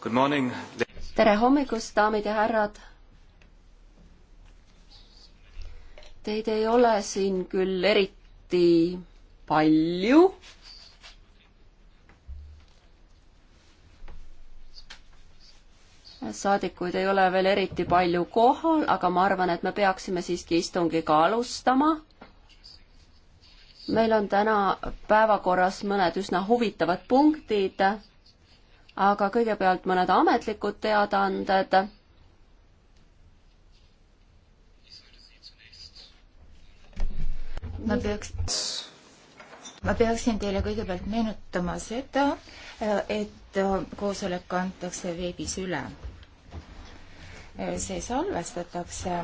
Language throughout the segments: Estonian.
tere hommikust, daamid ja härrad. Teid ei ole siin küll eriti palju. saadikuid ei ole veel eriti palju kohal, aga ma arvan, et me peaksime siiski istungiga alustama meil on täna päevakorras mõned üsna huvitavad punktid aga kõigepealt mõned ametlikud teadaanded. ma peaks, ma peaksin teile kõigepealt meenutama seda, et koosolek kantakse veebis üle. see salvestatakse.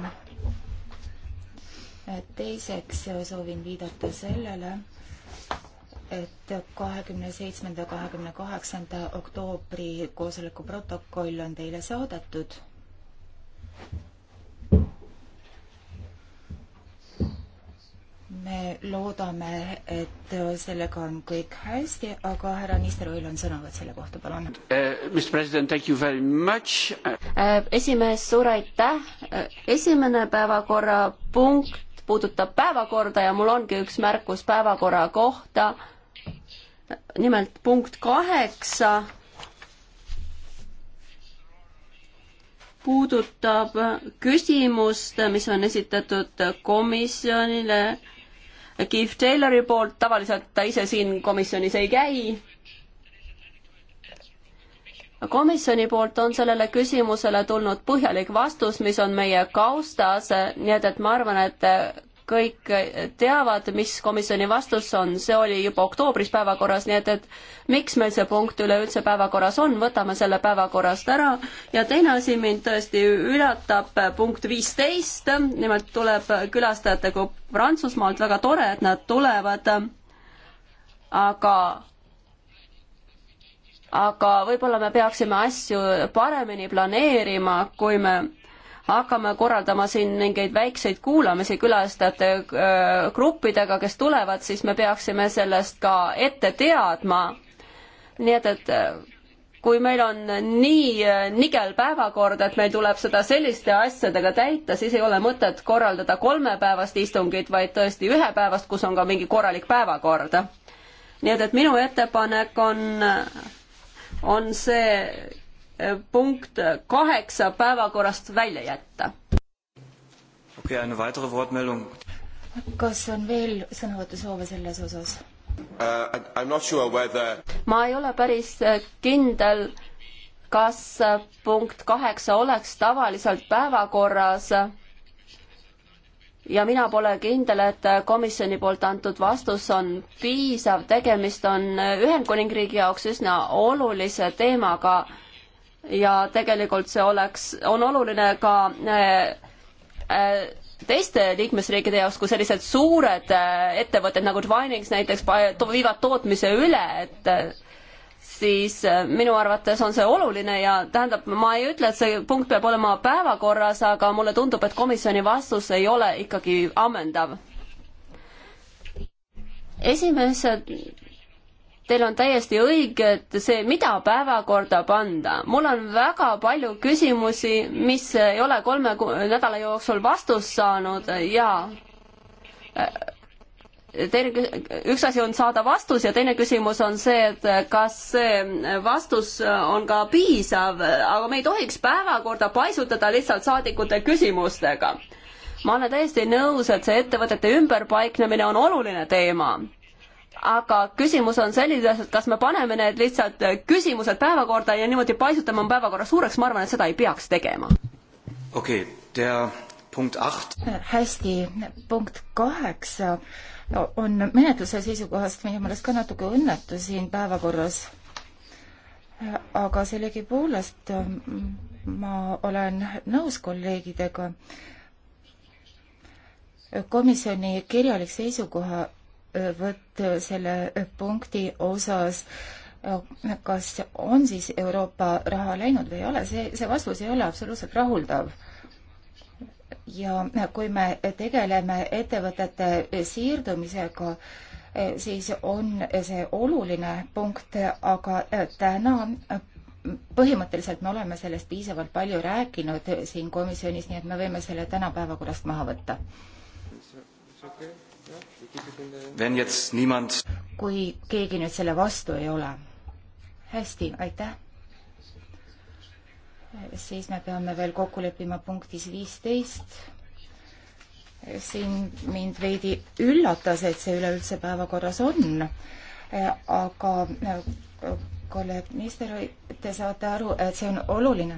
teiseks soovin viidata sellele, et kahekümne seitsmenda, kahekümne kaheksanda oktoobri koosoleku protokoll on teile saadetud. me loodame, et sellega on kõik hästi, aga härra Nisteril on sõnavõtt selle kohta, palun uh,. esimees, suur aitäh. esimene päevakorrapunkt puudutab päevakorda ja mul ongi üks märkus päevakorra kohta nimelt punkt kaheksa puudutab küsimust, mis on esitatud komisjonile Keith Taylori poolt, tavaliselt ta ise siin komisjonis ei käi. komisjoni poolt on sellele küsimusele tulnud põhjalik vastus, mis on meie kaustas, nii et, et ma arvan, et kõik teavad, mis komisjoni vastus on, see oli juba oktoobris päevakorras, nii et, et miks meil see punkt üleüldse päevakorras on, võtame selle päevakorrast ära. ja teine asi mind tõesti üllatab, punkt viisteist, nimelt tuleb külastajatega Prantsusmaalt, väga tore, et nad tulevad, aga aga võib-olla me peaksime asju paremini planeerima, kui me hakkame korraldama siin mingeid väikseid kuulamisi külastajate äh, gruppidega, kes tulevad, siis me peaksime sellest ka ette teadma. nii et, et äh, kui meil on nii äh, nigel päevakord, et meil tuleb seda selliste asjadega täita, siis ei ole mõtet korraldada kolmepäevast istungit, vaid tõesti ühepäevast, kus on ka mingi korralik päevakord. nii et, et minu ettepanek on, äh, on see punkt kaheksa päevakorrast välja jätta. okei okay,, eine weitere Wortmeldung. kas on veel sõnavõtusoove selles osas uh,? I m not sure whether ma ei ole päris äh, kindel, kas äh, punkt kaheksa oleks tavaliselt päevakorras ja mina pole kindel, et äh, komisjoni poolt antud vastus on piisav, tegemist on Ühendkuningriigi jaoks üsna olulise teemaga ja tegelikult see oleks, on oluline ka äh, äh, teiste liikmesriikide jaoks, kui sellised suured äh, ettevõtted nagu Twinings näiteks viivad tootmise üle, et siis minu arvates on see oluline ja tähendab, ma ei ütle, et see punkt peab olema päevakorras, aga mulle tundub, et komisjoni vastus ei ole ikkagi ammendav. esimesed Teil on täiesti õige, et see, mida päevakorda panda. mul on väga palju küsimusi, mis ei ole kolme nädala jooksul vastust saanud ja äh, teine, üks asi on saada vastus ja teine küsimus on see, et kas see vastus on ka piisav, aga me ei tohiks päevakorda paisutada lihtsalt saadikute küsimustega. ma olen täiesti nõus, et see ettevõtete ümberpaiknemine on oluline teema aga küsimus on selles, et kas me paneme need lihtsalt küsimused päevakorda ja niimoodi paisutame oma päevakorra suureks, ma arvan, et seda ei peaks tegema. okei okay,, der punkt acht. hästi, punkt kaheksa on menetluse seisukohast minu meelest ka natuke õnnetu siin päevakorras. aga sellegipoolest mm, ma olen nõus kolleegidega. komisjoni kirjalik seisukoha seisukohavõtt selle punkti osas, kas on siis Euroopa raha läinud või ei ole, see, see vastus ei ole absoluutselt rahuldav ja kui me tegeleme ettevõtete siirdumisega, siis on see oluline punkt, aga täna põhimõtteliselt me oleme sellest piisavalt palju rääkinud siin komisjonis, nii et me võime selle täna päevakorrast maha võtta. Okay kui keegi nüüd selle vastu ei ole. hästi, aitäh. siis me peame veel kokku leppima punktis viisteist. siin mind veidi üllatas, et see üleüldse päevakorras on, aga kolleeg Nisteroi, te saate aru, et see on oluline.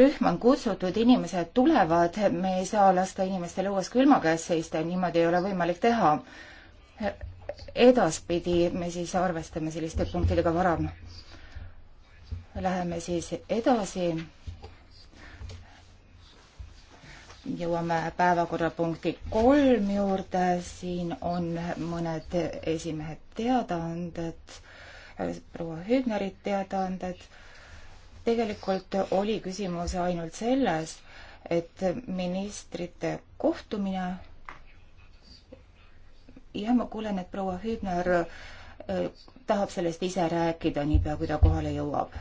rühma on kutsutud, inimesed tulevad, me ei saa lasta inimestel õues külma käes seista, niimoodi ei ole võimalik teha. edaspidi me siis arvestame selliste punktidega varem. Läheme siis edasi. jõuame päevakorrapunkti kolm juurde, siin on mõned esimehed teadaanded Äh, proua Hübnerit teadaanded. tegelikult oli küsimus ainult selles, et ministrite kohtumine jah, ma kuulen, et proua Hübner äh, tahab sellest ise rääkida, niipea kui ta kohale jõuab.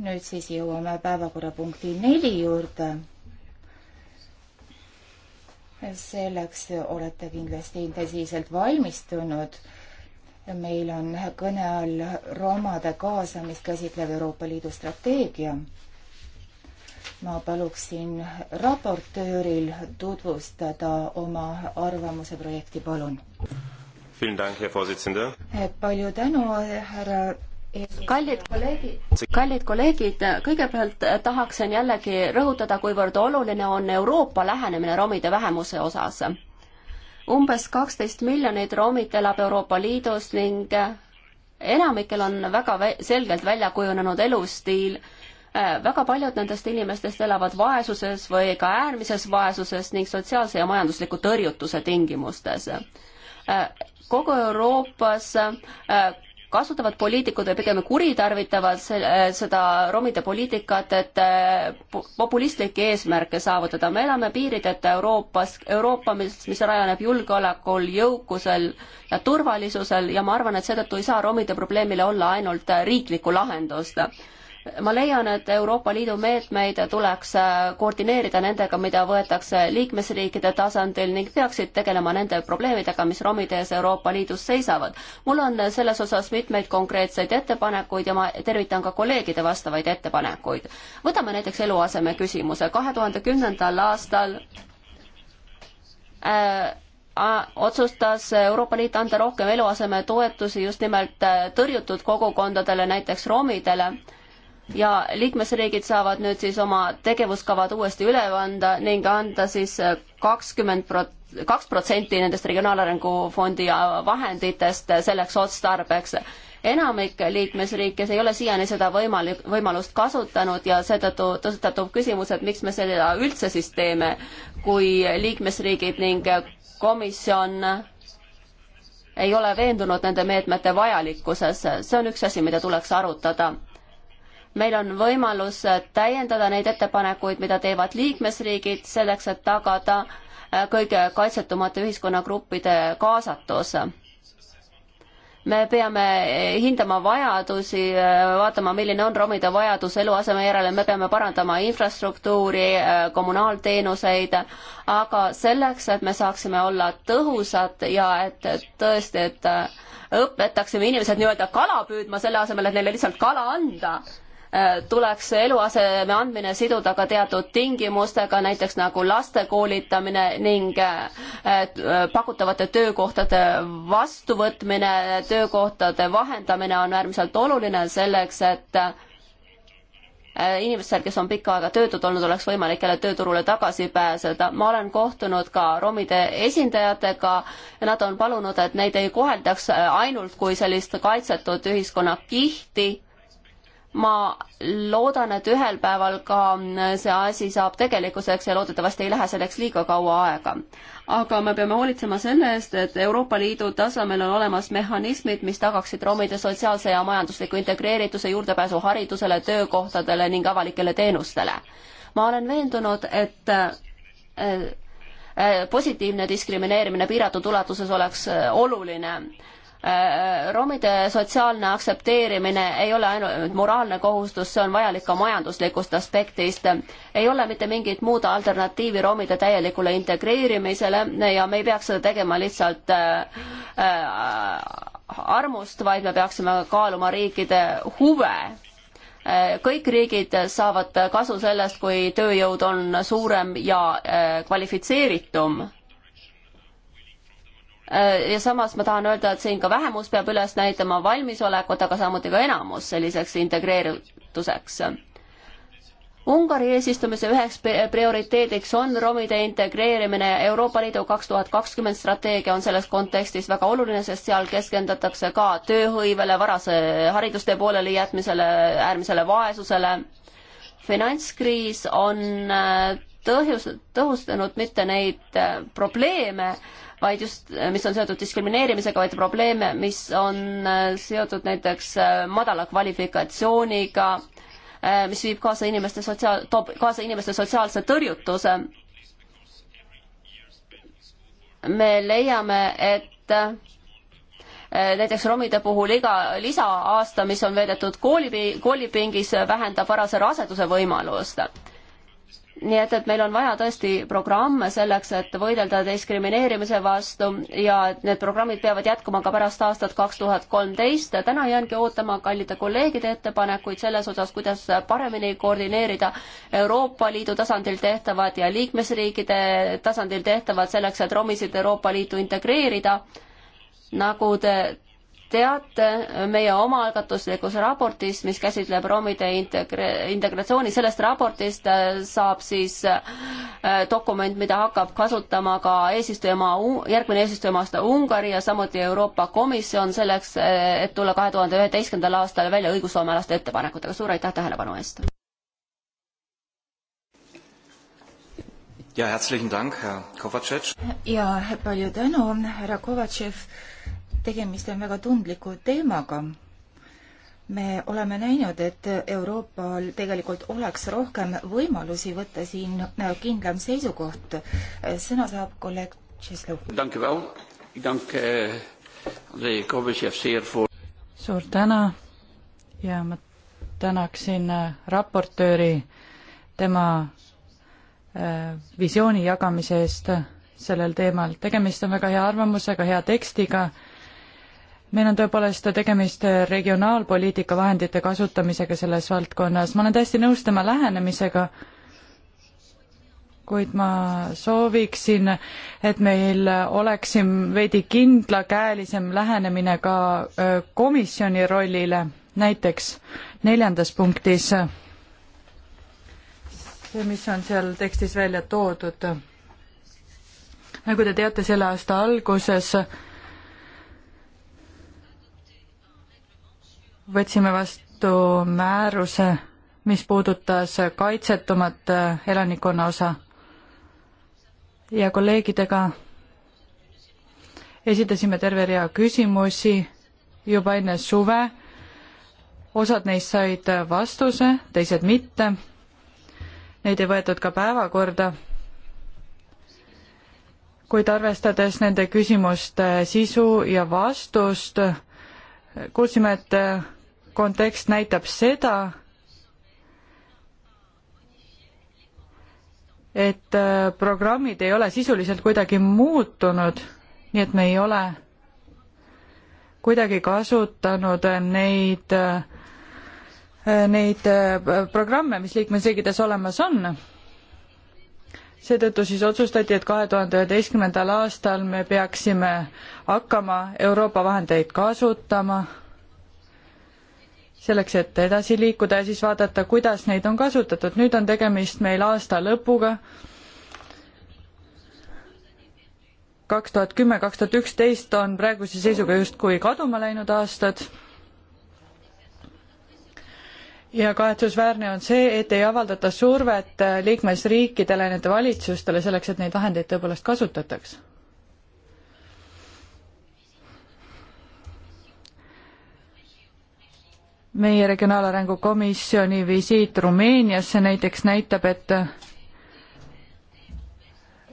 nüüd siis jõuame päevakorrapunkti neli juurde selleks olete kindlasti intensiivselt valmistunud. meil on kõne all romade kaasamist käsitlev Euroopa Liidu strateegia. ma paluksin raportööril tutvustada oma arvamuse projekti, palun. palju tänu, härra kallid kolleegid, kallid kolleegid, kõigepealt tahaksin jällegi rõhutada, kuivõrd oluline on Euroopa lähenemine romide vähemuse osas. umbes kaksteist miljonit romid elab Euroopa Liidus ning enamikel on väga vä selgelt välja kujunenud elustiil väga paljud nendest inimestest elavad vaesuses või ka äärmises vaesuses ning sotsiaalse ja majandusliku tõrjutuse tingimustes. kogu Euroopas kasutavad poliitikud või pigem kuritarvitavad äh, seda romide poliitikat, et äh, populistlikke eesmärke saavutada. me elame piirideta Euroopas, Euroopa, mis, mis rajaneb julgeolekul, jõukusel ja turvalisusel ja ma arvan, et seetõttu ei saa romide probleemile olla ainult äh, riiklikku lahendust ma leian, et Euroopa Liidu meetmeid tuleks äh, koordineerida nendega, mida võetakse liikmesriikide tasandil ning peaksid tegelema nende probleemidega, mis romide ees Euroopa Liidus seisavad. mul on selles osas mitmeid konkreetseid ettepanekuid ja ma tervitan ka kolleegide vastavaid ettepanekuid. võtame näiteks eluaseme küsimuse. kahe tuhande kümnendal aastal äh, otsustas Euroopa Liit anda rohkem eluasemetoetusi just nimelt äh, tõrjutud kogukondadele, näiteks romidele ja liikmesriigid saavad nüüd siis oma tegevuskavad uuesti üle anda ning anda siis kakskümmend prot-, kaks protsenti nendest Regionaalarengu Fondi äh, vahenditest selleks otstarbeks. enamik liikmesriikides ei ole siiani seda võimalik, võimalust kasutanud ja seetõttu tõstatub küsimus, et miks me seda üldse siis teeme, kui liikmesriigid ning komisjon ei ole veendunud nende meetmete vajalikkuses, see on üks asi, mida tuleks arutada meil on võimalus täiendada neid ettepanekuid, mida teevad liikmesriigid selleks, et tagada äh, kõige kaitsetumate ühiskonnagruppide kaasatus. me peame eh, hindama vajadusi, äh, vaatama, milline on romide vajadus eluaseme järele, me peame parandama infrastruktuuri, äh, kommunaalteenuseid, aga selleks, et me saaksime olla tõhusad ja et tõesti, et õpetaksime inimesed nii-öelda kala püüdma, selle asemel, et neile lihtsalt kala anda Äh, tuleks eluaseme andmine siduda ka teatud tingimustega, näiteks nagu laste koolitamine ning äh, äh, pakutavate töökohtade vastuvõtmine, töökohtade vahendamine on äärmiselt oluline selleks, et inimestel, kes on pikka aega töötud olnud, oleks võimalik jälle tööturule tagasi pääseda. ma olen kohtunud ka romide esindajatega ja nad on palunud, et neid ei koheldaks ainult kui sellist kaitsetud ühiskonnakihti ma loodan, et ühel päeval ka see asi saab tegelikkuseks ja loodetavasti ei lähe selleks liiga kaua aega. aga me peame hoolitsema selle eest, et Euroopa Liidu tasemel on olemas mehhanismid, mis tagaksid romide sotsiaalse ja majandusliku integreerituse, juurdepääsu haridusele, töökohtadele ning avalikele teenustele. ma olen veendunud, et äh, äh, positiivne diskrimineerimine piiratud ulatuses oleks äh, oluline Äh, romide sotsiaalne aktsepteerimine ei ole ainult moraalne kohustus, see on vajalik ka majanduslikust aspektist. ei ole mitte mingit muud alternatiivi romide täielikule integreerimisele ja me ei peaks seda tegema lihtsalt äh, äh, armust, vaid me peaksime kaaluma riikide huve kõik riigid saavad kasu sellest, kui tööjõud on suurem ja kvalifitseeritum Äh, ja samas ma tahan öelda, et siin ka vähemus peab üles näitama valmisolekut, aga samuti ka enamus selliseks integreerituseks. Ungari eesistumise üheks prioriteediks on romide integreerimine ja Euroopa Liidu kaks tuhat kakskümmend strateegia on selles kontekstis väga oluline, sest seal keskendatakse ka tööhõivele, varase haridustee pooleli jätmisele, äärmisele vaesusele finantskriis on äh, tõhjus, tõhustanud mitte neid äh, probleeme, vaid just, äh, mis on seotud diskrimineerimisega, vaid probleeme, mis on äh, seotud näiteks madala kvalifikatsiooniga, mis viib kaasa inimeste sotsiaal, toob kaasa inimeste sotsiaalse tõrjutuse. me leiame, et näiteks romide puhul iga lisaaasta, mis on veedetud kooli, koolipingis, vähendab varase raseduse võimalust nii et, et meil on vaja tõesti programme selleks, et võidelda diskrimineerimise vastu ja et need programmid peavad jätkuma ka pärast aastat kaks tuhat kolmteist. täna jäängi ootama kallite kolleegide ettepanekuid selles osas, kuidas paremini koordineerida Euroopa Liidu tasandil tehtavad ja liikmesriikide tasandil tehtavad selleks, et romisid Euroopa Liitu integreerida. nagu te teate, meie omaalgatuslikus raportis, mis käsitleb romide integre-, integratsiooni, sellest raportist äh, saab siis äh, dokument, mida hakkab kasutama ka eesistujamaa, järgmine eesistujamaa aasta Ungari ja samuti Euroopa Komisjon selleks, äh, et tulla kahe tuhande üheteistkümnendal aastal välja õigusloomelaste ettepanekutega. suur aitäh tähelepanu eest! ja herzlichen Dank, Herr Kovatšev. ja palju tänu, härra Kovatšev tegemist on väga tundliku teemaga. me oleme näinud, et Euroopal tegelikult oleks rohkem võimalusi võtta siin kindlam seisukoht. sõna saab kolleeg Tšeslov. Eh, eh, suur tänu ja ma tänaksin eh, raportööri tema visiooni jagamise eest sellel teemal. tegemist on väga hea arvamusega, hea tekstiga meil on tõepoolest tegemist regionaalpoliitika vahendite kasutamisega selles valdkonnas, ma olen täiesti nõus tema lähenemisega, kuid ma sooviksin, et meil oleks siin veidi kindlakäelisem lähenemine ka komisjoni rollile, näiteks neljandas punktis, see, mis on seal tekstis välja toodud. nagu te teate, selle aasta alguses võtsime vastu määruse, mis puudutas kaitsetumat äh, elanikkonna osa ja kolleegidega esitasime terve rea küsimusi juba enne suve. osad neist said vastuse, teised mitte. Neid ei võetud ka päevakorda. kuid arvestades nende küsimuste sisu ja vastust, kuulsime, et kontekst näitab seda, et äh, programmid ei ole sisuliselt kuidagi muutunud, nii et me ei ole kuidagi kasutanud äh, neid, äh, neid programme, mis liikmesriikides olemas on. seetõttu siis otsustati, et kahe tuhande üheteistkümnendal aastal me peaksime hakkama Euroopa vahendeid kasutama selleks, et edasi liikuda ja siis vaadata, kuidas neid on kasutatud. nüüd on tegemist meil aasta lõpuga. kaks tuhat kümme, kaks tuhat üksteist on praeguse seisuga justkui kaduma läinud aastad. ja kahetsusväärne on see, et ei avaldata survet liikmesriikidele, nende valitsustele selleks, et neid vahendeid tõepoolest kasutataks meie Regionaalarengu Komisjoni visiit Rumeeniasse näiteks näitab, et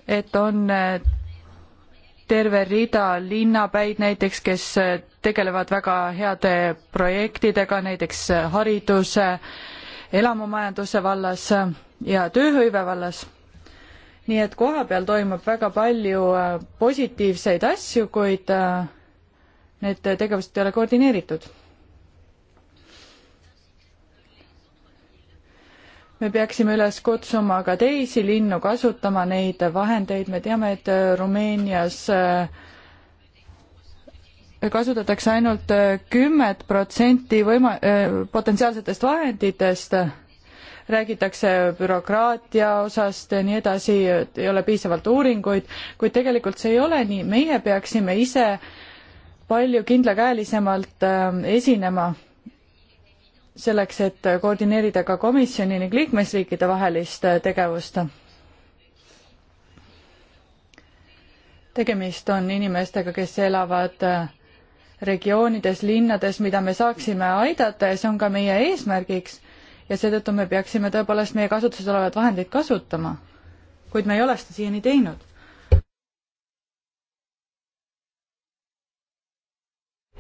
et on terve rida linnapäid näiteks, kes tegelevad väga heade projektidega, näiteks hariduse, elamumajanduse vallas ja tööhõive vallas. nii et kohapeal toimub väga palju äh, positiivseid asju, kuid äh, need tegevused ei ole koordineeritud me peaksime üles kutsuma ka teisi linnu kasutama neid vahendeid, me teame, et äh, Rumeenias äh, kasutatakse ainult äh, kümmet protsenti võima-, potentsiaalsetest vahenditest, räägitakse bürokraatia osast ja nii edasi, ei ole piisavalt uuringuid, kuid tegelikult see ei ole nii, meie peaksime ise palju kindlakäelisemalt esinema selleks, et koordineerida ka komisjoni ning liikmesriikide vahelist tegevust. tegemist on inimestega, kes elavad regioonides, linnades, mida me saaksime aidata ja see on ka meie eesmärgiks ja seetõttu me peaksime tõepoolest meie kasutuses olevaid vahendeid kasutama. kuid me ei ole seda siiani teinud.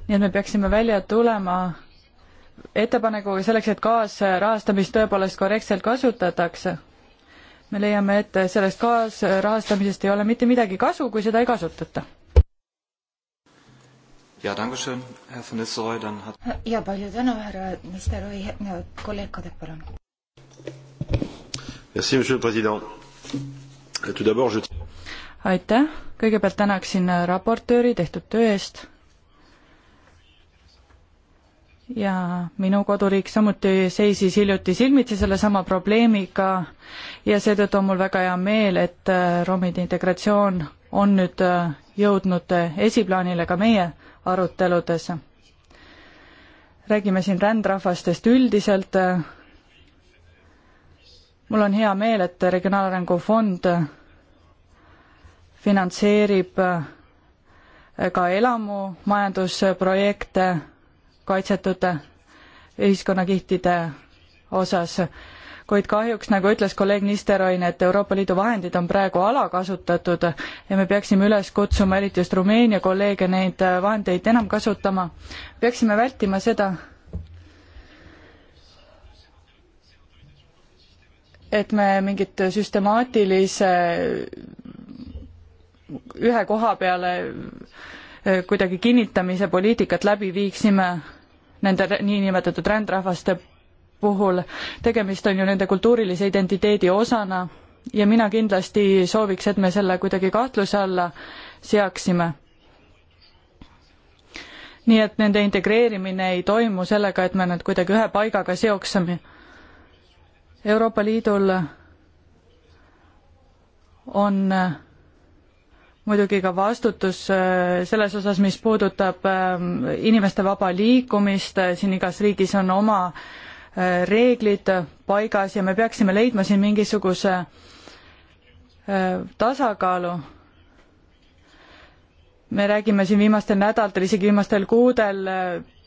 nii et me peaksime välja tulema ettepanekuga selleks, et kaasrahastamist tõepoolest korrektselt kasutatakse. me leiame, et sellest kaasrahastamisest ei ole mitte midagi kasu, kui seda ei kasutata. ja, ja palju tänu, härra Nisteroi, kolleeg Kadek, palun. aitäh, kõigepealt tänaksin raportööri tehtud töö eest ja minu koduriik samuti seisis hiljuti silmitsi sellesama probleemiga ja seetõttu on mul väga hea meel, et äh, romide integratsioon on nüüd äh, jõudnud äh, esiplaanile ka meie aruteludes. räägime siin rändrahvastest üldiselt. mul on hea meel, et Regionaalarengu Fond finantseerib ka elamumajandusprojekte kaitsetud ühiskonnakihtide osas. kuid kahjuks, nagu ütles kolleeg Nisteroin, et Euroopa Liidu vahendid on praegu alakasutatud ja me peaksime üles kutsuma eriti just Rumeenia kolleege neid vahendeid enam kasutama. peaksime vältima seda, et me mingit süstemaatilise ühe koha peale kuidagi kinnitamise poliitikat läbi viiksime nende niinimetatud rändrahvaste puhul, tegemist on ju nende kultuurilise identiteedi osana ja mina kindlasti sooviks, et me selle kuidagi kahtluse alla seaksime. nii et nende integreerimine ei toimu sellega, et me nad kuidagi ühe paigaga seoksime. Euroopa Liidul on muidugi ka vastutus äh, selles osas, mis puudutab ähm, inimeste vaba liikumist, äh, siin igas riigis on oma äh, reeglid paigas ja me peaksime leidma siin mingisuguse tasakaalu. me räägime siin viimastel nädalatel, isegi viimastel kuudel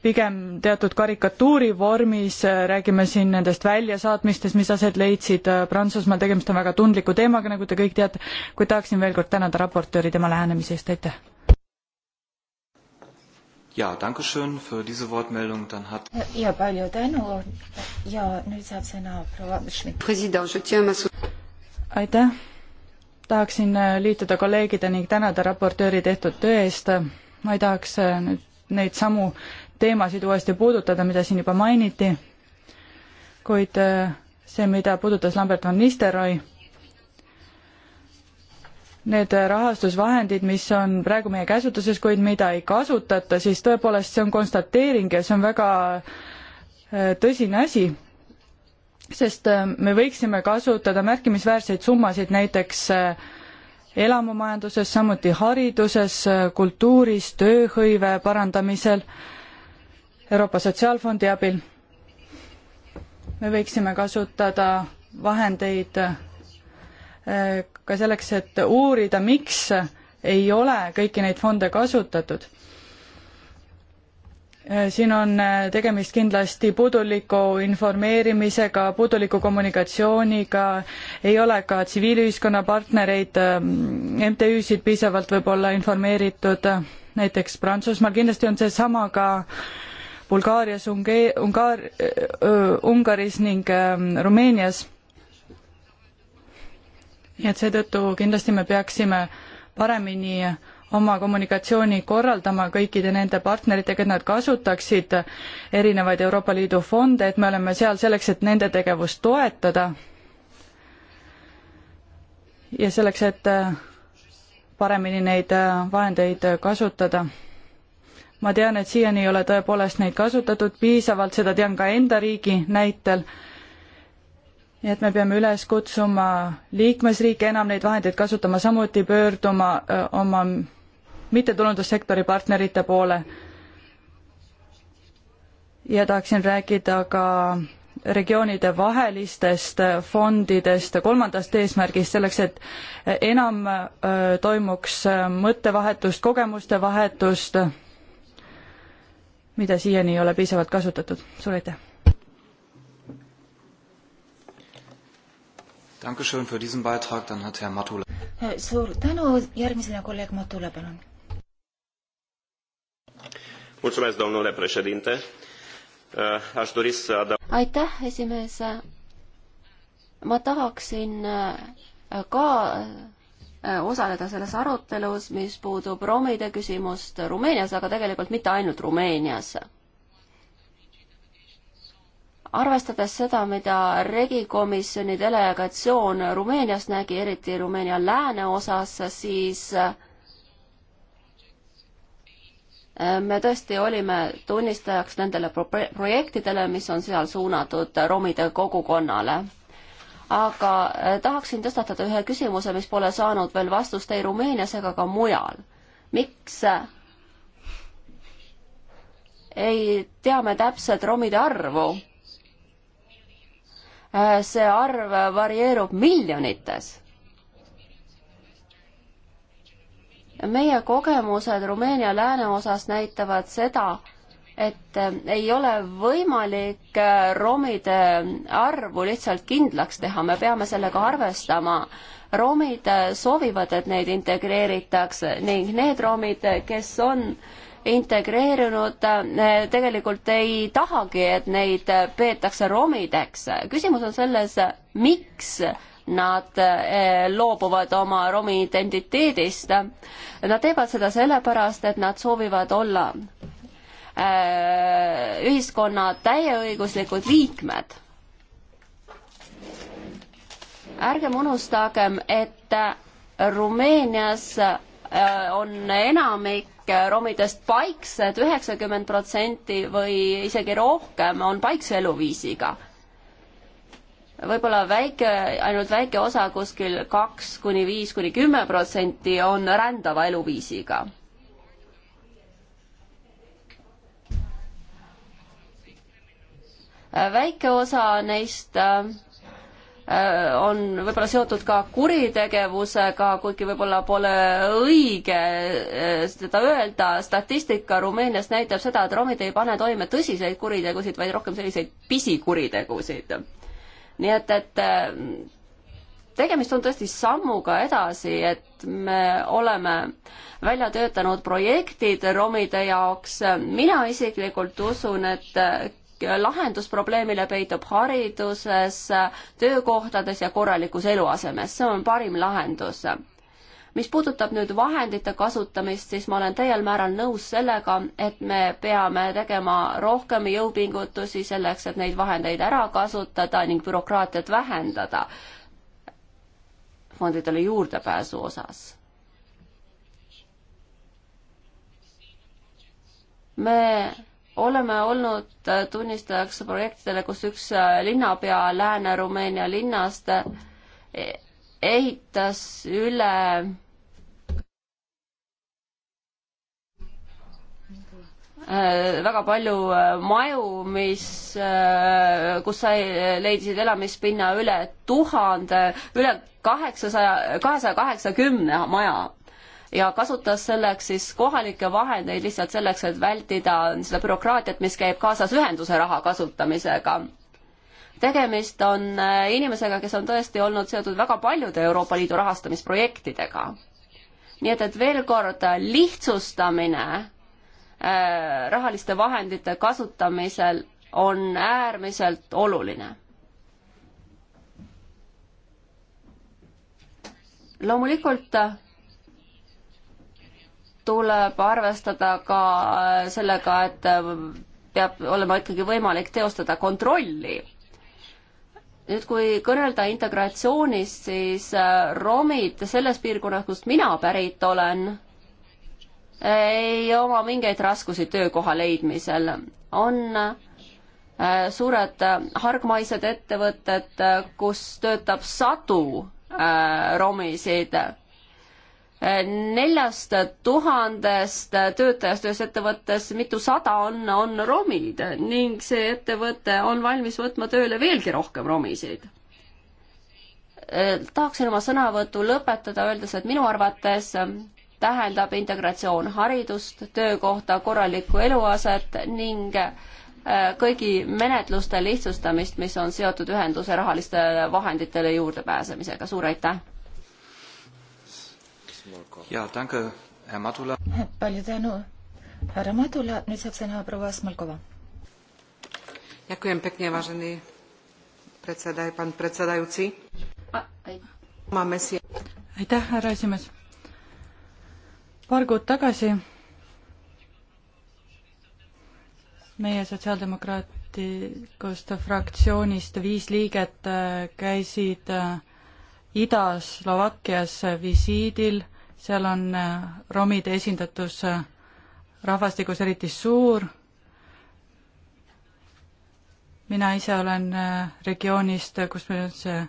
pigem teatud karikatuuri vormis, äh, räägime siin nendest väljasaatmistest, mis aset leidsid äh, Prantsusmaal, tegemist on väga tundliku teemaga, nagu te kõik teate, kuid tahaksin veel kord tänada raportööri tema lähenemise eest, aitäh! ja, dankeschön für diese Wortmeldung, dann hat ja palju tänu ja nüüd saab sõna proua Schmidt. aitäh, tahaksin äh, liituda kolleegide ning tänada raportööri tehtud töö eest, ma ei tahaks nüüd neid samu äh, teemasid uuesti puudutada, mida siin juba mainiti, kuid äh, see, mida puudutas Lambert van Nistelrooy, need rahastusvahendid, mis on praegu meie käsutuses, kuid mida ei kasutata, siis tõepoolest see on konstateering ja see on väga äh, tõsine asi, sest äh, me võiksime kasutada märkimisväärseid summasid näiteks elamumajanduses, samuti hariduses, kultuuris, tööhõive parandamisel Euroopa Sotsiaalfondi abil. me võiksime kasutada vahendeid eh, ka selleks, et uurida, miks ei ole kõiki neid fonde kasutatud. Eh, siin on eh, tegemist kindlasti puuduliku informeerimisega, puuduliku kommunikatsiooniga, ei ole ka tsiviilühiskonna partnereid, MTÜ-sid piisavalt võib-olla informeeritud, näiteks Prantsusmaal kindlasti on seesama ka äh, Bulgaarias, Unge-, Ungar-, Ungaris ning ähm, Rumeenias. nii et seetõttu kindlasti me peaksime paremini oma kommunikatsiooni korraldama kõikide nende partneritega, et nad kasutaksid erinevaid Euroopa Liidu fonde, et me oleme seal selleks, et nende tegevust toetada ja selleks, et äh, paremini neid äh, vahendeid kasutada ma tean, et siiani ei ole tõepoolest neid kasutatud piisavalt, seda tean ka enda riigi näitel. nii et me peame üles kutsuma liikmesriike enam neid vahendeid kasutama, samuti pöörduma oma mittetulundussektori partnerite poole. ja tahaksin rääkida ka regioonide vahelistest fondidest, kolmandast eesmärgist, selleks et enam toimuks mõttevahetust, kogemuste vahetust mida siiani ei ole piisavalt kasutatud. suur aitäh! Dankeschön für diesen Beitrag, dann hat Herr Matula. Äh, suur tänu, järgmisena kolleeg Matula, palun. Mulțumesc, domnule președinte. Äh, aș dori să adă... Aitäh, esimees. Ma tahaksin äh, ka Äh, osaleda selles arutelus, mis puudub romide küsimust Rumeenias, aga tegelikult mitte ainult Rumeenias. arvestades seda, mida regikomisjoni delegatsioon Rumeenias nägi, eriti Rumeenia lääneosas, siis äh, me tõesti olime tunnistajaks nendele projektidele, mis on seal suunatud romide kogukonnale aga äh, tahaksin tõstatada ühe küsimuse, mis pole saanud veel vastust ei Rumeenias ega ka mujal. miks äh, ei tea me täpselt romide arvu? Äh, see arv varieerub miljonites meie kogemused Rumeenia lääneosas näitavad seda, et äh, ei ole võimalik äh, romide arvu lihtsalt kindlaks teha, me peame sellega arvestama. romid äh, soovivad, et neid integreeritakse ning need romid, kes on integreerunud, tegelikult ei tahagi, et neid peetakse romideks. küsimus on selles, miks nad loobuvad oma romi identiteedist. Nad teevad seda sellepärast, et nad soovivad olla Äh, ühiskonna täieõiguslikud liikmed. ärgem unustagem, et Rumeenias äh, on enamik romidest paiksed, üheksakümmend protsenti või isegi rohkem on paikse eluviisiga. võib-olla väike, ainult väike osa, kuskil kaks kuni viis kuni kümme protsenti on rändava eluviisiga väike osa neist äh, on võib-olla seotud ka kuritegevusega, kuigi võib-olla pole õige äh, seda öelda. statistika Rumeenias näitab seda, et romid ei pane toime tõsiseid kuritegusid, vaid rohkem selliseid pisikuritegusid. nii et, et äh, tegemist on tõesti sammuga edasi, et me oleme välja töötanud projektid romide jaoks. mina isiklikult usun, et lahendus probleemile peitub hariduses, töökohtades ja korralikus eluasemes, see on parim lahendus. mis puudutab nüüd vahendite kasutamist, siis ma olen täiel määral nõus sellega, et me peame tegema rohkem jõupingutusi selleks, et neid vahendeid ära kasutada ning bürokraatiat vähendada fondidele juurdepääsu osas me oleme olnud tunnistajaks projektidele, kus üks linnapea Lääne-Rumeenia linnast ehitas üle väga palju maju, mis, kus sai, leidisid elamispinna üle tuhande, üle kaheksasaja, kahesaja kaheksakümne maja ja kasutas selleks siis kohalikke vahendeid lihtsalt selleks, et vältida seda bürokraatiat, mis käib kaasas ühenduse raha kasutamisega. tegemist on äh, inimesega, kes on tõesti olnud seotud väga paljude Euroopa Liidu rahastamisprojektidega. nii et, et veel kord, lihtsustamine äh, rahaliste vahendite kasutamisel on äärmiselt oluline loomulikult äh, tuleb arvestada ka äh, sellega, et äh, peab olema ikkagi võimalik teostada kontrolli. nüüd, kui kõnelda integratsioonist, siis äh, romid selles piirkonnas, kust mina pärit olen, ei oma mingeid raskusi töökoha leidmisel. on suured hargmaised ettevõtted, kus töötab sadu romisid neljast tuhandest töötajast ühes ettevõttes mitusada on, on romid ning see ettevõte on valmis võtma tööle veelgi rohkem romisid. tahaksin oma sõnavõtu lõpetada, öeldes, et minu arvates tähendab integratsioon haridust, töökohta, korralikku eluaset ning äh, kõigi menetluste lihtsustamist, mis on seotud ühenduse rahaliste vahenditele juurdepääsemisega. suur aitäh! ja tänke, härra Madula. palju tänu, härra Madula, nüüd saab sõna proua Smalkova. aitäh, härra esimees. paar kuud tagasi meie sotsiaaldemokraatlikust fraktsioonist viis liiget käisid Ida-Slovakkias visiidil seal on äh, romide esindatus äh, rahvastikus eriti suur. mina ise olen äh, regioonist, kus meil on see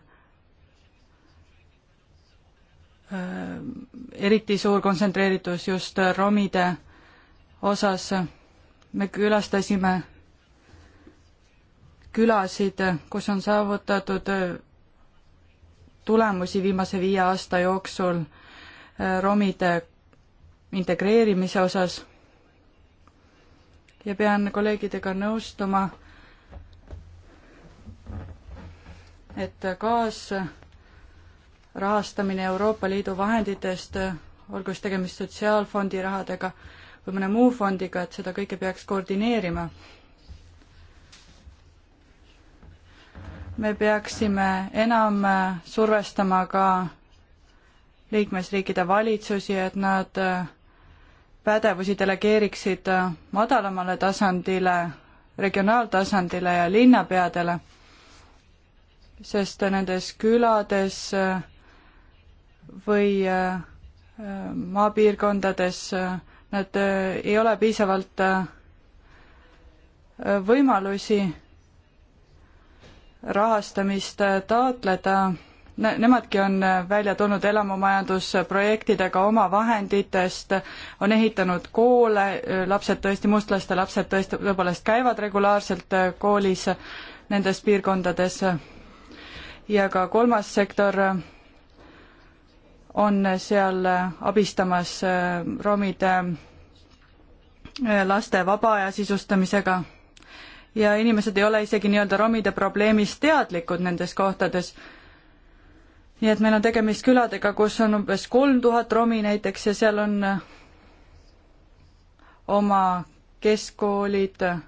eriti suur kontsentreeritus just romide osas. me külastasime külasid, kus on saavutatud tulemusi viimase viie aasta jooksul romide integreerimise osas. ja pean kolleegidega nõustuma, et kaasrahastamine Euroopa Liidu vahenditest, olgu siis tegemist sotsiaalfondi rahadega või mõne muu fondiga, et seda kõike peaks koordineerima. me peaksime enam survestama ka liikmesriikide valitsusi, et nad äh, pädevusi delegeeriksid äh, madalamale tasandile, regionaaltasandile ja linnapeadele, sest nendes külades äh, või maapiirkondades nad ei ole piisavalt võimalusi rahastamist taotleda ne-, nemadki on äh, välja tulnud elamumajandusprojektidega oma vahenditest, on ehitanud koole, äh, lapsed tõesti, mustlaste lapsed tõesti tõepoolest käivad regulaarselt äh, koolis nendes piirkondades ja ka kolmas sektor on seal abistamas romide laste vaba aja sisustamisega ja inimesed ei ole isegi nii-öelda romide probleemist teadlikud nendes kohtades nii et meil on tegemist küladega, kus on umbes kolm tuhat romi näiteks ja seal on äh, oma keskkoolid. Äh,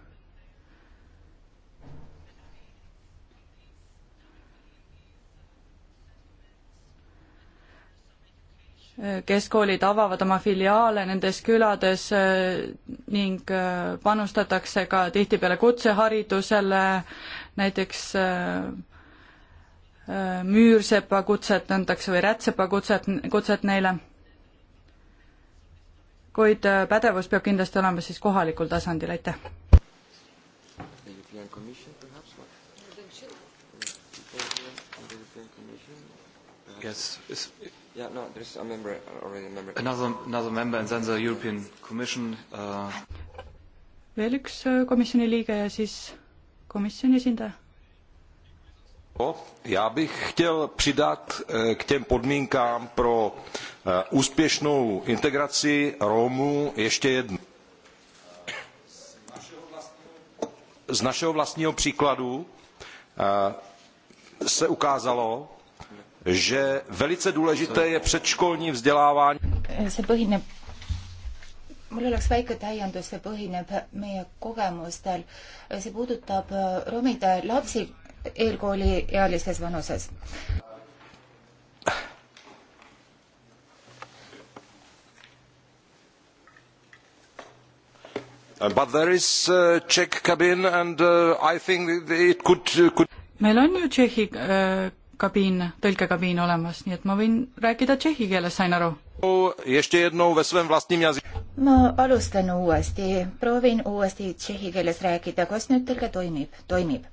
keskkoolid avavad oma filiaale nendes külades äh, ning panustatakse ka tihtipeale kutseharidusele, näiteks äh, müürsepakutset antakse või rätsepakutset, kutset neile, kuid äh, pädevus peab kindlasti olema siis kohalikul tasandil, aitäh. Yes, it's, Yeah, no, there's a member already. A member. Another another member, and then the European Commission. Uh... veel üks äh, komisjoni liige ja siis komisjoni esindaja. Já bych chtěl přidat eh, k těm podmínkám pro eh, úspěšnou integraci Romů ještě jednu. Z našeho vlastního příkladu eh, se ukázalo, že velice důležité je předškolní vzdělávání. See põhineb, mul oleks väike täiendus, see põhineb meie kogemustel. See puudutab romide lapsi eelkooliealises vanuses. Uh, but there is uh, Czech cabin and uh, I think it could, uh, could... meil on ju Tšehhi äh, kabiin, tõlkekabiin olemas, nii et ma võin rääkida tšehhi keeles, sain aru. Oh, ma alustan uuesti, proovin uuesti tšehhi keeles rääkida, kas nüüd tõlge toimib? toimib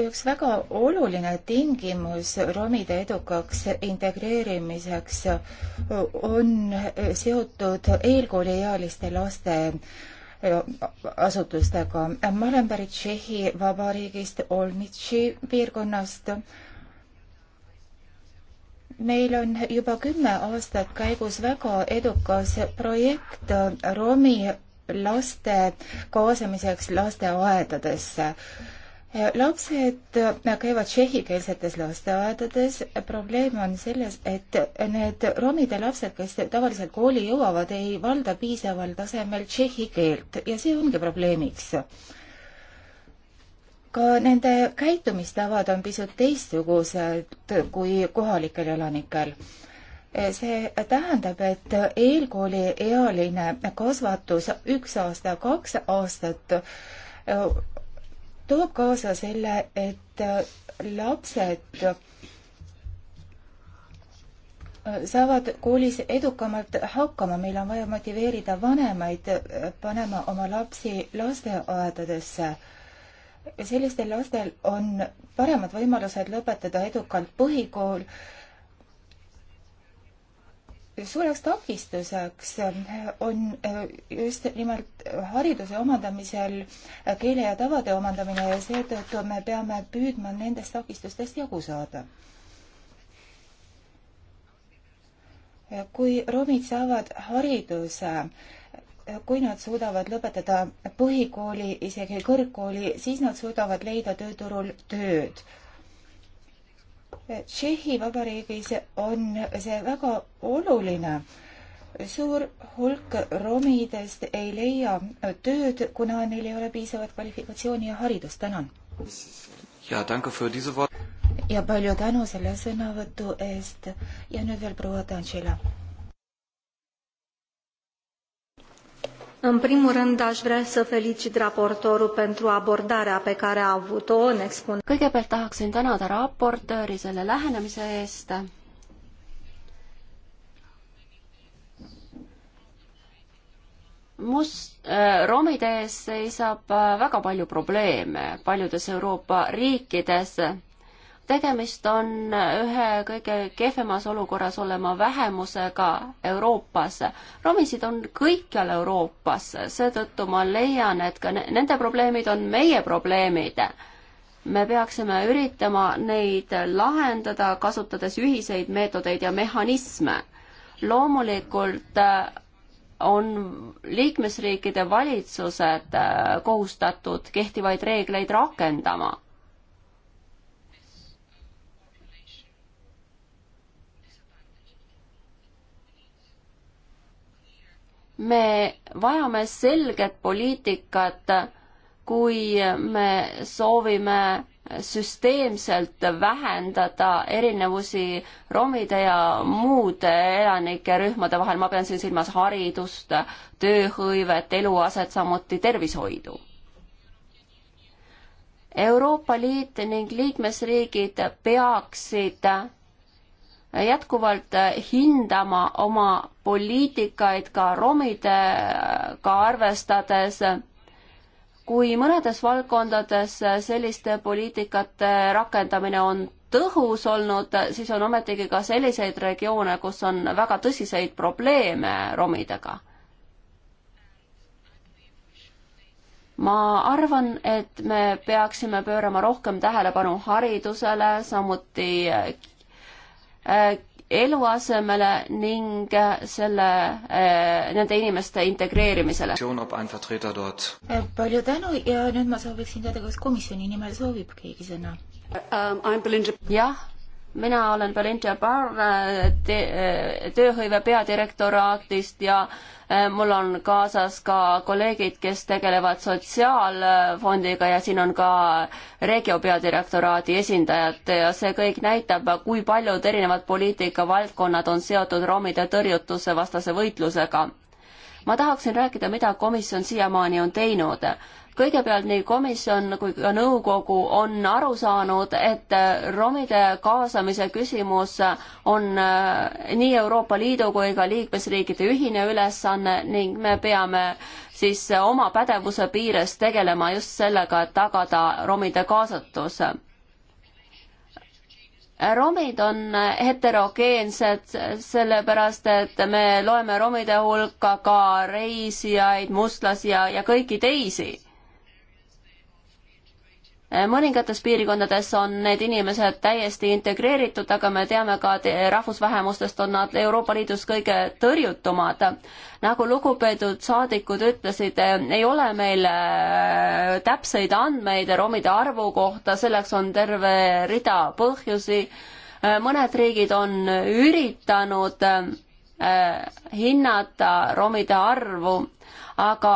üks väga oluline tingimus romide edukaks integreerimiseks on seotud eelkooliealiste laste asutustega. ma olen pärit Tšehhi Vabariigist, Olmitši piirkonnast. meil on juba kümme aastat käigus väga edukas projekt romi laste kaasamiseks lasteaedadesse lapsed äh, käivad tšehhikeelsetes lasteaedades. probleem on selles, et need romide lapsed, kes tavaliselt kooli jõuavad, ei valda piisaval tasemel tšehhi keelt ja see ongi probleemiks. ka nende käitumistavad on pisut teistsugused kui kohalikel elanikel see tähendab, et eelkooliealine kasvatus üks aasta, kaks aastat toob kaasa selle, et äh, lapsed äh, saavad koolis edukamalt hakkama, meil on vaja motiveerida vanemaid äh, panema oma lapsi lasteaedadesse. sellistel lastel on paremad võimalused lõpetada edukalt põhikool suureks takistuseks on just nimelt hariduse omandamisel keele ja tavade omandamine ja seetõttu me peame püüdma nendest takistustest jagu saada. kui romid saavad hariduse, kui nad suudavad lõpetada põhikooli, isegi kõrgkooli, siis nad suudavad leida tööturul tööd Tšehhi Vabariigis on see väga oluline. suur hulk romidest ei leia tööd, kuna neil ei ole piisavat kvalifikatsiooni ja haridust. tänan. ja palju tänu selle sõnavõtu eest ja nüüd veel proua Tantšila În primul rând, aș vrea să felicit raportorul pentru abordarea pe care a avut-o în expun. Kõigepealt tahaksin tänada raportööri selle lähenemise eest. Must, äh, romide ees seisab äh, väga palju probleeme paljudes Euroopa riikides tegemist on ühe kõige kehvemas olukorras olema vähemusega Euroopas. romisid on kõikjal Euroopas, seetõttu ma leian, et ka nende probleemid on meie probleemid. me peaksime üritama neid lahendada, kasutades ühiseid meetodeid ja mehhanisme. loomulikult äh, on liikmesriikide valitsused äh, kohustatud kehtivaid reegleid rakendama me vajame selget poliitikat, kui me soovime süsteemselt vähendada erinevusi romide ja muude elanike rühmade vahel, ma pean siin silmas haridust, tööhõivet, eluaset, samuti tervishoidu. Euroopa Liit ning liikmesriigid peaksid jätkuvalt hindama oma poliitikaid ka romidega arvestades. kui mõnedes valdkondades selliste poliitikate rakendamine on tõhus olnud, siis on ometigi ka selliseid regioone, kus on väga tõsiseid probleeme romidega. ma arvan, et me peaksime pöörama rohkem tähelepanu haridusele, samuti Äh, eluasemele ning äh, selle, äh, nende inimeste integreerimisele. palju tänu ja nüüd ma sooviksin teada, kas komisjoni nimel soovib keegi sõna? Ähm, jah mina olen Belinda Barr äh, äh, tööhõive peadirektoraatist ja äh, mul on kaasas ka kolleegid, kes tegelevad Sotsiaalfondiga ja siin on ka Regio peadirektoraadi esindajad ja see kõik näitab, kui paljud erinevad poliitikavaldkonnad on seotud romide tõrjutuse vastase võitlusega ma tahaksin rääkida, mida komisjon siiamaani on teinud kõigepealt nii komisjon kui ka nõukogu on aru saanud, et äh, romide kaasamise küsimus on äh, nii Euroopa Liidu kui ka liikmesriikide ühine ülesanne ning me peame siis äh, oma pädevuse piires tegelema just sellega, et tagada romide kaasatus romid on heterogeensed, sellepärast et me loeme romide hulka ka reisijaid, mustlasi ja, ja kõiki teisi. Eh, mõningates piirkondades on need inimesed täiesti integreeritud, aga me teame ka te rahvusvähemustest on nad Euroopa Liidus kõige tõrjutumad. nagu lugupeetud saadikud ütlesid, eh, ei ole meil eh, täpseid andmeid romide arvu kohta, selleks on terve rida põhjusi. mõned riigid on üritanud hinnata romide arvu aga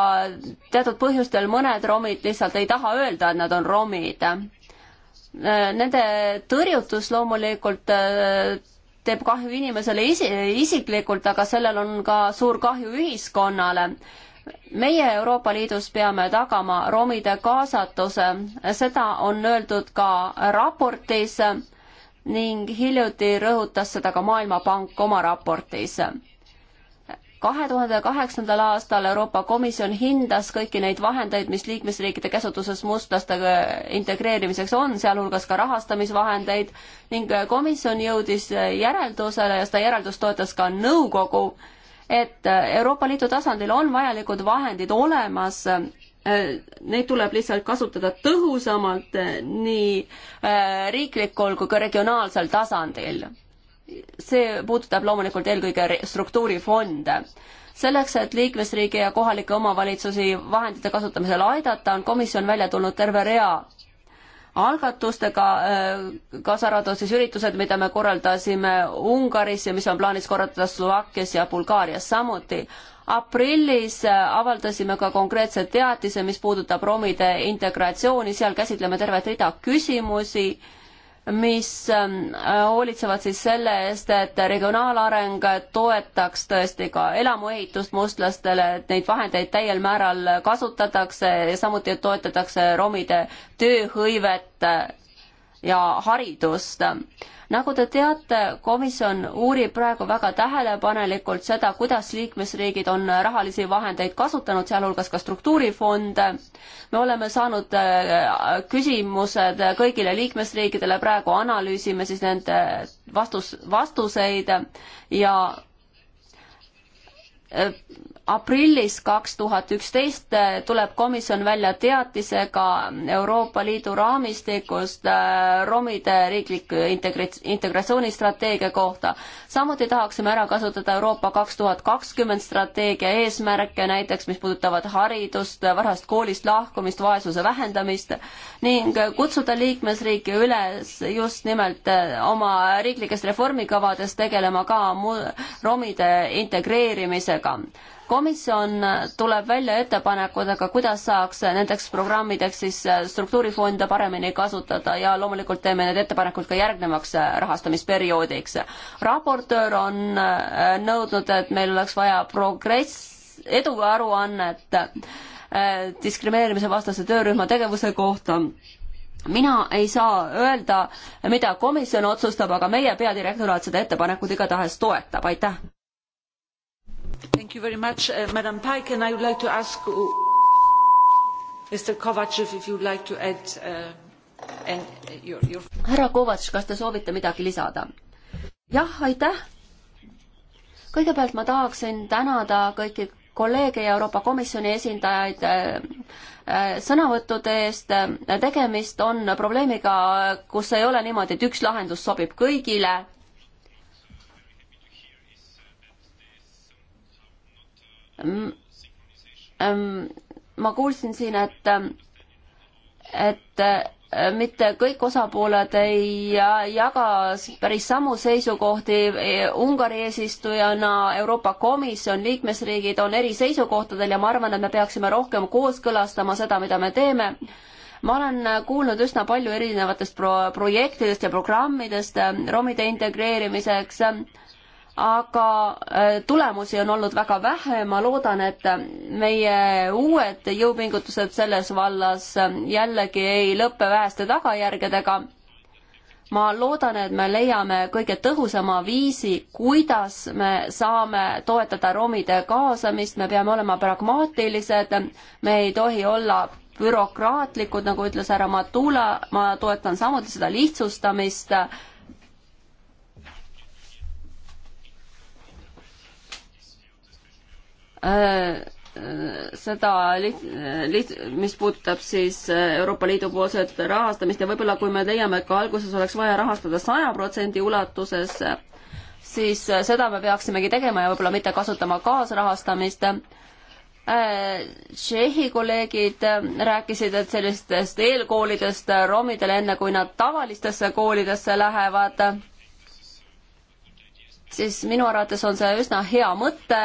teatud põhjustel mõned romid lihtsalt ei taha öelda, et nad on romid. Nende tõrjutus loomulikult eh, teeb kahju inimesele isi, isiklikult, aga sellel on ka suur kahju ühiskonnale. meie Euroopa Liidus peame tagama romide kaasatuse, seda on öeldud ka raportis ning hiljuti rõhutas seda ka Maailmapank oma raportis kahe tuhande kaheksandal aastal Euroopa Komisjon hindas kõiki neid vahendeid, mis liikmesriikide käsutuses mustlaste äh, integreerimiseks on, sealhulgas ka rahastamisvahendeid ning äh, komisjon jõudis äh, järeldusele ja seda järeldust toetas ka nõukogu, et Euroopa Liidu tasandil on vajalikud vahendid olemas, neid tuleb lihtsalt kasutada tõhusamalt nii riiklikul kui ka regionaalsel tasandil see puudutab loomulikult eelkõige struktuurifonde. selleks, et liikmesriigi ja kohalikke omavalitsusi vahendite kasutamisel aidata, on komisjon välja tulnud terve rea algatustega, äh, kaasa arvatud siis üritused, mida me korraldasime Ungaris ja mis on plaanis korraldada Slovakkias ja Bulgaarias samuti. aprillis äh, avaldasime ka konkreetse teatise, mis puudutab romide integratsiooni, seal käsitleme tervet rida küsimusi mis ähm, hoolitsevad siis selle eest, et regionaalareng toetaks tõesti ka elamuehitust mustlastele, et neid vahendeid täiel määral kasutatakse ja samuti, et toetatakse romide tööhõivet ja haridust nagu te teate, komisjon uurib praegu väga tähelepanelikult seda, kuidas liikmesriigid on rahalisi vahendeid kasutanud, sealhulgas ka struktuurifonde. me oleme saanud äh, küsimused kõigile liikmesriikidele, praegu analüüsime siis nende vastus, vastuseid ja Äh, aprillis kaks tuhat üksteist äh, tuleb komisjon välja teatisega Euroopa Liidu raamistikust äh, romide riikliku integratsioonistrateegia kohta. samuti tahaksime ära kasutada Euroopa kaks tuhat kakskümmend strateegia eesmärke, näiteks mis puudutavad haridust, varhast koolist lahkumist, vaesuse vähendamist ning kutsuda liikmesriike üles just nimelt oma riiklikes reformikavades tegelema ka romide integreerimise tegevusega. komisjon tuleb välja ettepanekutega, kuidas saaks nendeks programmideks siis äh, struktuurifonde paremini kasutada ja loomulikult teeme need ettepanekud ka järgnevaks äh, rahastamisperioodiks. raportöör on äh, nõudnud, et meil oleks vaja progress, eduaruannet diskrimineerimise vastase töörühma tegevuse kohta mina ei saa öelda, mida komisjon otsustab, aga meie peadirektoraat seda ettepanekut igatahes toetab, aitäh. Thank you very much, uh, Madam Pike, and I would like to ask uh, Mr Kovatšev if you would like to add uh, and uh, your, your... härra Kovatš, kas te soovite midagi lisada? jah, aitäh. kõigepealt ma tahaksin tänada kõiki kolleege ja Euroopa Komisjoni esindajaid äh, äh, sõnavõttude eest. tegemist on probleemiga, kus ei ole niimoodi, et üks lahendus sobib kõigile ma kuulsin siin, et, et äh, mitte kõik osapooled ei jaga päris samu seisukohti. E, Ungari eesistujana Euroopa Komisjon, liikmesriigid on eri seisukohtadel ja ma arvan, et me peaksime rohkem kooskõlastama seda, mida me teeme. ma olen kuulnud üsna palju erinevatest pro projektidest ja programmidest äh, romide integreerimiseks äh, aga äh, tulemusi on olnud väga vähe, ma loodan, et meie uued jõupingutused selles vallas äh, jällegi ei lõpe väheste tagajärgedega. ma loodan, et me leiame kõige tõhusama viisi, kuidas me saame toetada romide kaasamist, me peame olema pragmaatilised, me ei tohi olla bürokraatlikud, nagu ütles härra Matula, ma toetan samuti seda lihtsustamist Äh, äh, seda liht-, äh, liht-, mis puudutab siis Euroopa Liidu poolset rahastamist ja võib-olla kui me leiame, et ka alguses oleks vaja rahastada saja protsendi ulatuses, siis seda me peaksimegi tegema ja võib-olla mitte kasutama kaasrahastamist. Tšehhi kolleegid rääkisid, et sellistest eelkoolidest romidele, enne kui nad tavalistesse koolidesse lähevad, siis minu arvates on see üsna hea mõte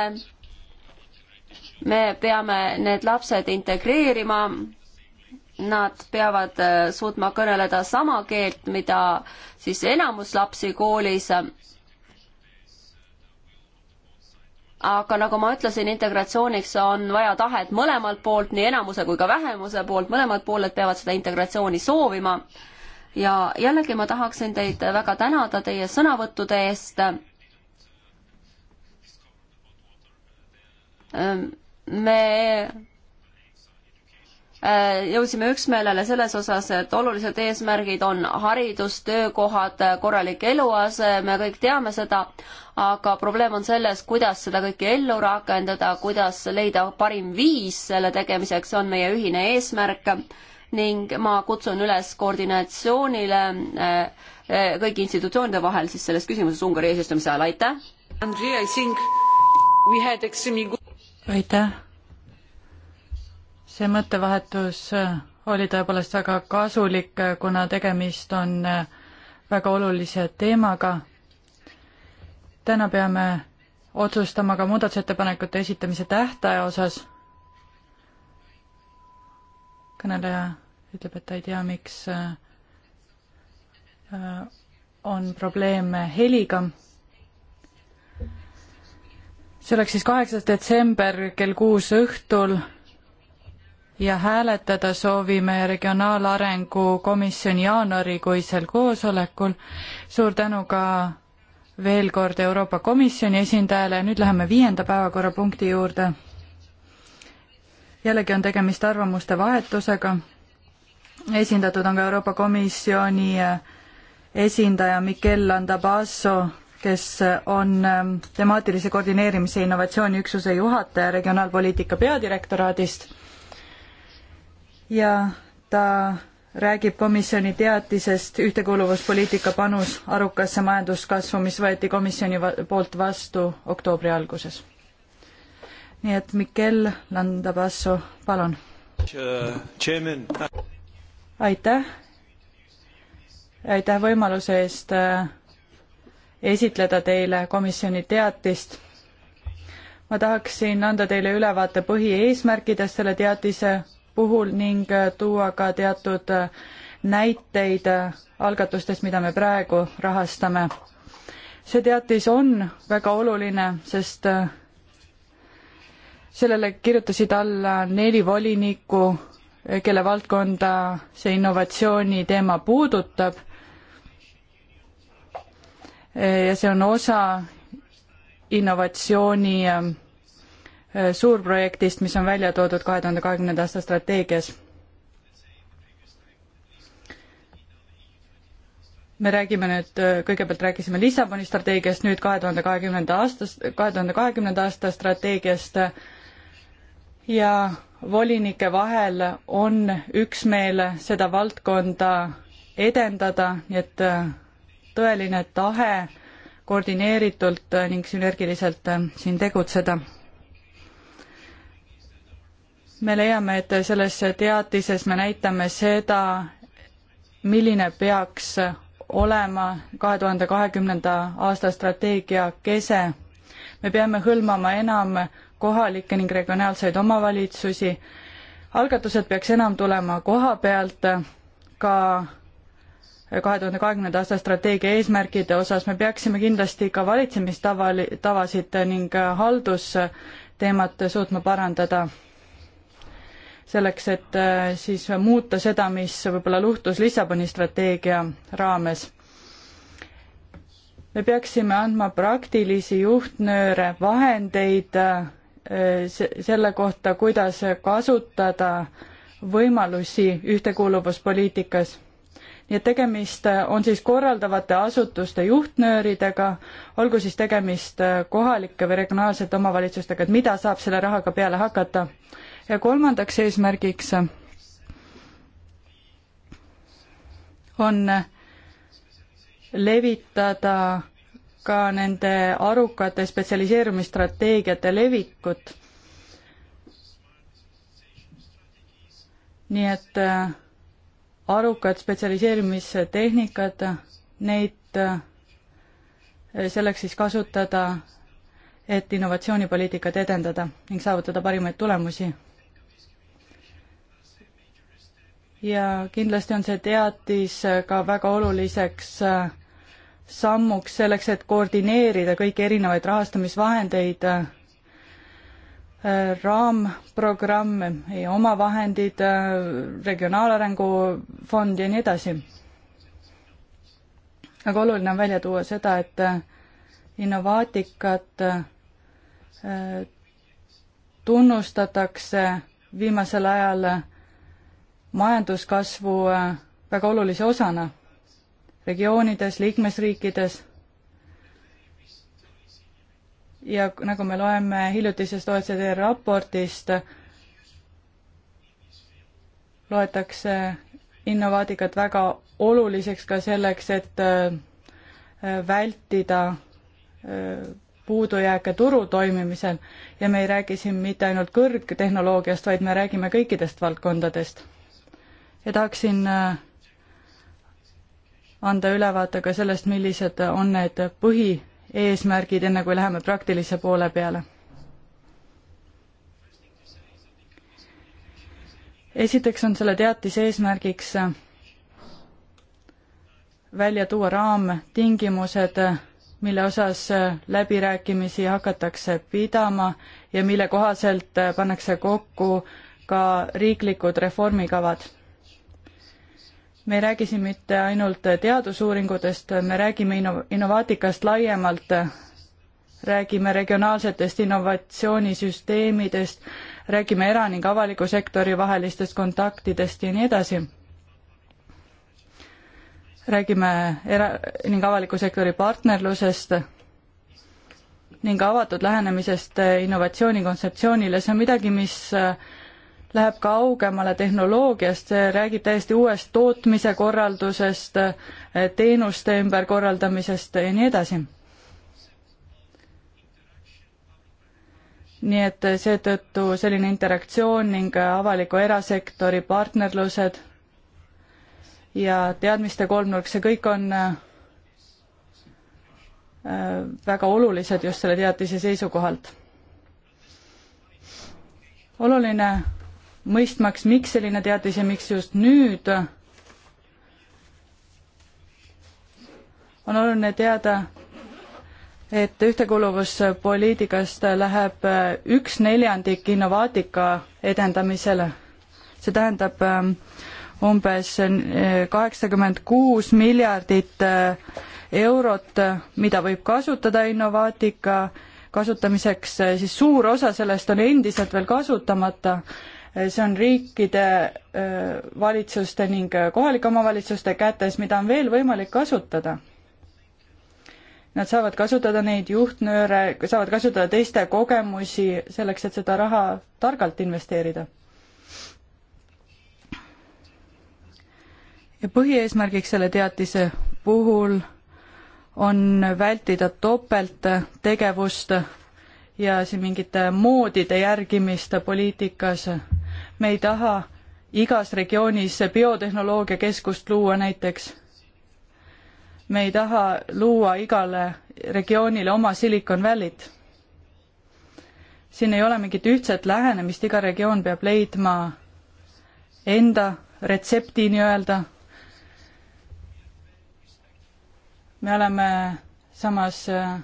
me peame need lapsed integreerima, nad peavad äh, suutma kõneleda sama keelt, mida siis enamus lapsi koolis. aga nagu ma ütlesin, integratsiooniks on vaja tahet mõlemalt poolt, nii enamuse kui ka vähemuse poolt, mõlemad pooled peavad seda integratsiooni soovima. ja jällegi ma tahaksin teid väga tänada teie sõnavõttude eest me äh, jõudsime üksmeelele selles osas, et olulised eesmärgid on haridus, töökohad, korralik eluase, me kõik teame seda, aga probleem on selles, kuidas seda kõike ellu rakendada, kuidas leida parim viis selle tegemiseks, see on meie ühine eesmärk ning ma kutsun üles koordinatsioonile äh, äh, kõigi institutsioonide vahel siis selles küsimuses Ungari eesistumise ajal, aitäh! Andrei, I think we had extremely good aitäh. see mõttevahetus oli tõepoolest väga kasulik, kuna tegemist on väga olulise teemaga. täna peame otsustama ka muudatusettepanekute esitamise tähtaja osas. kõneleja ütleb, et ta ei tea, miks äh, on probleeme heliga see oleks siis kaheksas detsember kell kuus õhtul ja hääletada soovime Regionaalarengu Komisjoni jaanuarikuisel koosolekul. suur tänu ka veel kord Euroopa Komisjoni esindajale ja nüüd läheme viienda päevakorrapunkti juurde. jällegi on tegemist arvamuste vahetusega. esindatud on ka Euroopa Komisjoni esindaja Mikel Landabasso kes on ähm, temaatilise koordineerimise innovatsiooniüksuse juhataja Regionaalpoliitika peadirektoraadist ja ta räägib komisjoni teatisest ühtekuuluvuspoliitika panus arukasse majanduskasvu, mis võeti komisjoni va poolt vastu oktoobri alguses. nii et Mikel Landabasso, palun. aitäh, aitäh võimaluse eest äh, esitleda teile komisjoni teatist. ma tahaksin anda teile ülevaate põhieesmärkidest selle teatise puhul ning tuua ka teatud näiteid algatustest, mida me praegu rahastame. see teatis on väga oluline, sest sellele kirjutasid alla neli volinikku, kelle valdkonda see innovatsiooni teema puudutab ja see on osa innovatsiooni ähm, äh, suurprojektist, mis on välja toodud kahe tuhande kahekümnenda aasta strateegias. me räägime nüüd, äh, kõigepealt rääkisime Lissaboni strateegiast, nüüd kahe tuhande kahekümnenda aastast, kahe tuhande kahekümnenda aasta strateegiast ja volinike vahel on üksmeel seda valdkonda edendada, nii et äh, tõeline tahe koordineeritult ning sünergiliselt äh, siin tegutseda. me leiame, et selles teatises me näitame seda, milline peaks olema kahe tuhande kahekümnenda aasta strateegia kese. me peame hõlmama enam kohalikke ning regionaalseid omavalitsusi, algatused peaks enam tulema koha pealt, ka kahe tuhande kahekümnenda aasta strateegia eesmärkide osas me peaksime kindlasti ka valitsemistavali, tavasid ning haldusteemat suutma parandada. selleks, et äh, siis muuta seda, mis võib-olla luhtus Lissaboni strateegia raames. me peaksime andma praktilisi juhtnööre, vahendeid äh, selle kohta, kuidas kasutada võimalusi ühtekuuluvuspoliitikas nii et tegemist äh, on siis korraldavate asutuste juhtnööridega, olgu siis tegemist äh, kohalike või regionaalsete omavalitsustega, et mida saab selle rahaga peale hakata. ja kolmandaks eesmärgiks äh, on levitada ka nende arukate spetsialiseerumisstrateegiate levikut. nii et äh, arukad spetsialiseerimistehnikad, neid äh, selleks siis kasutada, et innovatsioonipoliitikat edendada ning saavutada parimaid tulemusi. ja kindlasti on see teatis äh, ka väga oluliseks äh, sammuks selleks, et koordineerida kõiki erinevaid rahastamisvahendeid raamprogramm, meie omavahendid, regionaalarengu fond ja nii edasi. aga oluline on välja tuua seda, et innovaatikat äh, tunnustatakse viimasel ajal majanduskasvu äh, väga olulise osana regioonides, liikmesriikides ja nagu me loeme hiljutisest OECD raportist, loetakse innovaatikat väga oluliseks ka selleks, et äh, vältida äh, puudujääke turu toimimisel ja me ei räägi siin mitte ainult kõrgtehnoloogiast, vaid me räägime kõikidest valdkondadest. ja tahaksin äh, anda ülevaate ka sellest, millised on need põhi eesmärgid, enne kui läheme praktilise poole peale. esiteks on selle teatise eesmärgiks välja tuua raamtingimused, mille osas läbirääkimisi hakatakse pidama ja mille kohaselt pannakse kokku ka riiklikud reformikavad me ei räägi siin mitte ainult teadusuuringutest, me räägime inno-, innovaatikast laiemalt, räägime regionaalsetest innovatsioonisüsteemidest, räägime era- ning avaliku sektori vahelistest kontaktidest ja nii edasi. räägime era- ning avaliku sektori partnerlusest ning avatud lähenemisest innovatsiooni kontseptsioonile, see on midagi, mis läheb kaugemale tehnoloogiast, see räägib täiesti uuest tootmise korraldusest, teenuste ümberkorraldamisest ja nii edasi. nii et seetõttu selline interaktsioon ning avaliku erasektori partnerlused ja teadmiste kolmnurk, see kõik on äh, väga olulised just selle teatise seisukohalt. oluline mõistmaks, miks selline teatis ja miks just nüüd, on oluline teada, et ühtekuuluvuspoliitikast läheb üks neljandik innovaatika edendamisele. see tähendab ähm, umbes äh, kaheksakümmend kuus miljardit äh, eurot, mida võib kasutada innovaatika kasutamiseks, äh, siis suur osa sellest on endiselt veel kasutamata see on riikide valitsuste ning kohalike omavalitsuste kätes, mida on veel võimalik kasutada. Nad saavad kasutada neid juhtnööre, saavad kasutada teiste kogemusi selleks, et seda raha targalt investeerida. ja põhieesmärgiks selle teatise puhul on vältida topelttegevust ja siin mingite moodide järgimist poliitikas. me ei taha igas regioonis biotehnoloogiakeskust luua näiteks. me ei taha luua igale regioonile oma Silicon Valley't. siin ei ole mingit ühtset lähenemist, iga regioon peab leidma enda retsepti nii-öelda. me oleme samas äh,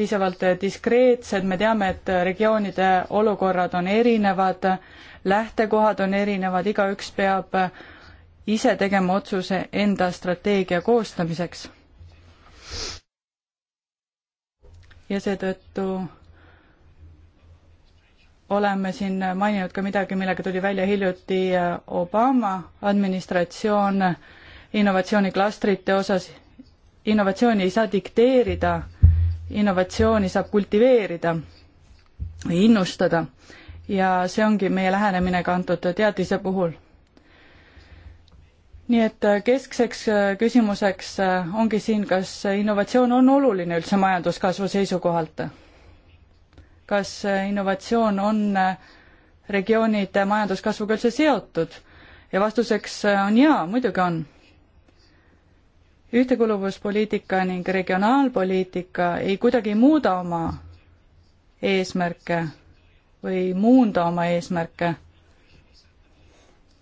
piisavalt diskreetsed, me teame, et regioonide olukorrad on erinevad, lähtekohad on erinevad, igaüks peab ise tegema otsuse enda strateegia koostamiseks. ja seetõttu oleme siin maininud ka midagi, millega tuli välja hiljuti Obama administratsioon innovatsiooniklastrite osas. innovatsiooni ei saa dikteerida äh, innovatsiooni saab kultiveerida või innustada ja see ongi meie lähenemine ka antud teadise puhul. nii et äh, keskseks äh, küsimuseks äh, ongi siin, kas innovatsioon on oluline üldse majanduskasvu seisukohalt? kas innovatsioon on regioonide majanduskasvuga üldse seotud? ja vastuseks on jaa, muidugi on ühtekuluvuspoliitika ning regionaalpoliitika ei kuidagi muuda oma eesmärke või muunda oma eesmärke.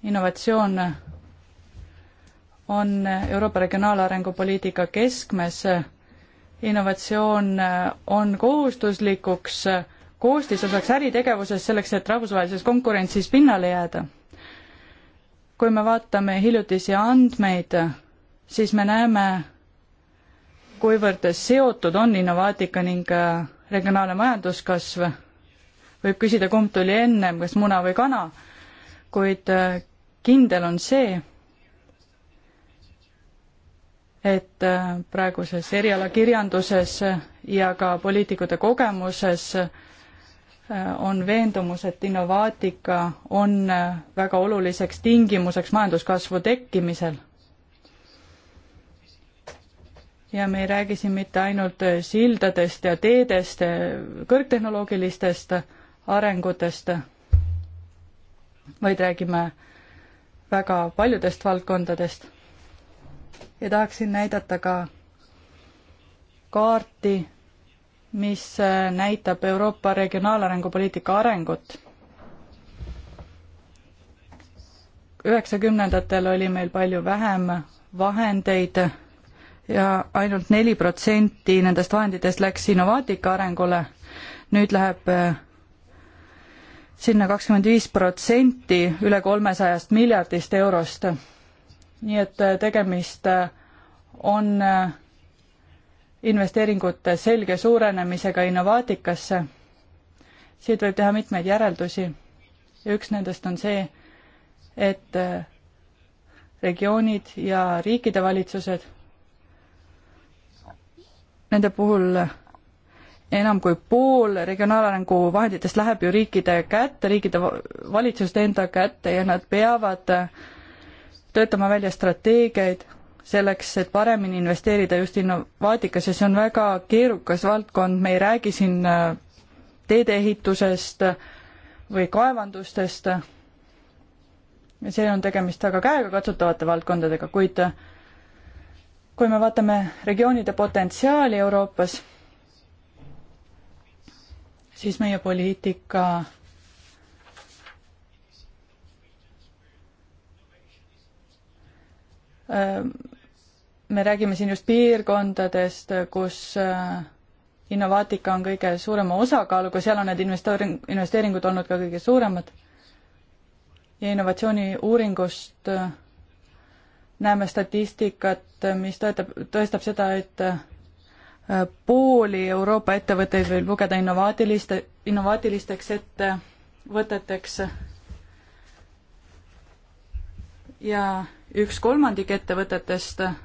innovatsioon on Euroopa regionaalarengu poliitika keskmes. innovatsioon on kohustuslikuks koostisosaks äritegevuses selleks, et rahvusvahelises konkurentsis pinnale jääda. kui me vaatame hiljutisi andmeid siis me näeme, kuivõrd seotud on Innovaatika ning äh, regionaalne majanduskasv. võib küsida, kumb tuli ennem, kas muna või kana, kuid äh, kindel on see, et äh, praeguses erialakirjanduses ja ka poliitikute kogemuses on veendumus, et innovaatika on väga oluliseks tingimuseks majanduskasvu tekkimisel ja me ei räägi siin mitte ainult sildadest ja teedest, kõrgtehnoloogilistest arengutest, vaid räägime väga paljudest valdkondadest. ja tahaksin näidata ka kaarti, mis näitab Euroopa regionaalarengupoliitika arengut. üheksakümnendatel oli meil palju vähem vahendeid ja ainult neli protsenti nendest vahenditest läks Innovaatika arengule, nüüd läheb äh, sinna kakskümmend viis protsenti üle kolmesajast miljardist eurost. nii et äh, tegemist äh, on investeeringute selge suurenemisega innovaatikasse. siit võib teha mitmeid järeldusi ja üks nendest on see, et regioonid ja riikide valitsused nende puhul enam kui pool regionaalarengu vahenditest läheb ju riikide kätte, riikide valitsuste enda kätte ja nad peavad töötama välja strateegiaid selleks, et paremini investeerida just innovaatikas ja see on väga keerukas valdkond, me ei räägi siin äh, teedeehitusest või kaevandustest. ja see on tegemist väga käegakatsutavate valdkondadega, kuid äh, kui me vaatame regioonide potentsiaali Euroopas, siis meie poliitika me räägime siin just piirkondadest, kus äh, Innovaatika on kõige suurema osakaaluga, seal on need investeering, investeeringud olnud ka kõige suuremad. ja innovatsiooniuuringust äh, näeme statistikat, mis tõetab, tõestab seda, et äh, pooli Euroopa ettevõtteid võib lugeda innovaatiliste, innovaatilisteks ettevõteteks ja üks kolmandik ettevõtetest äh,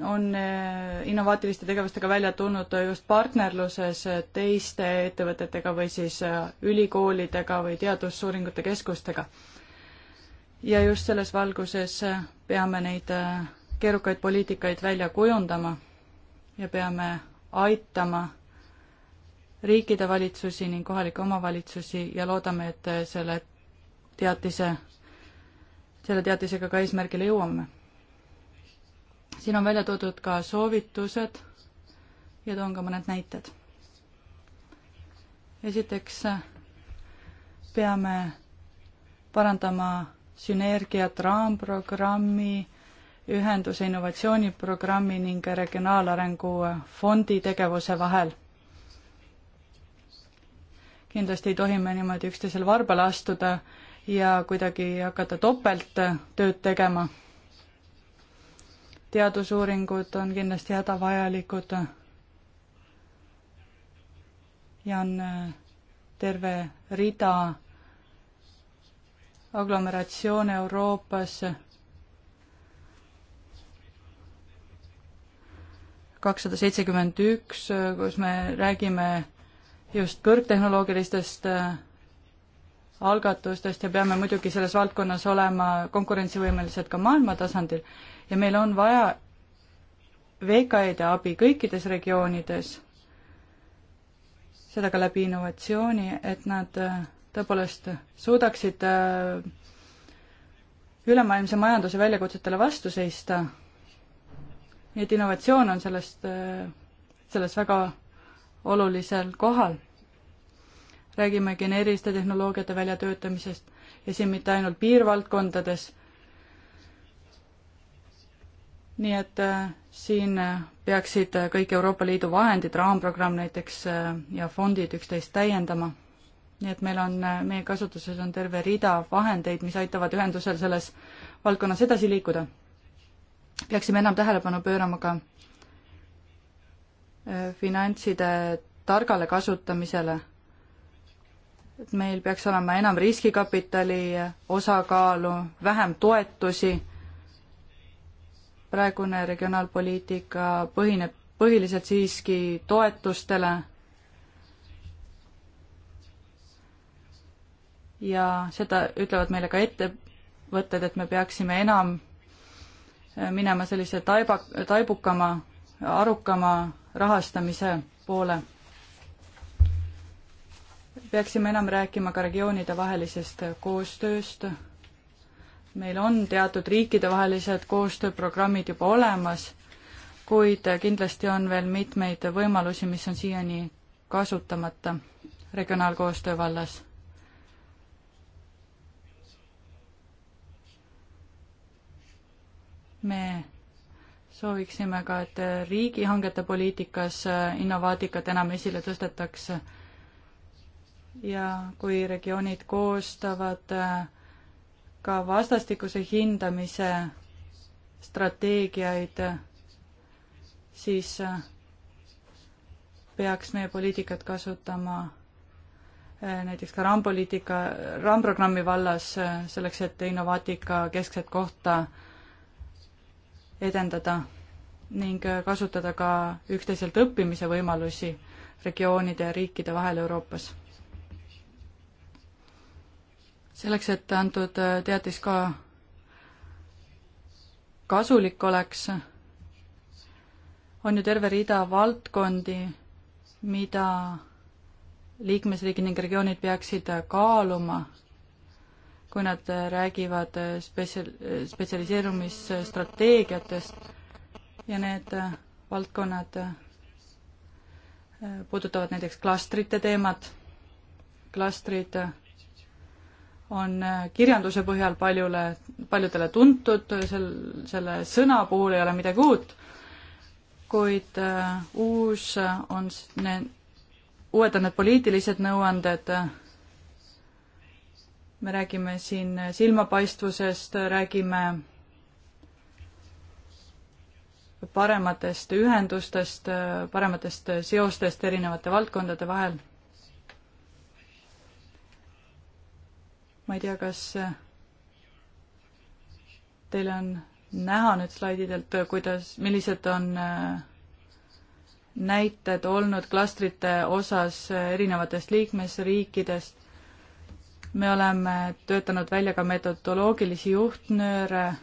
on äh, innovaatiliste tegevustega välja tulnud just partnerluses teiste ettevõtetega või siis äh, ülikoolidega või teadusuuringute keskustega. ja just selles valguses äh, peame neid keerukaid poliitikaid välja kujundama ja peame aitama riikide valitsusi ning kohalikke omavalitsusi ja loodame, et selle teatise, selle teatisega ka eesmärgile jõuame siin on välja toodud ka soovitused ja toon ka mõned näited. esiteks peame parandama sünergiat raamprogrammi, ühenduse innovatsiooniprogrammi ning regionaalarengu fondi tegevuse vahel. kindlasti ei tohi me niimoodi üksteisel varbale astuda ja kuidagi hakata topelt tööd tegema teadusuuringud on kindlasti hädavajalikud. ja on äh, terve rida aglomeratsioone Euroopas. kakssada seitsekümmend üks, äh, kus me räägime just kõrgtehnoloogilistest äh, algatustest ja peame muidugi selles valdkonnas olema konkurentsivõimelised ka maailma tasandil ja meil on vaja VKE-de abi kõikides regioonides, seda ka läbi innovatsiooni, et nad äh, tõepoolest suudaksid äh, ülemaailmse majanduse väljakutsetele vastu seista. nii et innovatsioon on sellest, äh, selles väga olulisel kohal. räägime geneeriliste tehnoloogiate väljatöötamisest ja siin mitte ainult piirvaldkondades nii et äh, siin äh, peaksid äh, kõik Euroopa Liidu vahendid, raamprogramm näiteks ja fondid üksteist täiendama. nii et meil on, meie kasutuses on terve rida vahendeid, mis aitavad ühendusel selles valdkonnas edasi liikuda. peaksime enam tähelepanu pöörama ka finantside targale kasutamisele. et meil peaks olema enam riskikapitali osakaalu, vähem toetusi praegune regionaalpoliitika põhineb põhiliselt siiski toetustele ja seda ütlevad meile ka ettevõtted, et me peaksime enam äh, minema sellise taiba, taibukama, arukama rahastamise poole. peaksime enam rääkima ka regioonide vahelisest koostööst meil on teatud riikidevahelised koostööprogrammid juba olemas, kuid kindlasti on veel mitmeid võimalusi, mis on siiani kasutamata regionaalkoostöö vallas. me sooviksime ka, et riigihangete poliitikas innovaatikat enam esile tõstetakse ja kui regioonid koostavad äh, ka vastastikuse hindamise strateegiaid, siis äh, peaks meie poliitikat kasutama äh, näiteks ka RAM-poliitika, RAM-programmi vallas äh, selleks, et innovaatika keskset kohta edendada ning kasutada ka üksteiselt õppimise võimalusi regioonide ja riikide vahel Euroopas selleks, et antud äh, teatis ka kasulik oleks, on ju terve rida valdkondi, mida liikmesriigid ning regioonid peaksid äh, kaaluma, kui nad äh, räägivad spetsial-, spetsialiseerumisstrateegiatest ja need valdkonnad puudutavad näiteks klastrite teemat, klastrid on kirjanduse põhjal paljule, paljudele tuntud, sel, selle sõna puhul ei ole midagi uut, kuid äh, uus on need, uued on need poliitilised nõuanded, me räägime siin silmapaistvusest, räägime parematest ühendustest, parematest seostest erinevate valdkondade vahel ma ei tea, kas teil on näha nüüd slaididelt, kuidas, millised on äh, näited olnud klastrite osas äh, erinevatest liikmesriikidest. me oleme töötanud välja ka metodoloogilisi juhtnööre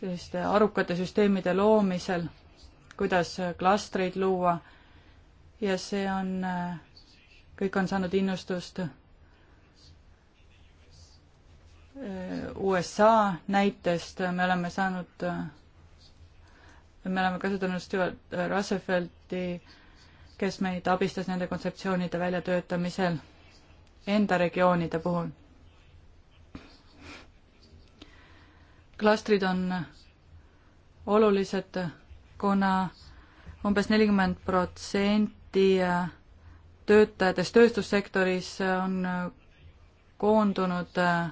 selliste arukate süsteemide loomisel, kuidas äh, klastreid luua ja see on, kõik on saanud innustust USA näitest me oleme saanud, me oleme kasutanud Stewart Roosevelti, kes meid abistas nende kontseptsioonide väljatöötamisel enda regioonide puhul. klastrid on olulised, kuna umbes nelikümmend protsenti töötajatest tööstussektoris on koondunud äh,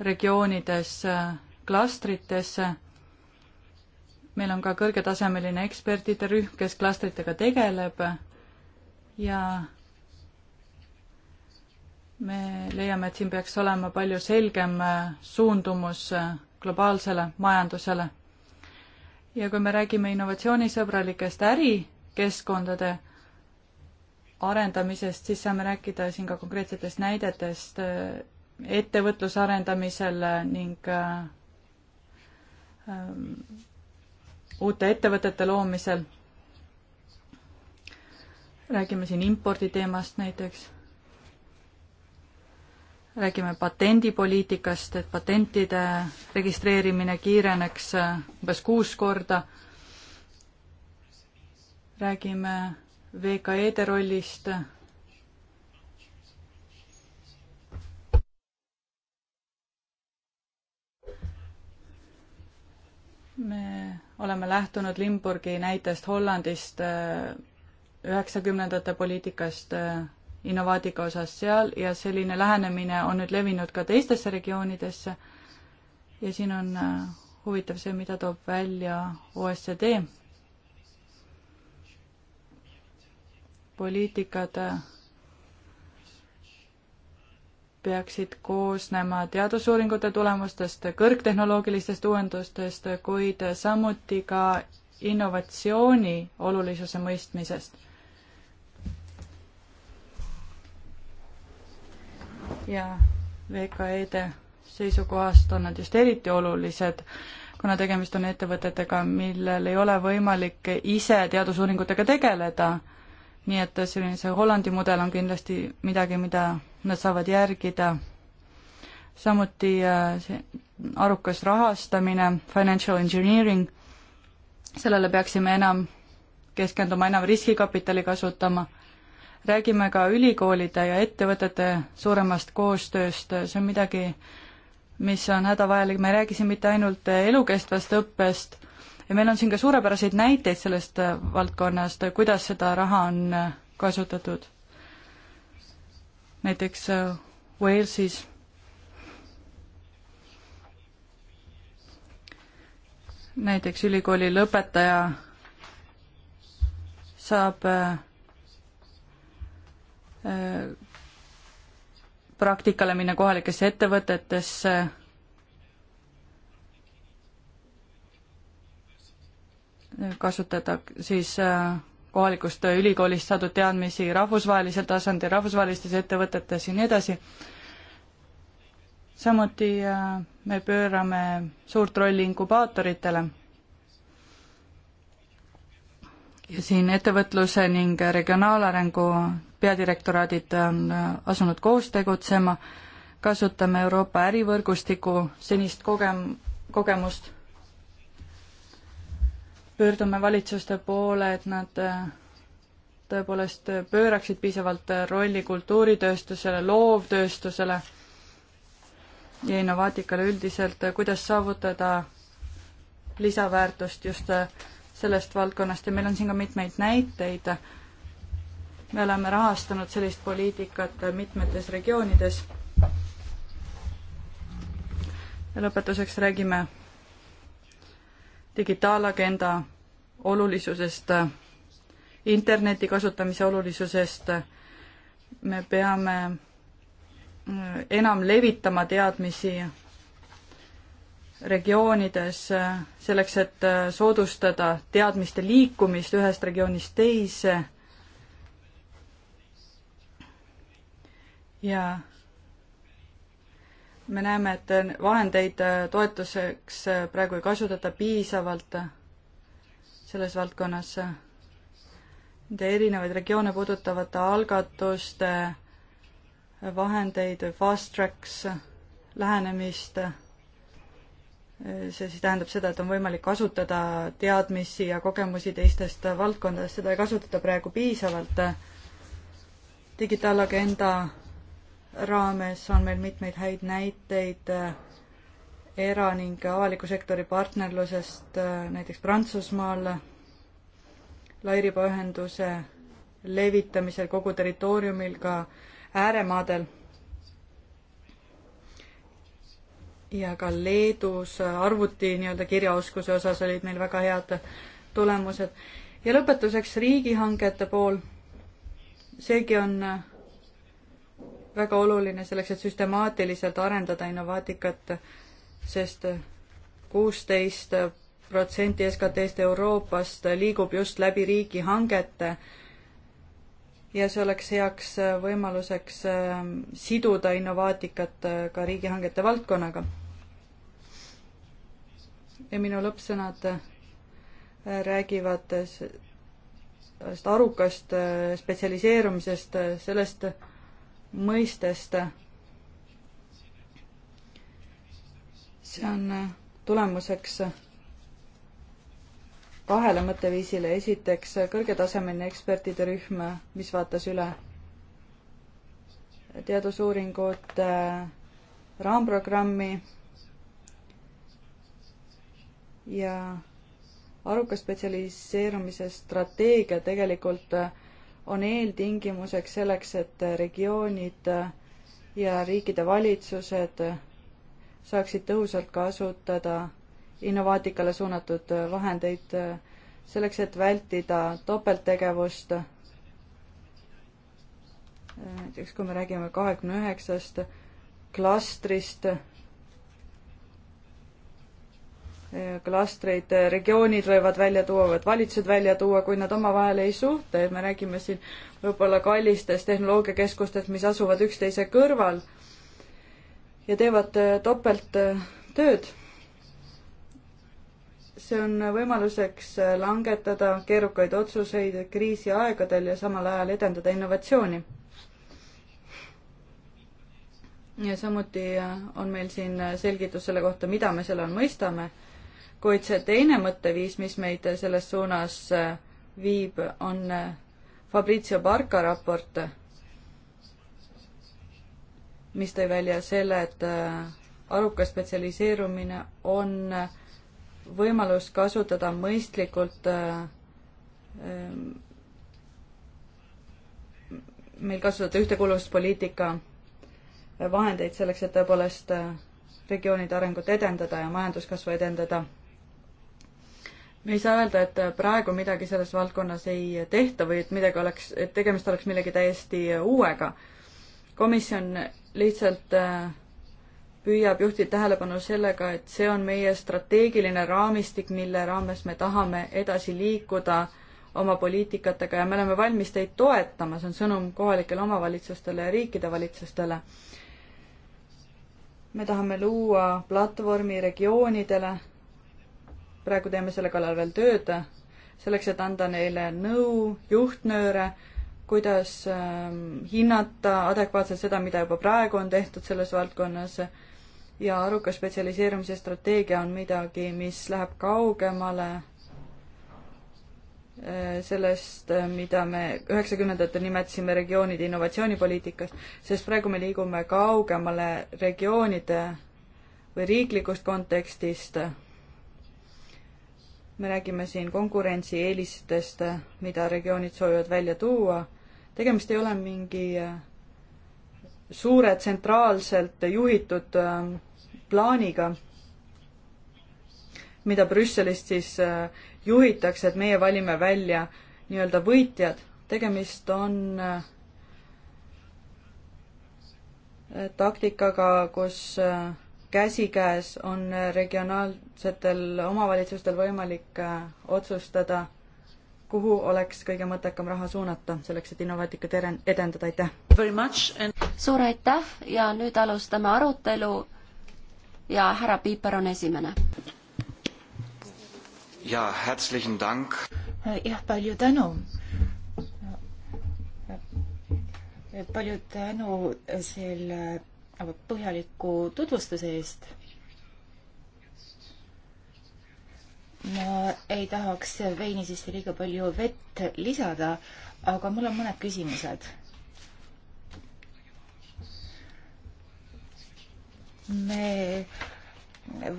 regioonidesse, klastritesse. meil on ka kõrgetasemeline ekspertide rühm, kes klastritega tegeleb ja me leiame, et siin peaks olema palju selgem suundumus globaalsele majandusele. ja kui me räägime innovatsioonisõbralikest ärikeskkondade arendamisest, siis saame rääkida siin ka konkreetsetest näidetest ettevõtluse arendamisele ning äh, ähm, uute ettevõtete loomisel. räägime siin impordi teemast näiteks. räägime patendipoliitikast, et patentide registreerimine kiireneks äh, umbes kuus korda. räägime VKE-de rollist me oleme lähtunud Limburgi näitest Hollandist, äh, üheksakümnendate poliitikast äh, innovaatika osas seal ja selline lähenemine on nüüd levinud ka teistesse regioonidesse. ja siin on äh, huvitav see, mida toob välja OECD. poliitikad peaksid koosnema teadusuuringute tulemustest, kõrgtehnoloogilistest uuendustest, kuid samuti ka innovatsiooni olulisuse mõistmisest. ja VKE-de seisukohast on nad just eriti olulised, kuna tegemist on ettevõtetega, millel ei ole võimalik ise teadusuuringutega tegeleda. nii et selline see Hollandi mudel on kindlasti midagi, mida nad saavad järgida. samuti äh, see arukas rahastamine, financial engineering, sellele peaksime enam keskenduma, enam riskikapitali kasutama. räägime ka ülikoolide ja ettevõtete suuremast koostööst, see on midagi, mis on hädavajalik, me ei räägi siin mitte ainult elukestvast õppest ja meil on siin ka suurepäraseid näiteid sellest äh, valdkonnast, kuidas seda raha on äh, kasutatud näiteks äh, Walesis. näiteks ülikooli lõpetaja saab äh, äh, praktikale minna kohalikesse ettevõtetesse kasutada siis äh, kohalikust ülikoolist saadud teadmisi rahvusvahelisel tasandil, rahvusvahelistes ettevõtetes ja nii edasi. samuti äh, me pöörame suurt rolli inkubaatoritele. ja siin ettevõtluse ning regionaalarengu peadirektoraadid on äh, asunud koos tegutsema, kasutame Euroopa ärivõrgustiku senist kogem-, kogemust pöördume valitsuste poole, et nad äh, tõepoolest pööraksid piisavalt äh, rolli kultuuritööstusele, loovtööstusele ja innovaatikale üldiselt, äh, kuidas saavutada lisaväärtust just sellest valdkonnast ja meil on siin ka mitmeid näiteid. me oleme rahastanud sellist poliitikat mitmetes regioonides. ja lõpetuseks räägime digitaalagenda olulisusest, interneti kasutamise olulisusest, me peame äh, enam levitama teadmisi regioonides äh, selleks, et äh, soodustada teadmiste liikumist ühest regioonist teise ja me näeme, et vahendeid äh, toetuseks äh, praegu ei kasutata piisavalt äh, selles valdkonnas. Nende erinevaid regioone puudutavate algatuste vahendeid või fast tracks lähenemist, see siis tähendab seda, et on võimalik kasutada teadmisi ja kogemusi teistest valdkondadest, seda ei kasutata praegu piisavalt. digitaalagenda raames on meil mitmeid häid näiteid äh, era- ning avaliku sektori partnerlusest äh, näiteks Prantsusmaal lairibaühenduse levitamisel kogu territooriumil, ka ääremaadel. ja ka Leedus arvuti nii-öelda kirjaoskuse osas olid meil väga head tulemused. ja lõpetuseks riigihangete pool. seegi on äh, väga oluline selleks, et süstemaatiliselt arendada innovaatikat, sest kuusteist protsenti SKT-st Euroopast liigub just läbi riigihangete ja see oleks heaks võimaluseks ähm, siduda innovaatikat äh, ka riigihangete valdkonnaga. ja minu lõppsõnad äh, räägivad sellest arukast äh, spetsialiseerumisest, sellest, mõistest. see on tulemuseks kahele mõtteviisile. esiteks kõrgetasemeline ekspertide rühm, mis vaatas üle teadusuuringute raamprogrammi ja aruka spetsialiseerumise strateegia tegelikult äh, on eeltingimuseks selleks, et regioonid ja riikide valitsused saaksid tõhusalt kasutada innovaatikale suunatud vahendeid selleks, et vältida topelttegevust. näiteks kui me räägime kahekümne üheksast klastrist, klastreid regioonid võivad välja tuua, võivad valitsused välja tuua, kui nad omavahel ei suhtle, me räägime siin võib-olla kallistest tehnoloogiakeskustest, mis asuvad üksteise kõrval ja teevad äh, topelttööd. Äh, see on võimaluseks äh, langetada keerukaid otsuseid kriisiaegadel ja samal ajal edendada innovatsiooni. ja samuti on meil siin selgitus selle kohta, mida me selle all mõistame kuid see teine mõtteviis, mis meid selles suunas äh, viib, on äh, Fabrizio Barca raport, mis tõi välja selle, et äh, arukas spetsialiseerumine on võimalus kasutada mõistlikult ähm, meil kasutada ühtekuuluvuspoliitika vahendeid selleks, et tõepoolest regioonide arengut edendada ja majanduskasvu edendada me ei saa öelda, et praegu midagi selles valdkonnas ei tehta või et midagi oleks, et tegemist oleks millegi täiesti uuega. komisjon lihtsalt äh, püüab juhtida tähelepanu sellega, et see on meie strateegiline raamistik, mille raames me tahame edasi liikuda oma poliitikatega ja me oleme valmis teid toetama, see on sõnum kohalikele omavalitsustele ja riikide valitsustele. me tahame luua platvormi regioonidele praegu teeme selle kallal veel tööd, selleks, et anda neile nõu, juhtnööre, kuidas ähm, hinnata adekvaatselt seda, mida juba praegu on tehtud selles valdkonnas ja aruka spetsialiseerumise strateegia on midagi, mis läheb kaugemale äh, sellest, äh, mida me üheksakümnendatel nimetasime regioonide innovatsioonipoliitikast, sest praegu me liigume kaugemale regioonide või riiklikust kontekstist me räägime siin konkurentsieelistest, mida regioonid soovivad välja tuua. tegemist ei ole mingi äh, suure tsentraalselt juhitud äh, plaaniga, mida Brüsselist siis äh, juhitakse, et meie valime välja nii-öelda võitjad. tegemist on taktikaga, kus äh, käsikäes on regionaalsetel omavalitsustel võimalik äh, otsustada, kuhu oleks kõige mõttekam raha suunata, selleks et innovaatikat edendada, aitäh! suur aitäh ja nüüd alustame arutelu ja härra Piiper on esimene. jaa, herzlichen Dank! jah, palju tänu! palju tänu selle põhjaliku tutvustuse eest. ma ei tahaks veini sisse liiga palju vett lisada, aga mul on mõned küsimused. me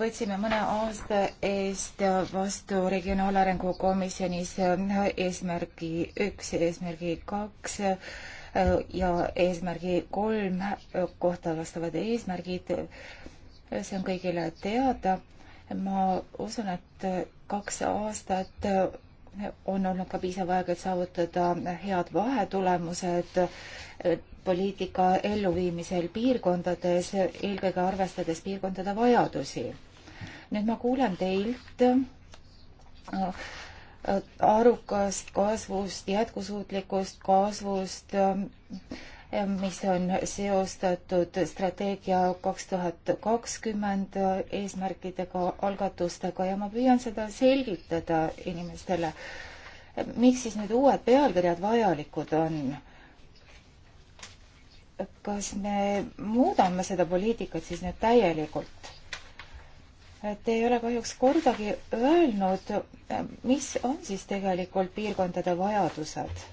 võtsime mõne aasta eest vastu Regionaalarengu Komisjonis eesmärgi üks ja eesmärgi kaks ja eesmärgi kolm kohta vastavad eesmärgid. see on kõigile teada. ma usun, et kaks aastat on olnud ka piisav aeg, et saavutada head vahetulemused poliitika elluviimisel piirkondades, eelkõige arvestades piirkondade vajadusi. nüüd ma kuulen teilt arukast kasvust, jätkusuutlikust kasvust, ähm, mis on seostatud strateegia kaks tuhat kakskümmend eesmärkidega, algatustega ja ma püüan seda selgitada inimestele. miks siis need uued pealkirjad vajalikud on? kas me muudame seda poliitikat siis nüüd täielikult? Te ei ole kahjuks kordagi öelnud, mis on siis tegelikult piirkondade vajadused.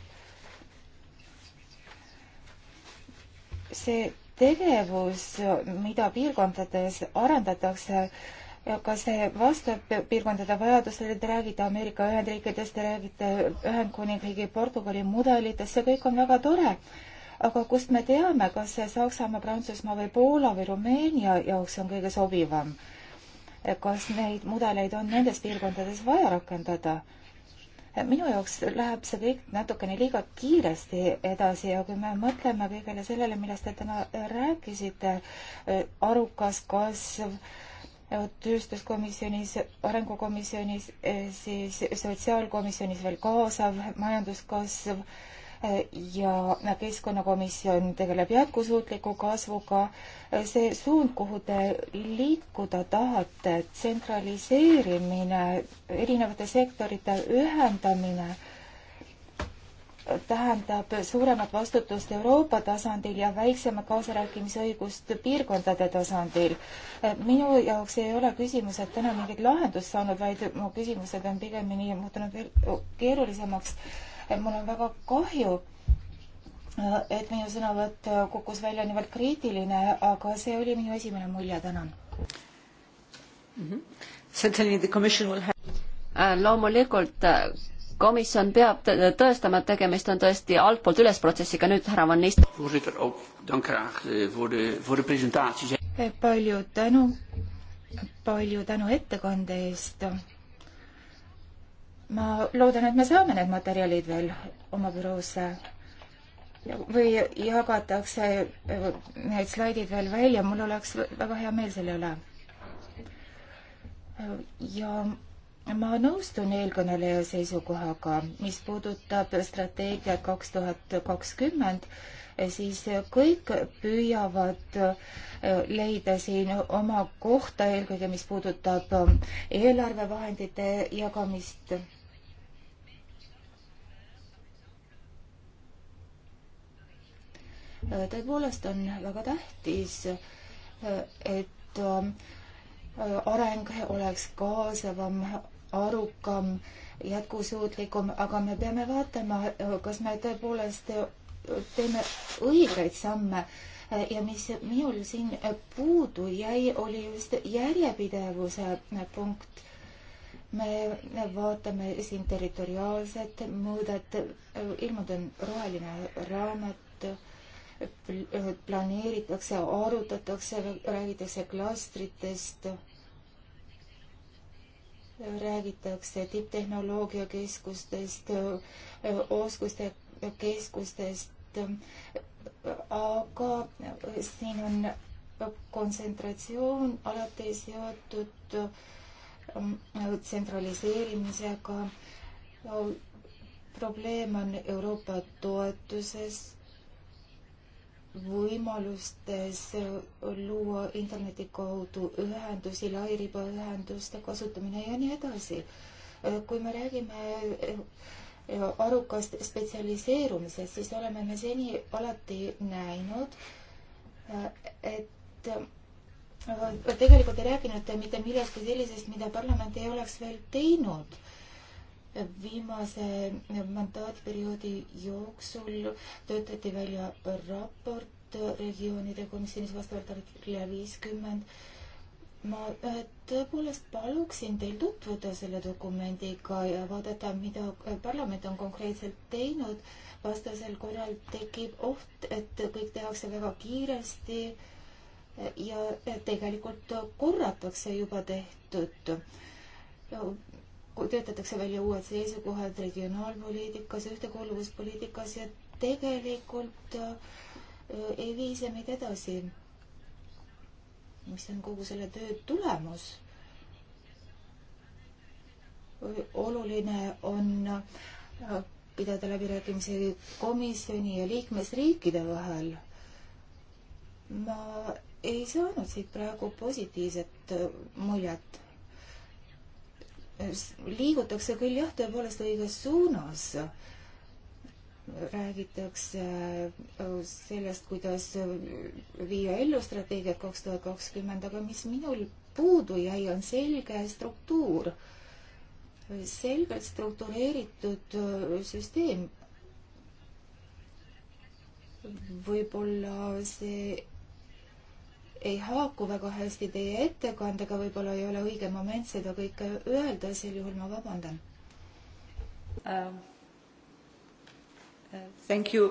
see tegevus, mida piirkondades arendatakse, kas see vastab piirkondade vajadusele, te räägite Ameerika Ühendriikidest, te räägite Ühendkuningriigi, Portugali mudelitest, see kõik on väga tore aga kust me teame, kas see Saksamaa, Prantsusmaa või Poola või Rumeenia jaoks on kõige sobivam? kas neid mudeleid on nendes piirkondades vaja rakendada. minu jaoks läheb see kõik natukene liiga kiiresti edasi ja kui me mõtleme kõigele sellele, millest te täna rääkisite, arukas kasv, tööstuskomisjonis, arengukomisjonis, siis sotsiaalkomisjonis veel kaasav majanduskasv ja Keskkonnakomisjon tegeleb jätkusuutliku kasvuga. see suund, kuhu te liikuda tahate, tsentraliseerimine, erinevate sektorite ühendamine, tähendab suuremat vastutust Euroopa tasandil ja väiksemat kaasarääkimisõigust piirkondade tasandil. minu jaoks ei ole küsimused täna mingit lahendust saanud, vaid mu küsimused on pigemini muutunud veel keerulisemaks mul on väga kahju, et minu sõnavõtt kukkus välja niivõrd kriitiline, aga see oli minu esimene mulje, tänan mm. -hmm. Have... Äh, loomulikult äh, komisjon peab tõestama, et tegemist on tõesti altpoolt üles protsessiga, nüüd härra Van Nist-. Eh, eh, palju tänu, palju tänu ettekande eest ma loodan, et me saame need materjalid veel oma büroosse või jagatakse äh, need slaidid veel välja, mul oleks väga hea meel selle üle. Äh, ja ma nõustun eelkõneleja seisukohaga, mis puudutab strateegiat kaks tuhat kakskümmend, siis kõik püüavad äh, leida siin oma kohta, eelkõige mis puudutab eelarvevahendite jagamist Äh, tõepoolest on väga tähtis, äh, et äh, areng oleks kaasavam, arukam, jätkusuutlikum, aga me peame vaatama, kas me tõepoolest teeme õigeid samme ja mis minul siin puudu jäi, oli just järjepidevuse punkt. me vaatame siin territoriaalset mõõdet, ilmunud on roheline raamat planeeritakse, arutatakse, räägitakse klastritest, räägitakse tipptehnoloogiakeskustest, oskuste keskustest, aga siin on kontsentratsioon alati seotud tsentraliseerimisega. probleem on Euroopa toetuses võimalustes luua interneti kaudu ühendusi, lairibaühenduste kasutamine ja nii edasi. kui me räägime eh, arukast spetsialiseerumisest, siis oleme me seni alati näinud, eh, et eh, tegelikult ei rääkinud te mitte millestki sellisest, mida parlament ei oleks veel teinud viimase mandaatperioodi jooksul töötati välja raport regioonide komisjonis vastavalt artiklile viiskümmend. ma äh, tõepoolest paluksin teil tutvuda selle dokumendiga ja vaadata, mida parlament on konkreetselt teinud. vastasel korral tekib oht, et kõik tehakse väga kiiresti ja tegelikult korratakse juba tehtut töötatakse välja uued seisukohad regionaalpoliitikas, ühtekuuluvuspoliitikas ja tegelikult äh, ei vii see meid edasi. mis on kogu selle töö tulemus? oluline on äh, pidada läbirääkimisi komisjoni ja liikmesriikide vahel. ma ei saanud siit praegu positiivset äh, muljet liigutakse küll jah, tõepoolest õiges suunas. räägitakse äh, sellest, kuidas äh, viia ellu strateegiat kaks tuhat kakskümmend, aga mis minul puudu jäi, on selge struktuur, selgelt struktureeritud äh, süsteem. võib-olla see ei haaku väga hästi teie ettekandega, võib-olla ei ole õige moment seda kõike öelda, sel juhul ma vabandan uh,. Thank you.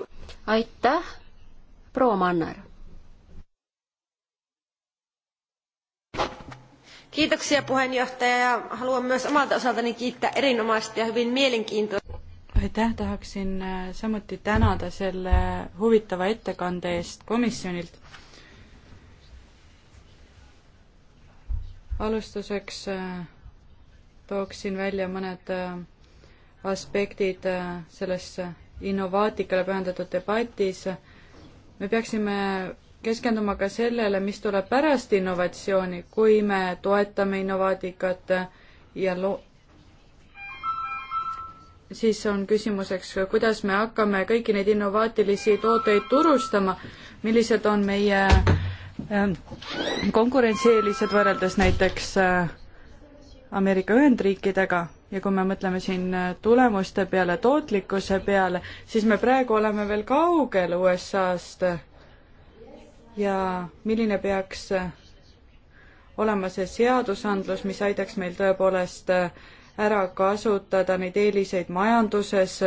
aitäh, proua Manner. Kiitoksia puheenjohtaja ja haluan myös omalta osaltani kiittää erinomaisesti ja hyvin mielenkiintoista. aitäh, tahaksin äh, samuti tänada selle huvitava ettekande eest komisjonilt alustuseks äh, tooksin välja mõned äh, aspektid äh, selles innovaatikale pühendatud debatis. me peaksime keskenduma ka sellele, mis tuleb pärast innovatsiooni, kui me toetame innovaatikat ja lo-, siis on küsimuseks, kuidas me hakkame kõiki neid innovaatilisi tooteid turustama, millised on meie äh, Ähm, konkurentsieelised võrreldes näiteks äh, Ameerika Ühendriikidega ja kui me mõtleme siin äh, tulemuste peale, tootlikkuse peale, siis me praegu oleme veel kaugel USA-st. ja milline peaks äh, olema see seadusandlus, mis aitaks meil tõepoolest ära kasutada neid eeliseid majanduses.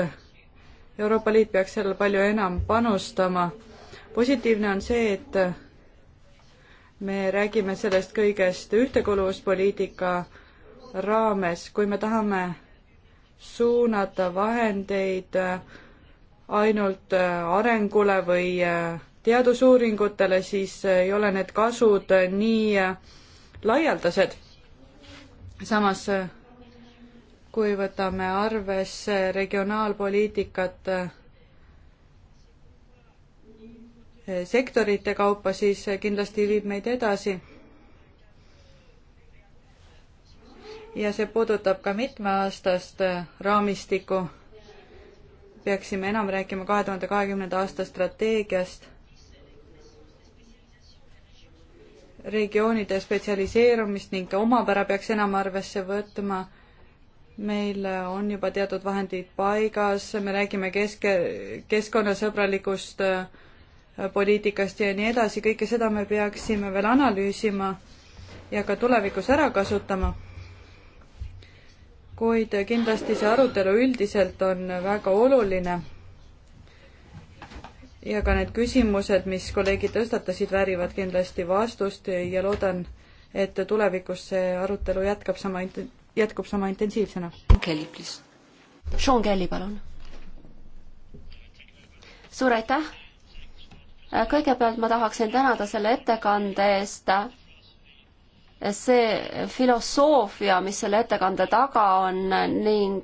Euroopa Liit peaks sellele palju enam panustama. positiivne on see, et me räägime sellest kõigest ühtekuuluvuspoliitika raames, kui me tahame suunata vahendeid äh, ainult äh, arengule või äh, teadusuuringutele, siis ei ole need kasud nii laialdased. samas, kui võtame arvesse regionaalpoliitikat sektorite kaupa, siis kindlasti viib meid edasi. ja see puudutab ka mitmeaastast raamistikku. peaksime enam rääkima kahe tuhande kahekümnenda aasta strateegiast, regioonide spetsialiseerumist ning omapära peaks enam arvesse võtma meil on juba teatud vahendid paigas, me räägime keske, keskkonnasõbralikust äh, poliitikast ja nii edasi, kõike seda me peaksime veel analüüsima ja ka tulevikus ära kasutama. kuid kindlasti see arutelu üldiselt on väga oluline. ja ka need küsimused, mis kolleegid tõstatasid, väärivad kindlasti vastust ja loodan, et tulevikus see arutelu jätkab sama, jätkub sama intensiivsena. Kelly, please. Sean Kelly, palun. suur aitäh kõigepealt ma tahaksin tänada selle ettekande eest. see filosoofia, mis selle ettekande taga on ning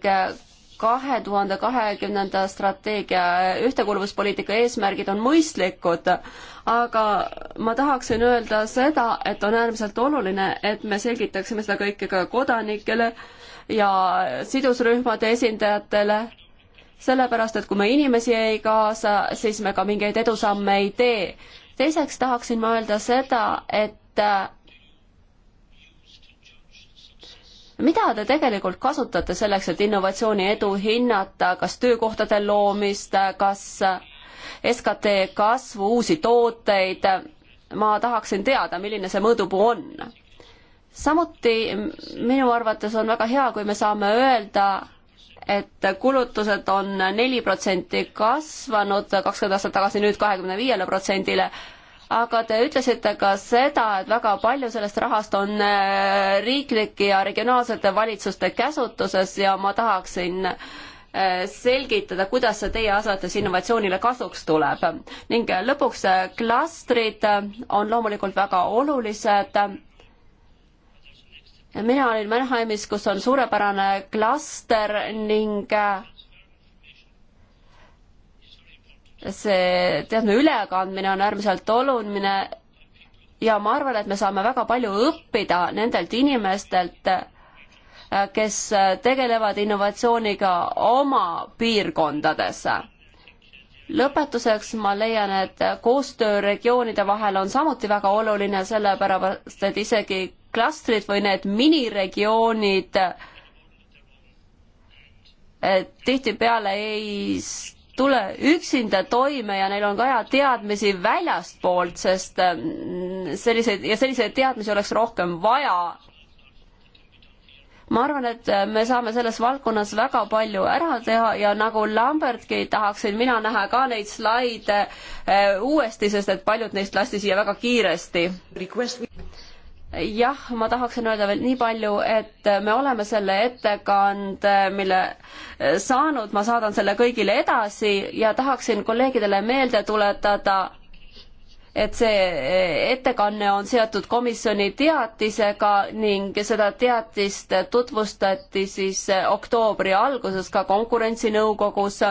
kahe tuhande kahekümnenda strateegia ühtekuuluvuspoliitika eesmärgid on mõistlikud, aga ma tahaksin öelda seda, et on äärmiselt oluline, et me selgitaksime seda kõike ka kodanikele ja sidusrühmade esindajatele sellepärast et kui me inimesi ei kaasa, siis me ka mingeid edusamme ei tee. teiseks tahaksin ma öelda seda, et äh, mida te tegelikult kasutate selleks, et innovatsiooni edu hinnata, kas töökohtade loomist, kas äh, SKT kasvu, uusi tooteid, ma tahaksin teada, milline see mõõdupuu on. samuti minu arvates on väga hea, kui me saame öelda, et kulutused on neli protsenti kasvanud kakskümmend aastat tagasi, nüüd kahekümne viiele protsendile, aga te ütlesite ka seda, et väga palju sellest rahast on äh, riiklike ja regionaalsete valitsuste käsutuses ja ma tahaksin äh, selgitada, kuidas see teie arvates innovatsioonile kasuks tuleb. ning lõpuks äh, klastrid on loomulikult väga olulised mina olin Mannheimis, kus on suurepärane klaster ning äh, see teadme ülekandmine on äärmiselt oluline ja ma arvan, et me saame väga palju õppida nendelt inimestelt, äh, kes tegelevad innovatsiooniga oma piirkondades. lõpetuseks ma leian, et koostöö regioonide vahel on samuti väga oluline, sellepärast et isegi klastrid või need miniregioonid tihtipeale ei tule üksinda toime ja neil on vaja teadmisi väljastpoolt, sest mm, selliseid ja selliseid teadmisi oleks rohkem vaja. ma arvan, et me saame selles valdkonnas väga palju ära teha ja nagu Lambertki tahaksin mina näha ka neid slaide äh, uuesti, sest et paljud neist lasti siia väga kiiresti jah, ma tahaksin öelda veel nii palju, et me oleme selle ettekande, mille eh, saanud, ma saadan selle kõigile edasi ja tahaksin kolleegidele meelde tuletada, et see eh, ettekanne on seotud komisjoni teatisega ning seda teatist tutvustati siis eh, oktoobri alguses ka konkurentsinõukogus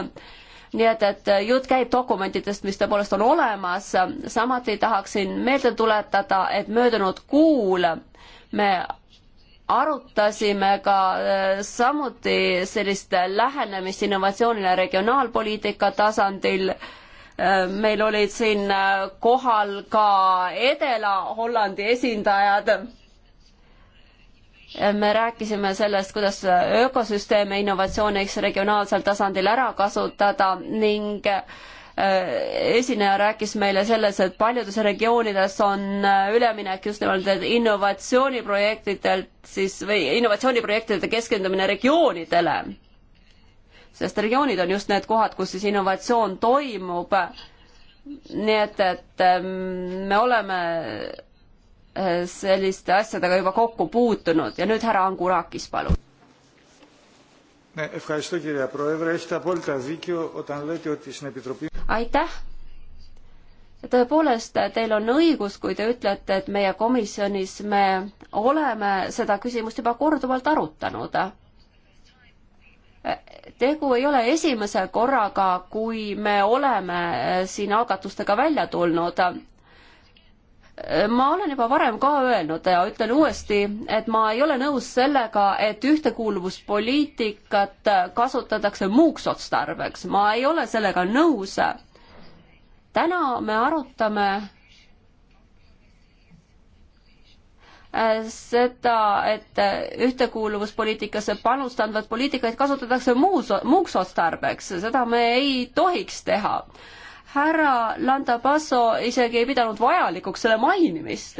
nii et, et jutt käib dokumentidest, mis tõepoolest on olemas, samuti tahaksin meelde tuletada, et möödunud kuul me arutasime ka äh, samuti sellist lähenemist innovatsioonile regionaalpoliitika tasandil äh, meil olid siin äh, kohal ka Edela Hollandi esindajad me rääkisime sellest, kuidas ökosüsteeme innovatsiooniks regionaalsel tasandil ära kasutada ning äh, esineja rääkis meile selles, et paljudes regioonides on äh, üleminek just nimelt innovatsiooniprojektidelt siis või innovatsiooniprojektide keskendumine regioonidele. sest regioonid on just need kohad, kus siis innovatsioon toimub. nii et, et ähm, me oleme Äh, selliste asjadega juba kokku puutunud ja nüüd härra Angurakis, palun. aitäh. tõepoolest, teil on õigus, kui te ütlete, et meie komisjonis me oleme seda küsimust juba korduvalt arutanud tegu ei ole esimese korraga, kui me oleme äh, siin algatustega välja tulnud ma olen juba varem ka öelnud ja ütlen uuesti, et ma ei ole nõus sellega, et ühtekuuluvuspoliitikat kasutatakse muuks otstarbeks, ma ei ole sellega nõus. täna me arutame äh, seda, et ühtekuuluvuspoliitikasse panust andvat poliitikaid kasutatakse muus, muuks otstarbeks, seda me ei tohiks teha härra Landabasso isegi ei pidanud vajalikuks selle mainimist.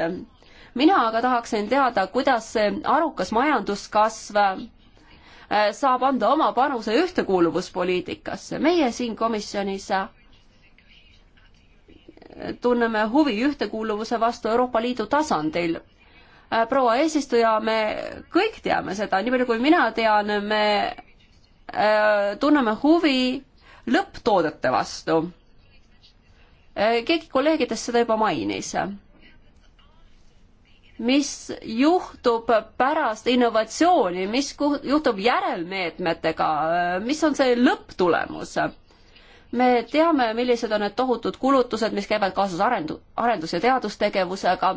mina aga tahaksin teada, kuidas see arukas majanduskasv äh, saab anda oma panuse ühtekuuluvuspoliitikasse. meie siin komisjonis äh, tunneme huvi ühtekuuluvuse vastu Euroopa Liidu tasandil äh, proua eesistuja, me kõik teame seda, nii palju kui mina tean, me tunneme huvi lõpptoodete vastu. Äh, keegi kolleegidest seda juba mainis. mis juhtub pärast innovatsiooni, mis juhtub järelmeetmetega, äh, mis on see lõpptulemus? me teame, millised on need tohutud kulutused, mis käivad kaasas arendu-, arendus- ja teadustegevusega.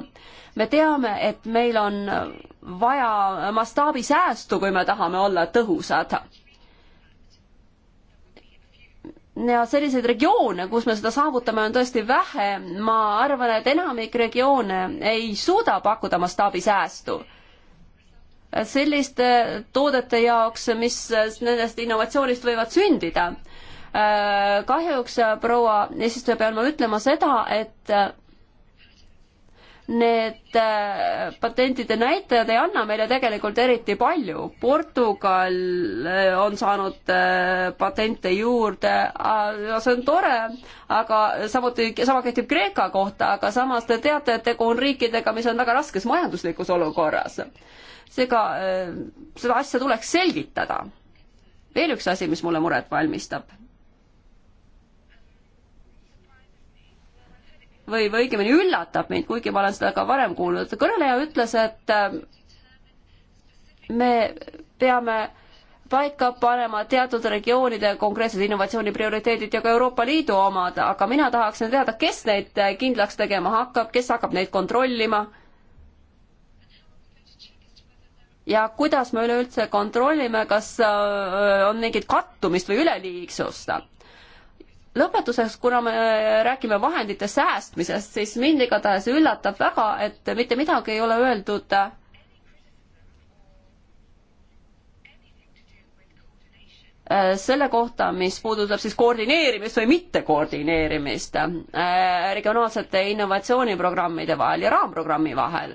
me teame, et meil on vaja mastaabisäästu, kui me tahame olla tõhusad ja selliseid regioone, kus me seda saavutame, on tõesti vähe. ma arvan, et enamik regioone ei suuda pakkuda mastaabisäästu selliste toodete jaoks, mis nendest innovatsioonist võivad sündida. Äh, kahjuks proua eesistuja pean ma ütlema seda, et need äh, patentide näitajad ei anna meile tegelikult eriti palju. Portugal äh, on saanud äh, patente juurde, see on tore, aga samuti, sama kehtib Kreeka kohta, aga samas te teate, et tegu on riikidega, mis on väga raskes majanduslikus olukorras. seega seda asja tuleks selgitada. veel üks asi, mis mulle muret valmistab või, või õigemini üllatab mind, kuigi ma olen seda ka varem kuulnud. kõneleja ütles, et me peame paika panema teatud regioonide konkreetsed innovatsiooni prioriteedid ja ka Euroopa Liidu omad, aga mina tahaksin teada, kes neid kindlaks tegema hakkab, kes hakkab neid kontrollima. ja kuidas me üleüldse kontrollime, kas äh, on mingit kattumist või üleliigsust lõpetuseks, kuna me räägime vahendite säästmisest, siis mind igatahes üllatab väga, et mitte midagi ei ole öeldud selle kohta, mis puudutab siis koordineerimist või mittekoordineerimist äh, regionaalsete innovatsiooniprogrammide vahel ja raamprogrammi vahel.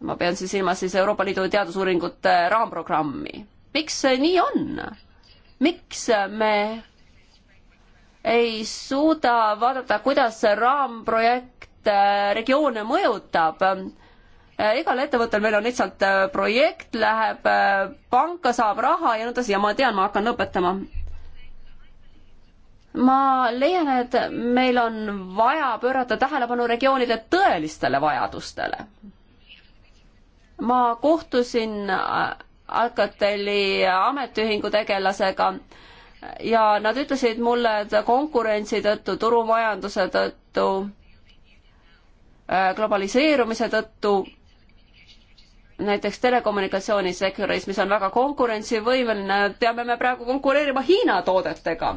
ma pean siis silmas siis Euroopa Liidu teadusuuringute raamprogrammi. miks see nii on? miks me ei suuda vaadata, kuidas see raamprojekt äh, regioone mõjutab äh, igal ettevõttel meil on lihtsalt äh, projekt, läheb panka, saab raha ja nii edasi ja ma tean, ma hakkan lõpetama. ma leian, et meil on vaja pöörata tähelepanu regioonide tõelistele vajadustele. ma kohtusin Alcateli ametiühingu tegelasega ja nad ütlesid mulle, et konkurentsi tõttu, turumajanduse tõttu, äh, globaliseerumise tõttu, näiteks telekommunikatsioonisektoris, mis on väga konkurentsivõimeline, peame me praegu konkureerima Hiina toodetega.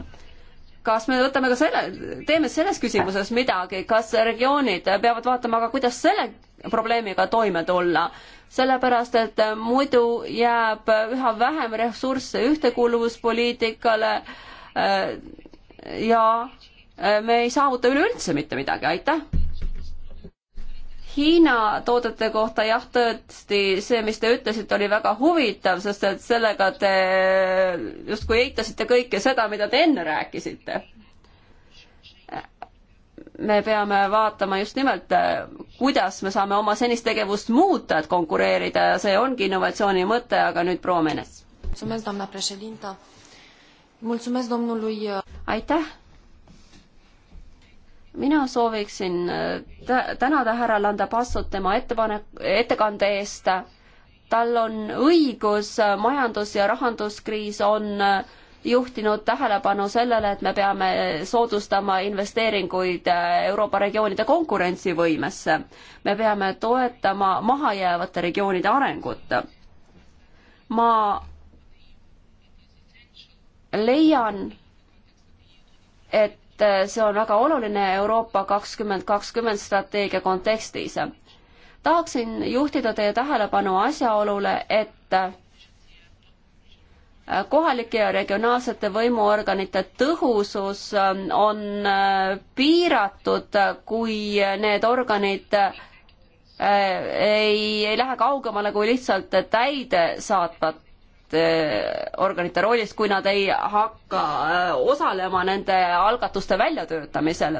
kas me võtame ka selle, teeme selles küsimuses midagi, kas regioonid peavad vaatama ka, kuidas selle probleemiga toime tulla. sellepärast, et muidu jääb üha vähem ressursse ühtekuuluvuspoliitikale äh, ja äh, me ei saavuta üleüldse mitte midagi, aitäh! Hiina toodete kohta jah, tõesti see, mis te ütlesite, oli väga huvitav, sest et sellega te justkui eitasite kõike seda, mida te enne rääkisite me peame vaatama just nimelt, kuidas me saame oma senist tegevust muuta, et konkureerida ja see ongi innovatsiooni mõte, aga nüüd proua Menes. Uh, aitäh. mina sooviksin äh, tänada härra Landabassot tema ettepanek, ettekande eest. tal on õigus, äh, majandus- ja rahanduskriis on äh, juhtinud tähelepanu sellele, et me peame soodustama investeeringuid äh, Euroopa regioonide konkurentsivõimesse. me peame toetama mahajäävate regioonide arengut. ma leian, et äh, see on väga oluline Euroopa kakskümmend kakskümmend strateegia kontekstis. tahaksin juhtida teie tähelepanu asjaolule, et äh, kohalike ja regionaalsete võimuorganite tõhusus ähm, on äh, piiratud, äh, kui need organid äh, ei, ei lähe kaugemale kui lihtsalt täidesaatvat organite rollist, kui nad ei hakka osalema nende algatuste väljatöötamisel.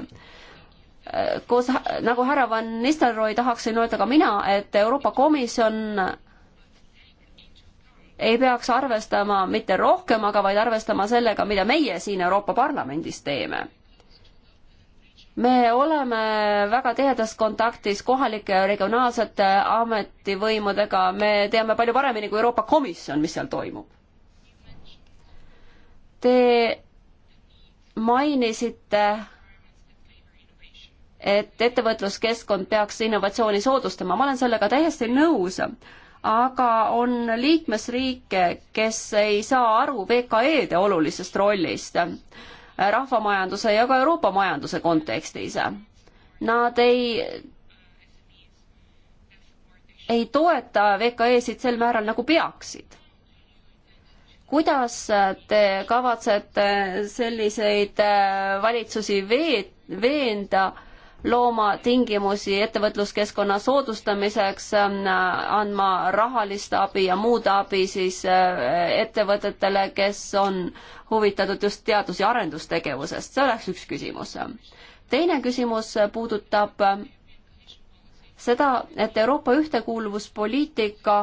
koos, nagu härra Van Nistelrooy tahaksin öelda ka mina, et Euroopa Komisjon ei peaks arvestama mitte rohkemaga, vaid arvestama sellega, mida meie siin Euroopa Parlamendis teeme. me oleme väga tihedas kontaktis kohalike ja regionaalsete ametivõimudega, me teame palju paremini kui Euroopa Komisjon, mis seal toimub. Te mainisite, et ettevõtluskeskkond peaks innovatsiooni soodustama, ma olen sellega täiesti nõus aga on liikmesriike, kes ei saa aru VKE-de olulisest rollist äh, rahvamajanduse ja ka Euroopa majanduse kontekstis. Nad ei, ei toeta VKE-sid sel määral, nagu peaksid. kuidas te kavatsete selliseid äh, valitsusi veed-, veenda, looma tingimusi ettevõtluskeskkonna soodustamiseks, ähm, andma rahalist abi ja muud abi siis äh, ettevõtetele, kes on huvitatud just teadus- ja arendustegevusest, see oleks üks küsimus. teine küsimus puudutab seda, et Euroopa ühtekuuluvuspoliitika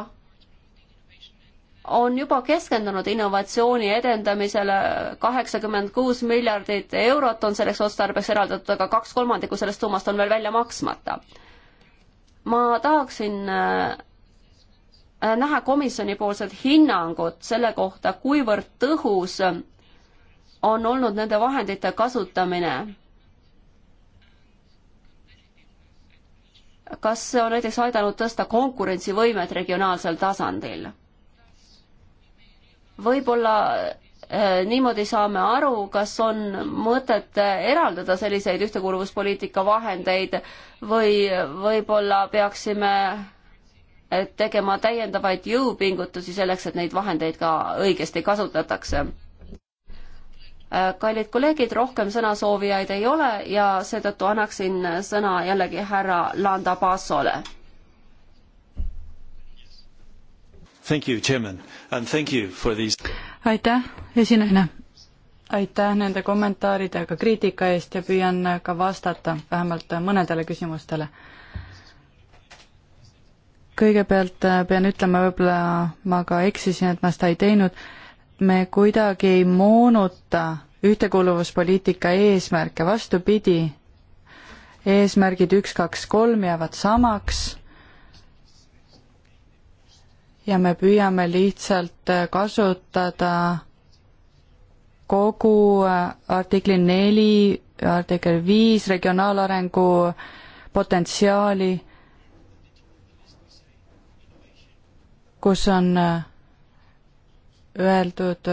on juba keskendunud innovatsiooni edendamisele, kaheksakümmend kuus miljardit eurot on selleks otstarbeks eraldatud, aga kaks kolmandikku sellest summast on veel välja maksmata. ma tahaksin äh, näha komisjonipoolset hinnangut selle kohta, kuivõrd tõhus on olnud nende vahendite kasutamine. kas see on näiteks aidanud tõsta konkurentsivõimet regionaalsel tasandil? võib-olla äh, niimoodi saame aru, kas on mõtet eraldada selliseid ühtekuuluvuspoliitika vahendeid või võib-olla peaksime äh, tegema täiendavaid jõupingutusi selleks, et neid vahendeid ka õigesti kasutatakse. Äh, kallid kolleegid, rohkem sõnasoovijaid ei ole ja seetõttu annaksin sõna jällegi härra Landa Bassole aitäh, esinaine. aitäh nende kommentaaride ja ka kriitika eest ja püüan ka vastata vähemalt mõnedele küsimustele. kõigepealt äh, pean ütlema, võib-olla ma ka eksisin, et ma seda ei teinud, me kuidagi ei moonuta ühtekuuluvuspoliitika eesmärke, vastupidi, eesmärgid üks, kaks, kolm jäävad samaks ja me püüame lihtsalt kasutada kogu äh, artikli neli, artikkel viis regionaalarengu potentsiaali, kus on äh, öeldud,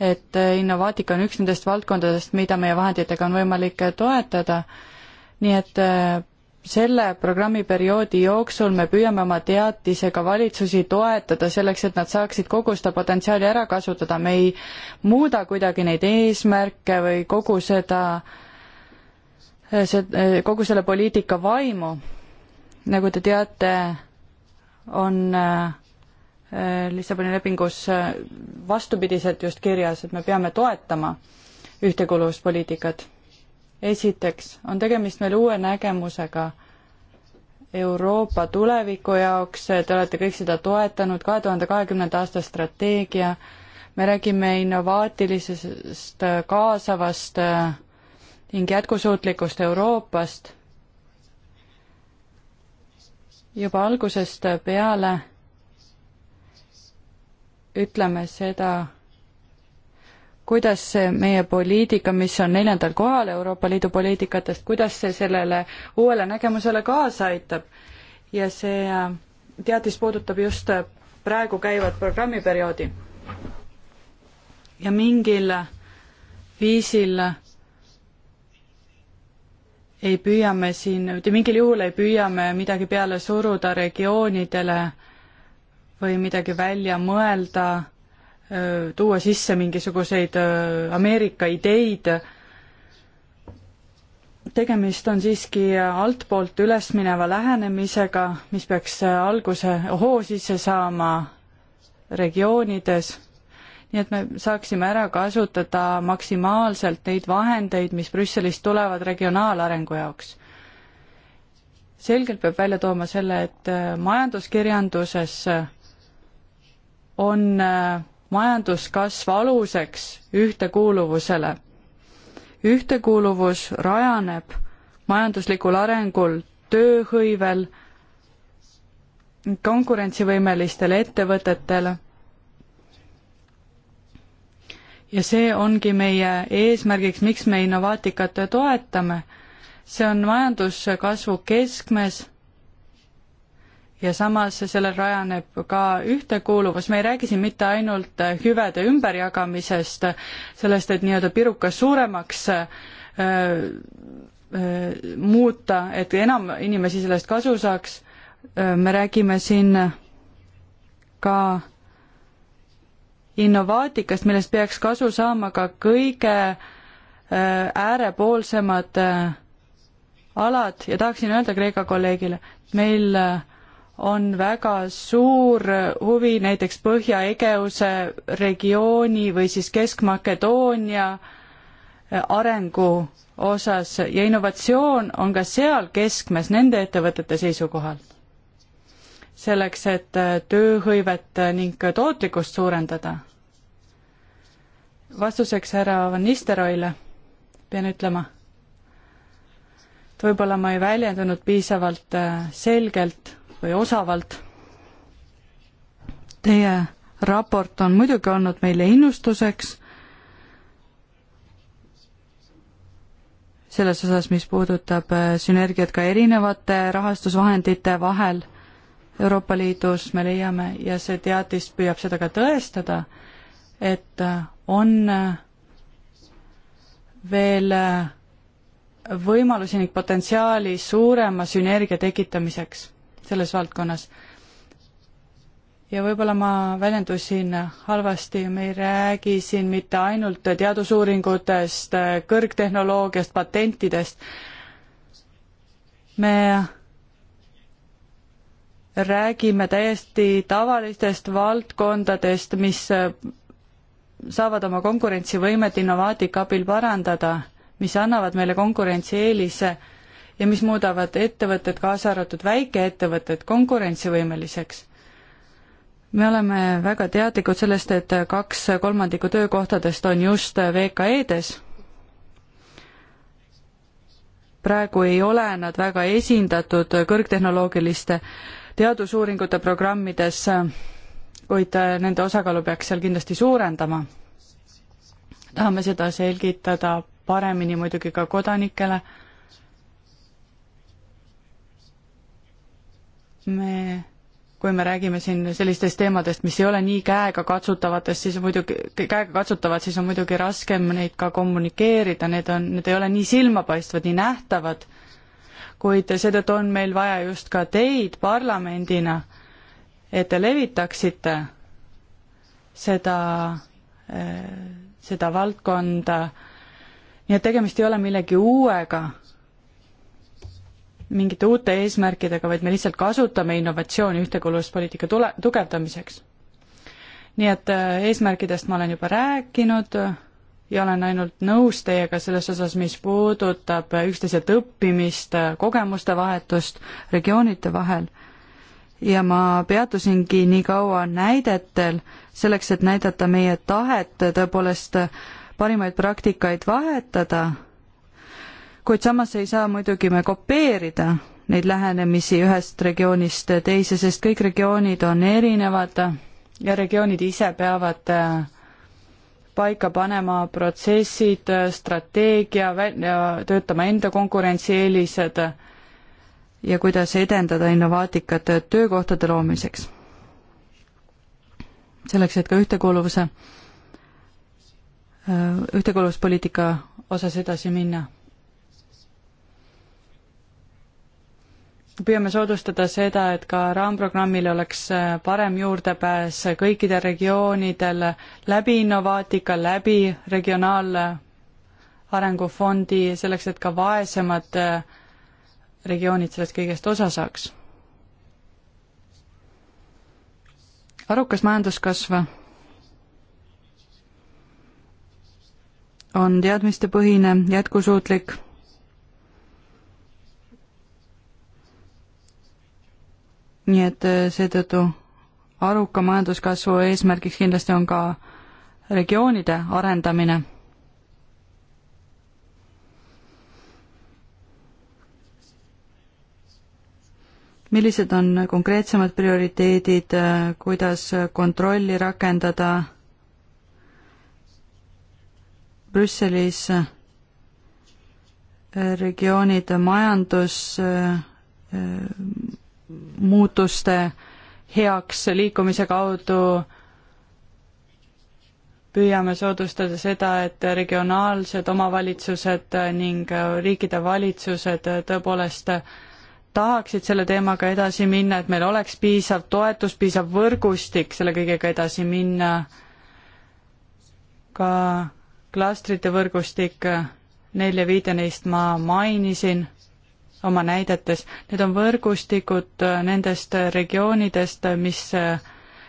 et innovaatika on üks nendest valdkondadest, mida meie vahenditega on võimalik toetada, nii et äh, selle programmiperioodi jooksul me püüame oma teatisega valitsusi toetada selleks, et nad saaksid kogu seda potentsiaali ära kasutada, me ei muuda kuidagi neid eesmärke või kogu seda, see, kogu selle poliitika vaimu. nagu te teate, on äh, Lissaboni lepingus äh, vastupidiselt just kirjas, et me peame toetama ühtekuuluvuspoliitikat esiteks on tegemist meil uue nägemusega Euroopa tuleviku jaoks, te olete kõik seda toetanud, kahe tuhande kahekümnenda aasta strateegia, me räägime innovaatilisest, kaasavast ning jätkusuutlikust Euroopast. juba algusest peale ütleme seda kuidas see meie poliitika, mis on neljandal kohal Euroopa Liidu poliitikatest, kuidas see sellele uuele nägemusele kaasa aitab? ja see äh, teadis puudutab just äh, praegu käivat programmiperioodi. ja mingil viisil ei püüa me siin, mitte mingil juhul ei püüa me midagi peale suruda regioonidele või midagi välja mõelda Äh, tuua sisse mingisuguseid äh, Ameerika ideid. tegemist on siiski altpoolt üles mineva lähenemisega, mis peaks äh, alguse hoo sisse saama regioonides, nii et me saaksime ära kasutada maksimaalselt neid vahendeid, mis Brüsselist tulevad regionaalarengu jaoks selgelt peab välja tooma selle, et majanduskirjanduses on majanduskasv aluseks ühtekuuluvusele. ühtekuuluvus rajaneb majanduslikul arengul, tööhõivel, konkurentsivõimelistel ettevõtetel. ja see ongi meie eesmärgiks, miks me Innovaatikat toetame. see on majanduskasvu keskmes ja samas sellel rajaneb ka ühtekuuluvus, me ei räägi siin mitte ainult hüvede ümberjagamisest, sellest, et nii-öelda pirukas suuremaks äh, äh, muuta, et enam inimesi sellest kasu saaks äh,, me räägime siin ka innovaatikast, millest peaks kasu saama ka kõige äh, äärepoolsemad äh, alad ja tahaksin öelda Kreeka kolleegile, meil äh, on väga suur huvi näiteks Põhja-Egeuse regiooni või siis Kesk-Makedoonia arengu osas ja innovatsioon on ka seal keskmes nende ettevõtete seisukohal. selleks, et äh, tööhõivet äh, ning tootlikkust suurendada. vastuseks härra Van Nisteroile pean ütlema, et võib-olla ma ei väljendunud piisavalt äh, selgelt või osavalt. Teie raport on muidugi olnud meile innustuseks selles osas, mis puudutab äh, sünergiat ka erinevate rahastusvahendite vahel Euroopa Liidus, me leiame ja see teatis püüab seda ka tõestada, et äh, on äh, veel võimalusi ning potentsiaali suurema sünergia tekitamiseks selles valdkonnas. ja võib-olla ma väljendusin halvasti, me ei räägi siin mitte ainult teadusuuringutest, kõrgtehnoloogiast, patentidest, me räägime täiesti tavalistest valdkondadest, mis saavad oma konkurentsivõimet innovaatika abil parandada, mis annavad meile konkurentsieelise ja mis muudavad ettevõtted, kaasa arvatud väikeettevõtted, konkurentsivõimeliseks. me oleme väga teadlikud sellest, et kaks kolmandikku töökohtadest on just VKE-des praegu ei ole nad väga esindatud kõrgtehnoloogiliste teadusuuringute programmides, kuid nende osakaalu peaks seal kindlasti suurendama. tahame seda selgitada paremini muidugi ka kodanikele me, kui me räägime siin sellistest teemadest, mis ei ole nii käegakatsutavatest, siis muidugi, käegakatsutavad, siis on muidugi raskem neid ka kommunikeerida, need on, need ei ole nii silmapaistvad, nii nähtavad, kuid seetõttu on meil vaja just ka teid parlamendina, et te levitaksite seda, eh, seda valdkonda, nii et tegemist ei ole millegi uuega mingite uute eesmärkidega, vaid me lihtsalt kasutame innovatsiooni ühtekuuluvuspoliitika tule, tugevdamiseks. nii et äh, eesmärkidest ma olen juba rääkinud ja olen ainult nõus teiega selles osas, mis puudutab üksteiselt õppimist, äh, kogemuste vahetust regioonide vahel. ja ma peatusingi nii kaua näidetel, selleks et näidata meie tahet tõepoolest parimaid praktikaid vahetada kuid samas ei saa muidugi me kopeerida neid lähenemisi ühest regioonist teise, sest kõik regioonid on erinevad ja regioonid ise peavad äh, paika panema protsessid, äh, strateegia, töötama enda konkurentsieelised ja kuidas edendada innovaatikat töökohtade loomiseks. selleks, et ka ühtekuuluvuse, äh, ühtekuuluvuspoliitika osas edasi minna püüame soodustada seda, et ka raamprogrammil oleks äh, parem juurdepääs kõikidel regioonidel läbi Innovaatika, läbi Regionaalarengufondi, selleks et ka vaesemad äh, regioonid sellest kõigest osa saaks. arukas majanduskasv on teadmistepõhine, jätkusuutlik nii et äh, seetõttu aruka majanduskasvu eesmärgiks kindlasti on ka regioonide arendamine. millised on konkreetsemad prioriteedid, äh, kuidas kontrolli rakendada Brüsselis äh, regioonide majandus muutuste heaks liikumise kaudu püüame soodustada seda, et regionaalsed omavalitsused ning riikide valitsused tõepoolest tahaksid selle teemaga edasi minna, et meil oleks piisav toetus, piisav võrgustik selle kõigega edasi minna, ka klastrite võrgustik, nelja-viide neist ma mainisin oma näidetes. Need on võrgustikud äh, nendest äh, regioonidest, äh, mis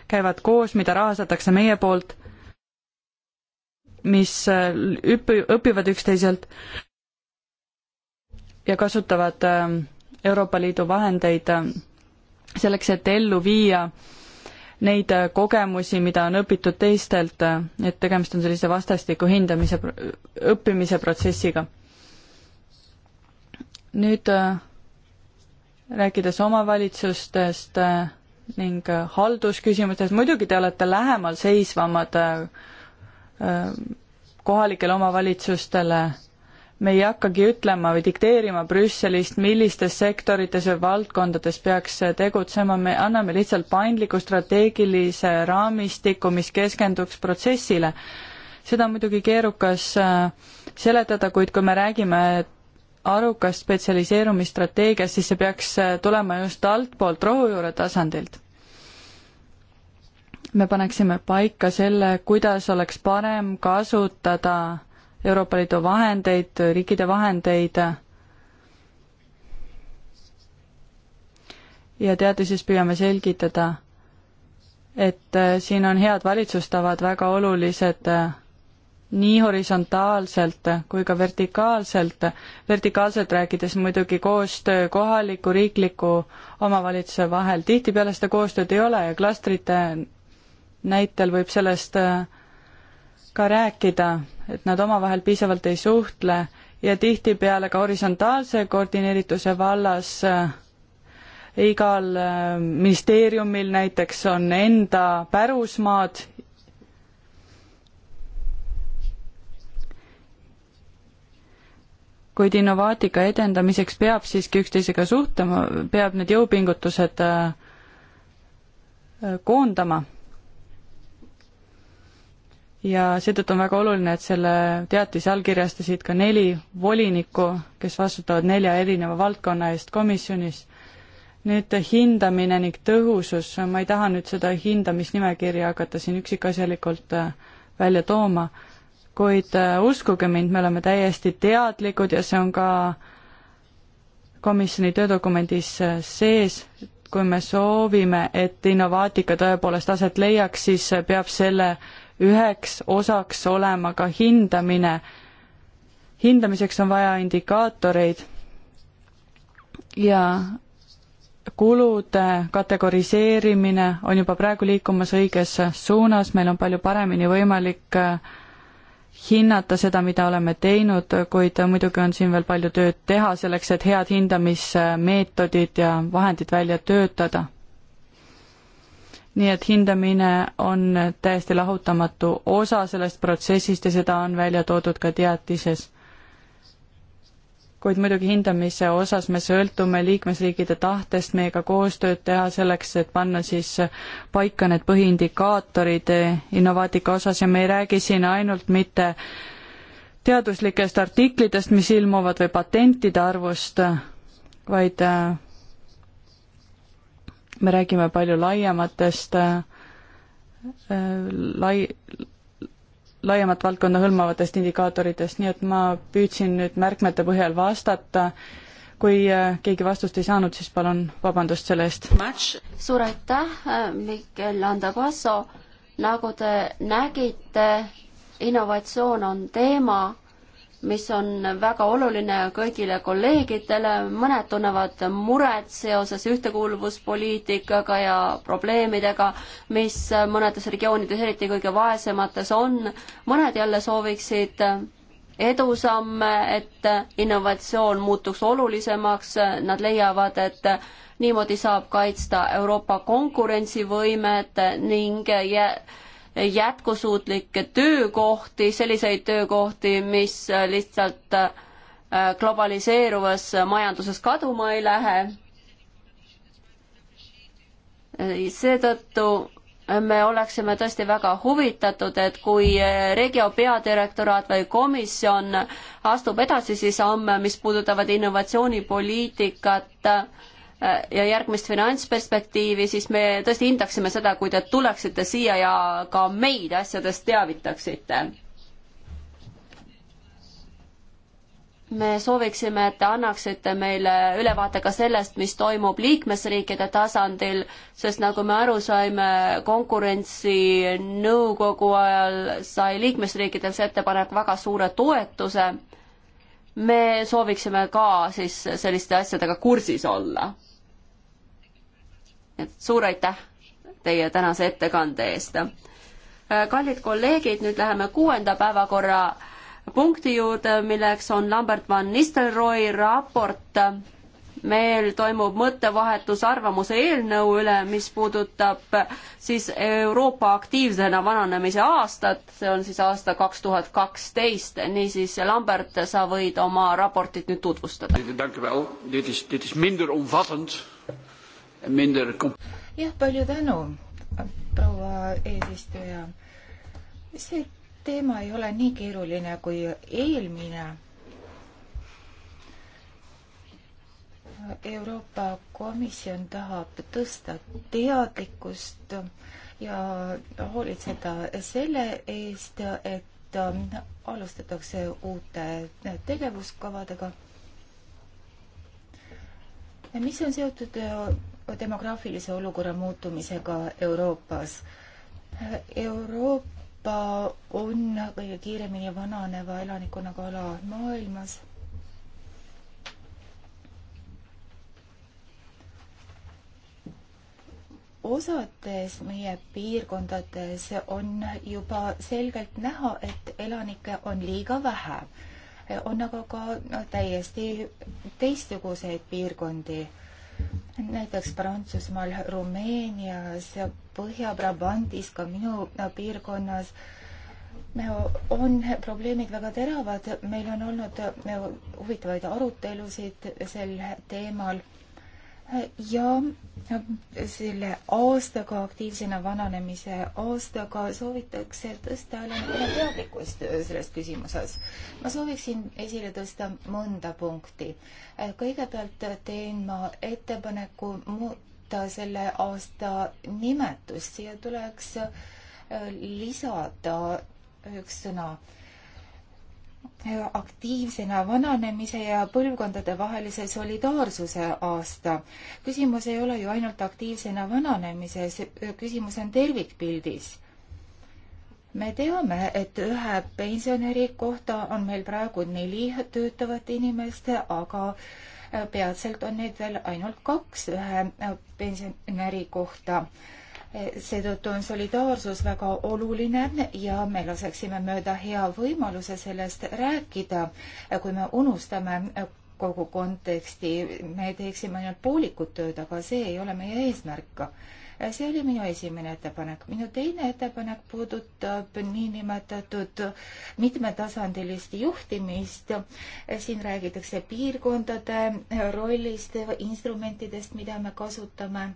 käivad koos, mida rahastatakse meie poolt, mis üpi-, õpivad üksteiselt ja kasutavad Euroopa Liidu vahendeid selleks, et ellu viia neid kogemusi, mida on õpitud teistelt, et tegemist on sellise vastastiku hindamise, õppimise protsessiga nüüd äh, rääkides omavalitsustest äh, ning äh, haldusküsimustest, muidugi te olete lähemal seisvamad kohalikele omavalitsustele, me ei hakkagi ütlema või dikteerima Brüsselist, millistes sektorites või valdkondades peaks tegutsema, me anname lihtsalt paindliku strateegilise raamistiku, mis keskenduks protsessile seda on muidugi keerukas seletada, kuid kui me räägime arukas spetsialiseerumisstrateegia, siis see peaks äh, tulema just altpoolt, rohujuure tasandilt. me paneksime paika selle, kuidas oleks parem kasutada Euroopa Liidu vahendeid, riikide vahendeid ja teadlases püüame selgitada, et äh, siin on head valitsustavad väga olulised äh, nii horisontaalselt kui ka vertikaalselt, vertikaalselt rääkides muidugi koostöö kohaliku, riikliku omavalitsuse vahel, tihtipeale seda koostööd ei ole ja klastrite näitel võib sellest äh, ka rääkida, et nad omavahel piisavalt ei suhtle ja tihtipeale ka horisontaalse koordineerituse vallas äh, igal äh, ministeeriumil näiteks on enda pärusmaad kuid innovaatika edendamiseks peab siiski üksteisega suhtlema, peab need jõupingutused äh, koondama. ja seetõttu on väga oluline, et selle teatise allkirjastasid ka neli volinikku, kes vastutavad nelja erineva valdkonna eest komisjonis. nüüd hindamine ning tõhusus, ma ei taha nüüd seda hindamisnimekirja hakata siin üksikasjalikult äh, välja tooma kuid äh, uskuge mind, me oleme täiesti teadlikud ja see on ka komisjoni töödokumendis äh, sees, et kui me soovime, et innovaatika tõepoolest aset leiaks, siis äh, peab selle üheks osaks olema ka hindamine. hindamiseks on vaja indikaatoreid ja kulude kategoriseerimine on juba praegu liikumas õiges suunas, meil on palju paremini võimalik äh, hinnata seda, mida oleme teinud, kuid muidugi on siin veel palju tööd teha selleks, et head hindamismeetodid ja vahendid välja töötada. nii et hindamine on täiesti lahutamatu osa sellest protsessist ja seda on välja toodud ka teatises kuid muidugi hindamise osas me sõltume liikmesriikide tahtest meiega koostööd teha selleks, et panna siis paika need põhiindikaatorid eh, innovaatika osas ja me ei räägi siin ainult mitte teaduslikest artiklitest, mis ilmuvad või patentide arvust, vaid eh, me räägime palju laiematest eh, lai-, laiemat valdkonda hõlmavatest indikaatoritest, nii et ma püüdsin nüüd märkmete põhjal vastata. kui äh, keegi vastust ei saanud, siis palun vabandust selle eest. suur aitäh, äh, Mikel Andabasso. nagu te nägite, innovatsioon on teema, mis on väga oluline kõigile kolleegidele, mõned tunnevad muret seoses ühtekuuluvuspoliitikaga ja probleemidega, mis mõnedes regioonides, eriti kõige vaesemates on, mõned jälle sooviksid edusamme, et innovatsioon muutuks olulisemaks, nad leiavad, et niimoodi saab kaitsta Euroopa konkurentsivõimet ning jä-, jätkusuutlikke töökohti, selliseid töökohti, mis lihtsalt äh, globaliseeruvas majanduses kaduma ei lähe. seetõttu me oleksime tõesti väga huvitatud, et kui Regio peadirektoraat või komisjon astub edasisi samme, mis puudutavad innovatsioonipoliitikat, ja järgmist finantsperspektiivi, siis me tõesti hindaksime seda, kui te tuleksite siia ja ka meid asjadest teavitaksite. me sooviksime, et te annaksite meile ülevaate ka sellest, mis toimub liikmesriikide tasandil, sest nagu me aru saime, konkurentsinõukogu ajal sai liikmesriikidel see ettepanek väga suure toetuse. me sooviksime ka siis selliste asjadega kursis olla et suur aitäh teie tänase ettekande eest. Äh, kallid kolleegid, nüüd läheme kuuenda päevakorra punkti juurde, milleks on Lambert van Nistelrooy raport. meil toimub mõttevahetus arvamuse eelnõu üle, mis puudutab siis Euroopa aktiivsena vananemise aastat, see on siis aasta kaks tuhat kaksteist, niisiis Lambert, sa võid oma raportit nüüd tutvustada minder jah, palju tänu, proua eesistuja. see teema ei ole nii keeruline kui eelmine. Euroopa Komisjon tahab tõsta teadlikkust ja hoolitseda selle eest, et alustatakse uute tegevuskavadega mis on seotud demograafilise olukorra muutumisega Euroopas. Euroopa on kõige kiiremini vananeva elanikkonnaga ala maailmas osades meie piirkondades on juba selgelt näha, et elanikke on liiga vähe. on aga ka no, täiesti teistsuguseid piirkondi näiteks Prantsusmaal, Rumeenias, Põhja-Brabantis, ka minu piirkonnas on probleemid väga teravad, meil on olnud huvitavaid arutelusid sel teemal ja selle aastaga, aktiivsena vananemise aastaga soovitakse tõsta elanikkonna teadlikkust selles küsimuses. ma sooviksin esile tõsta mõnda punkti. kõigepealt teen ma ettepaneku muuta selle aasta nimetust, siia tuleks lisada üks sõna äh, aktiivsena vananemise ja põlvkondadevahelise solidaarsuse aasta. küsimus ei ole ju ainult aktiivsena vananemises, küsimus on tervikpildis. me teame, et ühe pensionäri kohta on meil praegu neli töötavat inimest, aga peatselt on neid veel ainult kaks ühe pensionäri kohta seetõttu on solidaarsus väga oluline ja me laseksime mööda hea võimaluse sellest rääkida, kui me unustame kogu konteksti, me teeksime ainult poolikut tööd, aga see ei ole meie eesmärk. see oli minu esimene ettepanek. minu teine ettepanek puudutab niinimetatud mitmetasandilist juhtimist. siin räägitakse piirkondade rollist, instrumentidest, mida me kasutame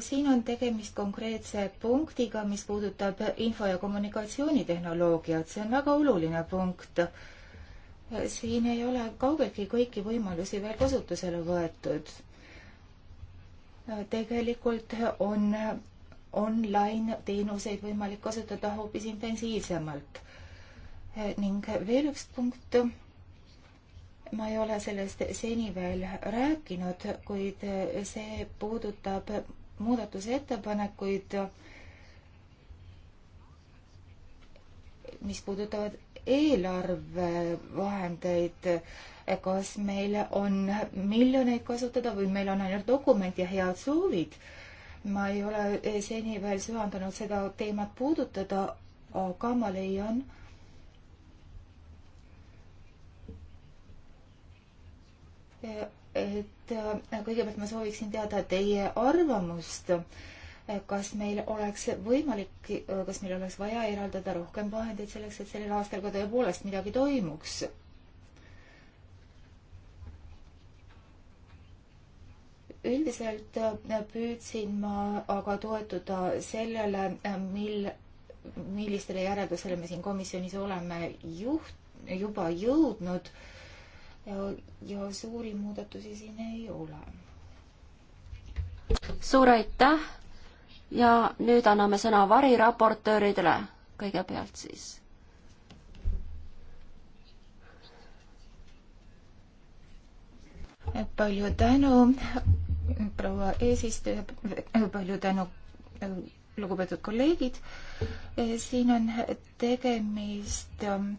siin on tegemist konkreetse punktiga, mis puudutab info- ja kommunikatsioonitehnoloogiat, see on väga oluline punkt. siin ei ole kaugeltki kõiki võimalusi veel kasutusele võetud. tegelikult on online teenuseid võimalik kasutada hoopis intensiivsemalt. ning veel üks punkt ma ei ole sellest seni veel rääkinud, kuid see puudutab muudatusettepanekuid, mis puudutavad eelarvevahendeid, kas meil on miljoneid kasutada või meil on ainult dokument ja head soovid. ma ei ole seni veel süvendanud seda teemat puudutada, aga ma leian, et äh, kõigepealt ma sooviksin teada teie arvamust, äh, kas meil oleks võimalik, äh, kas meil oleks vaja eraldada rohkem vahendeid selleks, et sellel aastal ka tõepoolest midagi toimuks? üldiselt püüdsin ma aga toetuda sellele, mil, millistele järeldusele me siin komisjonis oleme juht, juba jõudnud äh, ja, ja suuri muudatusi siin ei ole. suur aitäh ja nüüd anname sõna variraportööridele kõigepealt siis. palju tänu, proua eesistuja, palju tänu lugupeetud kolleegid, eh, siin on tegemist ähm,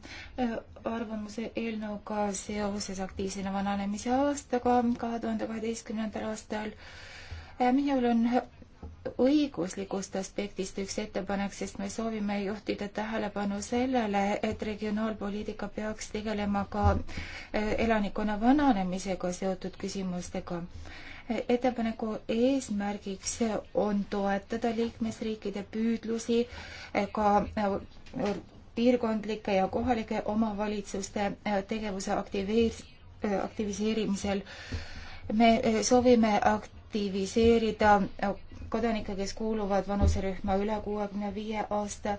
arvamuse eelnõuga seoses aktiivsena vananemise aastaga kahe tuhande kaheteistkümnendal aastal. Äh, minul on õiguslikust aspektist üks ettepanek, sest me soovime juhtida tähelepanu sellele, et regionaalpoliitika peaks tegelema ka äh, elanikkonna vananemisega seotud küsimustega ettepaneku eesmärgiks on toetada liikmesriikide püüdlusi ka äh, piirkondlike ja kohalike omavalitsuste äh, tegevuse aktiveer-, äh, aktiviseerimisel. me soovime aktiviseerida kodanikke, kes kuuluvad vanuserühma üle kuuekümne viie aasta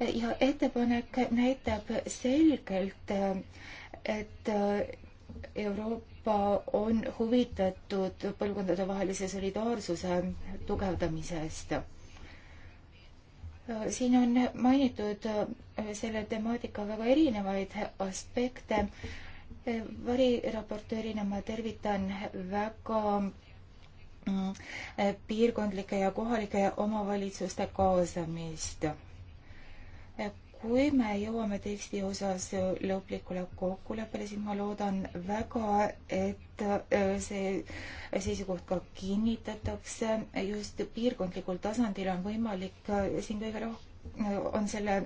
ja ettepanek näitab selgelt, et Euroopa on huvitatud põlvkondadevahelise solidaarsuse tugevdamisest. siin on mainitud selle temaatika väga erinevaid aspekte. variraportöörina ma tervitan väga mm, piirkondlike ja kohalike omavalitsuste kaasamist kui me jõuame teksti osas lõplikule kokkuleppele, siis ma loodan väga, et äh, see seisukoht ka kinnitatakse. just piirkondlikul tasandil on võimalik äh, siin kõige rohkem, äh, on selle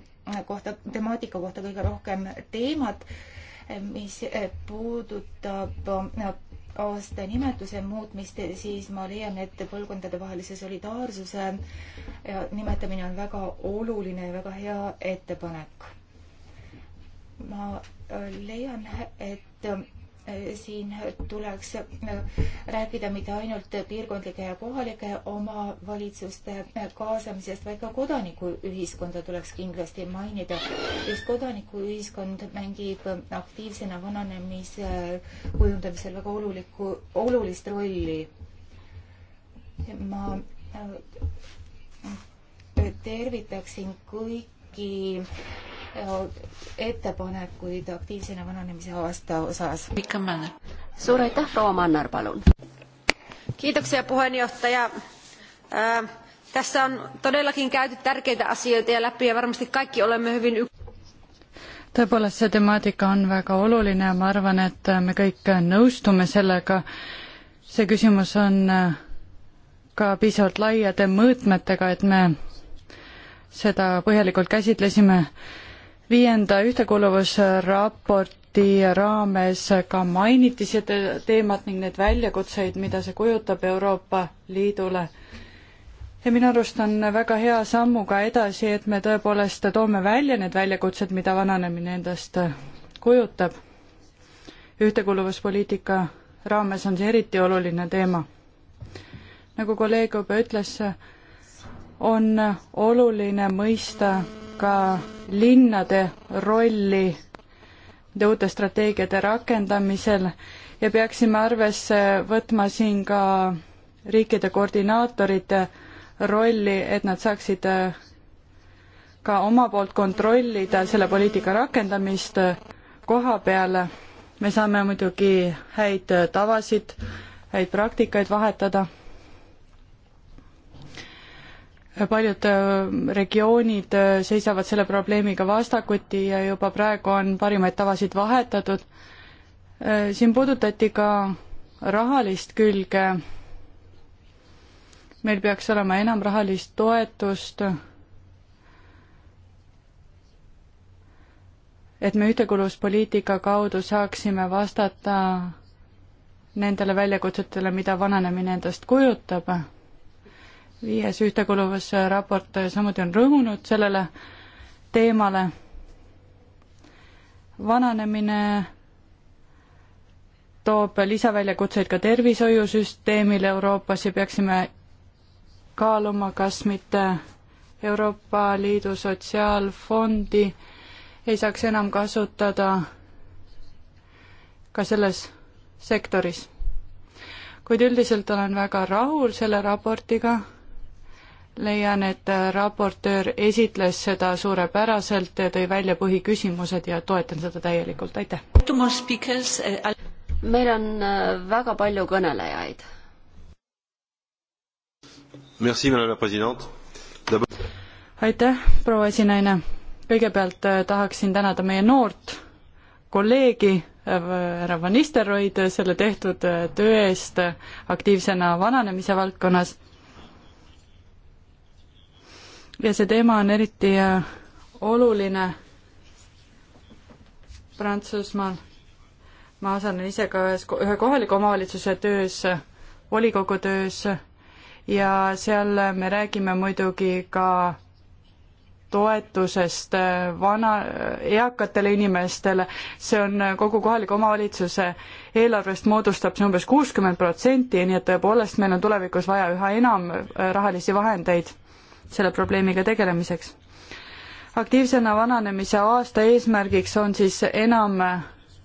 kohta, temaatika kohta kõige rohkem teemat, mis puudutab aasta nimetuse muutmist, siis ma leian, et põlvkondadevahelise solidaarsuse nimetamine on väga oluline ja väga hea ettepanek. ma äh, leian, et siin tuleks äh, rääkida mitte ainult piirkondlike ja kohalike omavalitsuste äh, kaasamisest, vaid ka kodanikuühiskonda tuleks kindlasti mainida. just kodanikuühiskond mängib äh, aktiivsena vananemise kujundamisel väga olulikku, olulist rolli. ma tervitaksin kõiki ettepanekuid aktiivsena vananemise aasta osas. suur aitäh, proua Mannar, palun. kiitoksia puheenjohtaja äh,. Tässä on todellakin käyty tärkeitä asioita ja läpi ja varmasti kaikki olemme hyvin yks- tõepoolest, see temaatika on väga oluline ja ma arvan, et me kõik nõustume sellega. see küsimus on äh, ka piisavalt laiade mõõtmetega, et me seda põhjalikult käsitlesime viienda ühtekuuluvusraporti raames ka mainiti seda teemat ning neid väljakutseid, mida see kujutab Euroopa Liidule. ja minu arust on väga hea sammuga edasi, et me tõepoolest toome välja need väljakutsed, mida vananemine endast kujutab. ühtekuuluvuspoliitika raames on see eriti oluline teema. nagu kolleeg juba ütles, on oluline mõista ka linnade rolli nende uute strateegiate rakendamisel ja peaksime arvesse võtma siin ka riikide koordinaatorite rolli, et nad saaksid ka oma poolt kontrollida selle poliitika rakendamist koha peale. me saame muidugi häid tavasid, häid praktikaid vahetada paljud äh, regioonid äh, seisavad selle probleemiga vastakuti ja juba praegu on parimaid tavasid vahetatud. Äh, siin puudutati ka rahalist külge. meil peaks olema enam rahalist toetust et me ühtekuuluvuspoliitika kaudu saaksime vastata nendele väljakutsetele, mida vananemine endast kujutab viies ühtekuuluvusraport äh, äh, samuti on rõhunud sellele teemale. vananemine toob lisaväljakutseid ka tervishoiusüsteemile Euroopas ja peaksime kaaluma, kas mitte Euroopa Liidu Sotsiaalfondi ei saaks enam kasutada ka selles sektoris. kuid üldiselt olen väga rahul selle raportiga leian, et raportöör esitles seda suurepäraselt, tõi välja põhiküsimused ja toetan seda täielikult, aitäh! meil on äh, väga palju kõnelejaid. aitäh, proua esinaine! kõigepealt äh, tahaksin tänada meie noort kolleegi äh, härra Van Nistelrooid selle tehtud töö eest aktiivsena vananemise valdkonnas ja see teema on eriti äh, oluline Prantsusmaal. ma osalen ise ka ühes, ühe kohaliku omavalitsuse töös, volikogu töös ja seal äh, me räägime muidugi ka toetusest äh, vana, eakatele inimestele, see on kogu kohaliku omavalitsuse eelarvest moodustab see umbes kuuskümmend protsenti, nii et tõepoolest meil on tulevikus vaja üha enam rahalisi vahendeid selle probleemiga tegelemiseks. aktiivsena vananemise aasta eesmärgiks on siis enam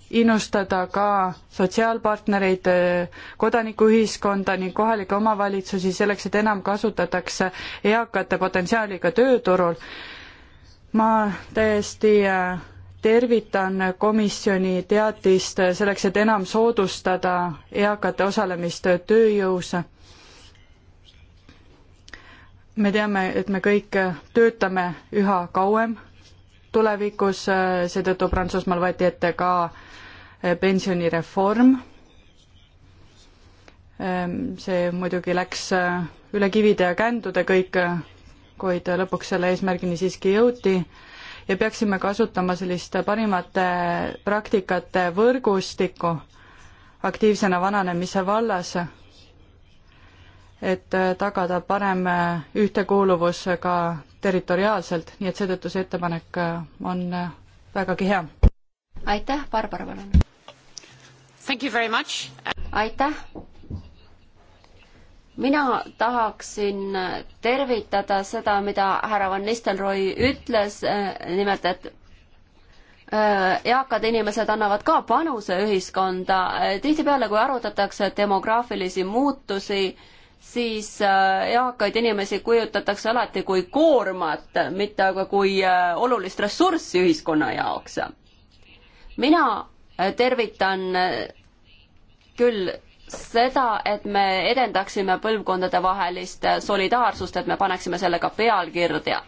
innustada ka sotsiaalpartnereid, kodanikuühiskonda ning kohalikke omavalitsusi selleks, et enam kasutatakse eakate potentsiaali ka tööturul. ma täiesti äh, tervitan komisjoni teatist selleks, et enam soodustada eakate osalemist tööjõus me teame, et me kõik töötame üha kauem tulevikus, äh, seetõttu Prantsusmaal võeti ette ka äh, pensionireform. Ähm, see muidugi läks äh, üle kivide ja kändude kõik, kuid lõpuks selle eesmärgini siiski jõuti ja peaksime kasutama sellist parimate praktikate võrgustikku aktiivsena vananemise vallas et äh, tagada parem äh, ühtekuuluvus ka territoriaalselt, nii et seetõttu see ettepanek äh, on vägagi hea. aitäh, Barbara, palun! aitäh! mina tahaksin tervitada seda, mida härra Van Nistelrooy ütles, nimelt et eakad inimesed annavad ka panuse ühiskonda. tihtipeale, kui arutatakse demograafilisi muutusi, siis äh, eakaid inimesi kujutatakse alati kui koormat, mitte aga kui äh, olulist ressurssi ühiskonna jaoks. mina äh, tervitan küll seda, et me edendaksime põlvkondadevahelist solidaarsust, et me paneksime selle ka pealkirja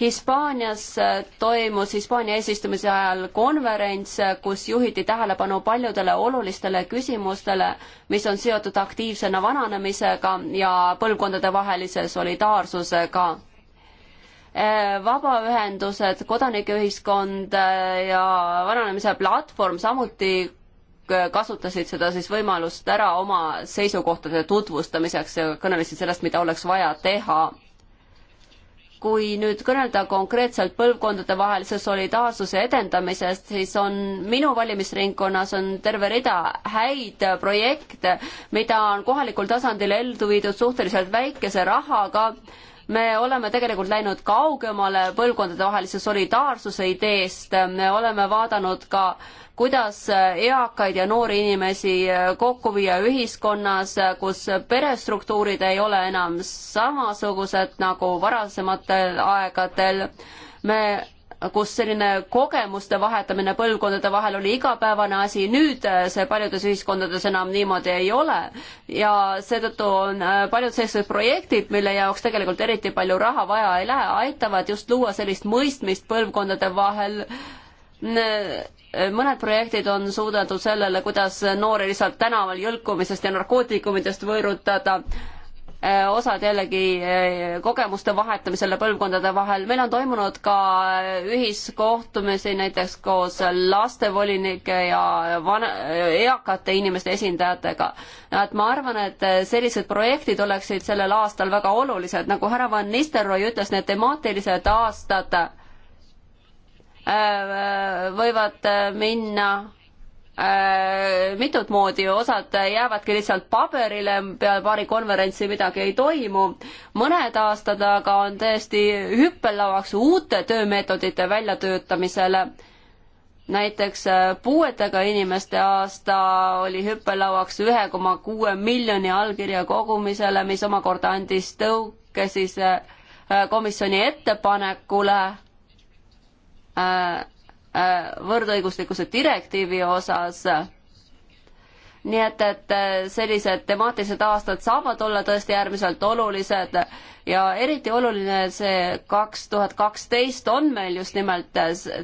Hispaanias äh, toimus Hispaania eesistumise ajal konverents, äh, kus juhiti tähelepanu paljudele olulistele küsimustele, mis on seotud aktiivsena vananemisega ja põlvkondadevahelise solidaarsusega äh, vabaühendused, kodanikeühiskond ja vananemise platvorm samuti kasutasid seda siis võimalust ära oma seisukohtade tutvustamiseks ja kõnelesid sellest, mida oleks vaja teha kui nüüd kõnelda konkreetselt põlvkondadevahelise solidaarsuse edendamisest, siis on minu valimisringkonnas on terve rida häid projekte, mida on kohalikul tasandil ellu viidud suhteliselt väikese rahaga me oleme tegelikult läinud kaugemale põlvkondadevahelise solidaarsuse ideest, me oleme vaadanud ka, kuidas eakaid ja noori inimesi kokku viia ühiskonnas, kus perestruktuurid ei ole enam samasugused nagu varasematel aegadel. me kus selline kogemuste vahetamine põlvkondade vahel oli igapäevane asi, nüüd äh, see paljudes ühiskondades enam niimoodi ei ole. ja seetõttu on äh, paljud sellised projektid, mille jaoks tegelikult eriti palju raha vaja ei lähe, aitavad just luua sellist mõistmist põlvkondade vahel äh, mõned projektid on suudetud sellele, kuidas noori lihtsalt tänaval jõlkumisest ja narkootikumidest võõrutada Äh, osad jällegi äh, kogemuste vahetamisele põlvkondade vahel. meil on toimunud ka ühiskohtumisi näiteks koos lastevolinike ja vana, eakate inimeste esindajatega. et ma arvan, et sellised projektid oleksid sellel aastal väga olulised, nagu härra Van Nistelrooy ütles, need temaatilised aastad äh, võivad minna Äh, mitut moodi, osad jäävadki lihtsalt paberile, peale paari konverentsi midagi ei toimu. mõned aastad aga on täiesti hüppelavaks uute töömeetodite väljatöötamisele. näiteks äh, puuetega inimeste aasta oli hüppelauaks ühe koma kuue miljoni allkirja kogumisele, mis omakorda andis tõuke siis äh, komisjoni ettepanekule äh, Äh, võrdõiguslikkuse direktiivi osas. nii et, et äh, sellised temaatilised aastad saavad olla tõesti äärmiselt olulised ja eriti oluline see kaks tuhat kaksteist on meil just nimelt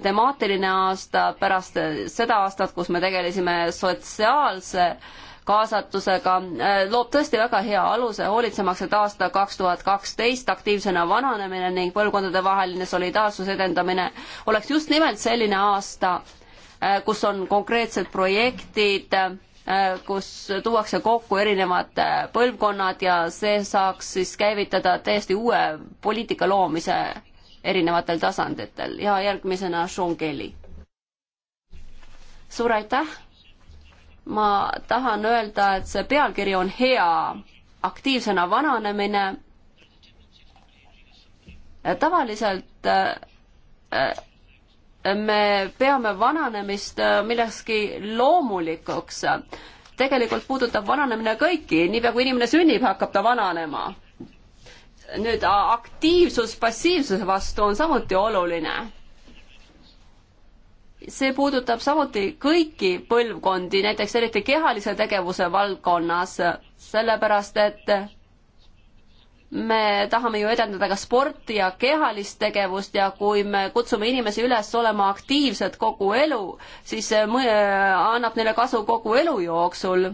temaatiline aasta pärast seda aastat, kus me tegelesime sotsiaalse äh, kaasatusega, äh, loob tõesti väga hea aluse hoolitsemaks, et aasta kaks tuhat kaksteist aktiivsena vananemine ning põlvkondadevaheline solidaarsuse edendamine oleks just nimelt selline aasta, äh, kus on konkreetsed projektid, äh, kus tuuakse kokku erinevad põlvkonnad ja see saaks siis käivitada täiesti uue poliitika loomise erinevatel tasanditel ja järgmisena Sean Kelly. suur aitäh! ma tahan öelda, et see pealkiri on hea, aktiivsena vananemine. tavaliselt äh, me peame vananemist äh, millekski loomulikuks. tegelikult puudutab vananemine kõiki, niipea kui inimene sünnib, hakkab ta vananema. nüüd aktiivsus passiivsuse vastu on samuti oluline see puudutab samuti kõiki põlvkondi, näiteks eriti kehalise tegevuse valdkonnas, sellepärast et me tahame ju edendada ka sporti ja kehalist tegevust ja kui me kutsume inimesi üles olema aktiivsed kogu elu, siis see annab neile kasu kogu elu jooksul.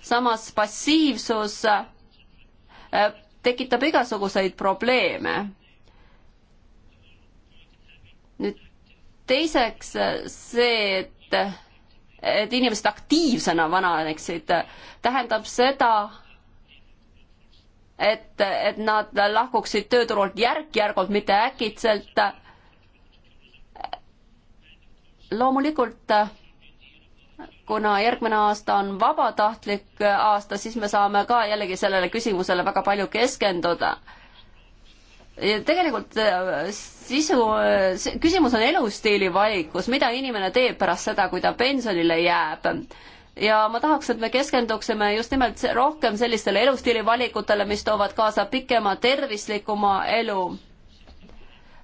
samas passiivsus äh, tekitab igasuguseid probleeme teiseks see, et, et inimesed aktiivsena vananeksid, tähendab seda, et, et nad lahkuksid tööturult järk-järgult, mitte äkitselt. loomulikult, kuna järgmine aasta on vabatahtlik aasta, siis me saame ka jällegi sellele küsimusele väga palju keskenduda tegelikult äh, sisu, küsimus on elustiili valikus, mida inimene teeb pärast seda, kui ta pensionile jääb ja ma tahaks, et me keskenduksime just nimelt rohkem sellistele elustiili valikutele, mis toovad kaasa pikema tervislikuma elu.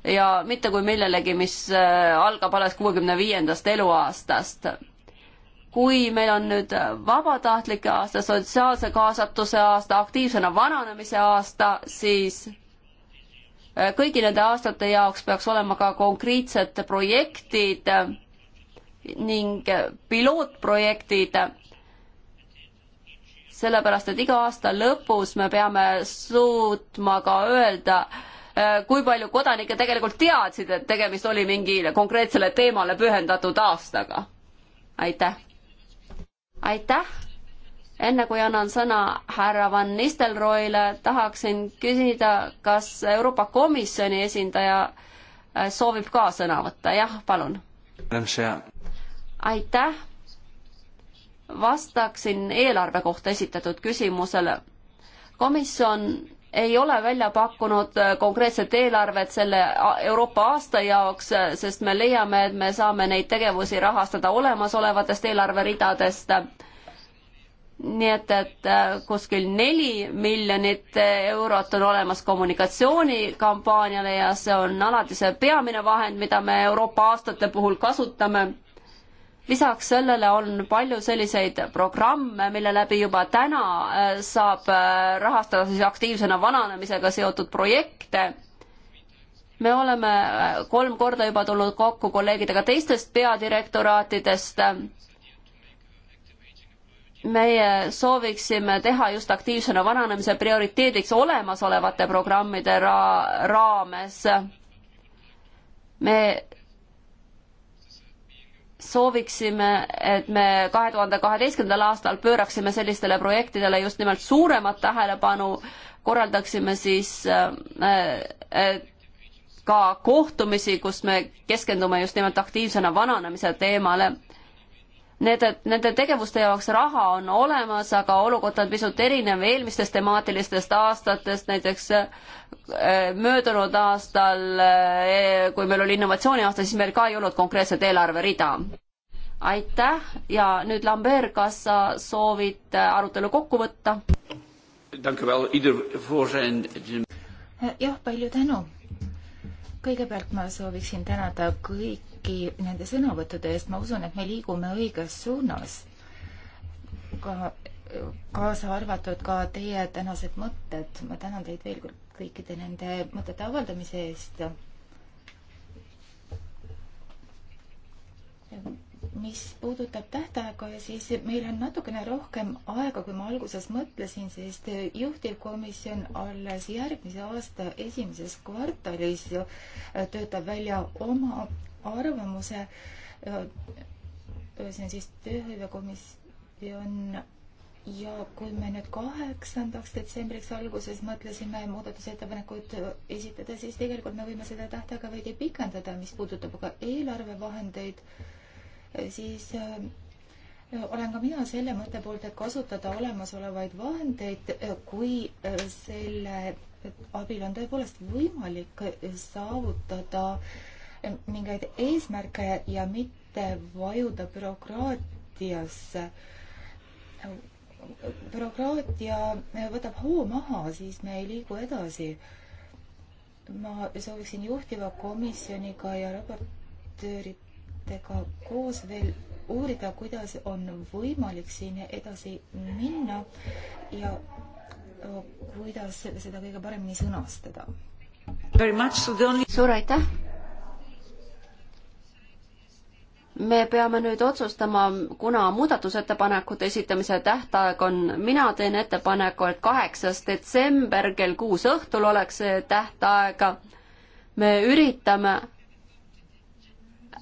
ja mitte kui millelegi, mis äh, algab alles kuuekümne viiendast eluaastast. kui meil on nüüd vabatahtlike aasta, sotsiaalse kaasatuse aasta, aktiivsena vananemise aasta, siis kõigi nende aastate jaoks peaks olema ka konkreetsed projektid ning pilootprojektid, sellepärast et iga aasta lõpus me peame suutma ka öelda, eh, kui palju kodanikke tegelikult teadsid, et tegemist oli mingile konkreetsele teemale pühendatud aastaga. aitäh! aitäh! enne kui annan sõna härra Van Nistelrooile, tahaksin küsida, kas Euroopa Komisjoni esindaja äh, soovib ka sõna võtta, jah, palun. aitäh. vastaksin eelarve kohta esitatud küsimusele. komisjon ei ole välja pakkunud äh, konkreetset eelarvet selle Euroopa aasta jaoks, äh, sest me leiame, et me saame neid tegevusi rahastada olemasolevatest eelarveridadest nii et, et äh, kuskil neli miljonit eurot on olemas kommunikatsioonikampaaniale ja see on alati see peamine vahend, mida me Euroopa aastate puhul kasutame. lisaks sellele on palju selliseid programme, mille läbi juba täna äh, saab äh, rahastada siis aktiivsena vananemisega seotud projekte me oleme kolm korda juba tulnud kokku kolleegidega teistest peadirektoraatidest meie sooviksime teha just aktiivsena vananemise prioriteediks olemasolevate programmide ra raames. me sooviksime, et me kahe tuhande kaheteistkümnendal aastal pööraksime sellistele projektidele just nimelt suuremat tähelepanu, korraldaksime siis äh, äh, ka kohtumisi, kus me keskendume just nimelt aktiivsena vananemise teemale Need, nende tegevuste jaoks raha on olemas, aga olukord on pisut erinev eelmistest temaatilistest aastatest, näiteks äh, möödunud aastal, äh, kui meil oli innovatsiooniaasta, siis meil ka ei olnud konkreetset eelarverida. aitäh ja nüüd Lambert, kas sa soovid äh, arutelu kokku võtta? jah, palju tänu. kõigepealt ma sooviksin tänada kõik kõiki nende sõnavõttude eest, ma usun, et me liigume õiges suunas. ka kaasa arvatud ka teie tänased mõtted, ma tänan teid veel kord kõikide nende mõtete avaldamise eest. mis puudutab tähtaega, siis meil on natukene rohkem aega, kui ma alguses mõtlesin, sest juhtivkomisjon alles järgmise aasta esimeses kvartalis töötab välja oma arvamuse. see on siis tööhõivekomisjon ja kui me nüüd kaheksandaks detsembriks alguses mõtlesime muudatusettepanekuid esitada, siis tegelikult me võime seda tähtaega veidi pikendada, mis puudutab aga eelarvevahendeid, siis äh, olen ka mina selle mõtte poolt, et kasutada olemasolevaid vahendeid, kui äh, selle abil on tõepoolest võimalik saavutada äh, mingeid eesmärke ja mitte vajuda bürokraatiasse. bürokraatia võtab hoo maha, siis me ei liigu edasi. ma sooviksin juhtiva komisjoniga ja raportööritega koos veel uurida, kuidas on võimalik siin edasi minna ja kuidas seda kõige paremini sõnastada. suur aitäh! me peame nüüd otsustama, kuna muudatusettepanekute esitamise tähtaeg on, mina teen ettepaneku, et kaheksas detsember kell kuus õhtul oleks see tähtaeg. me üritame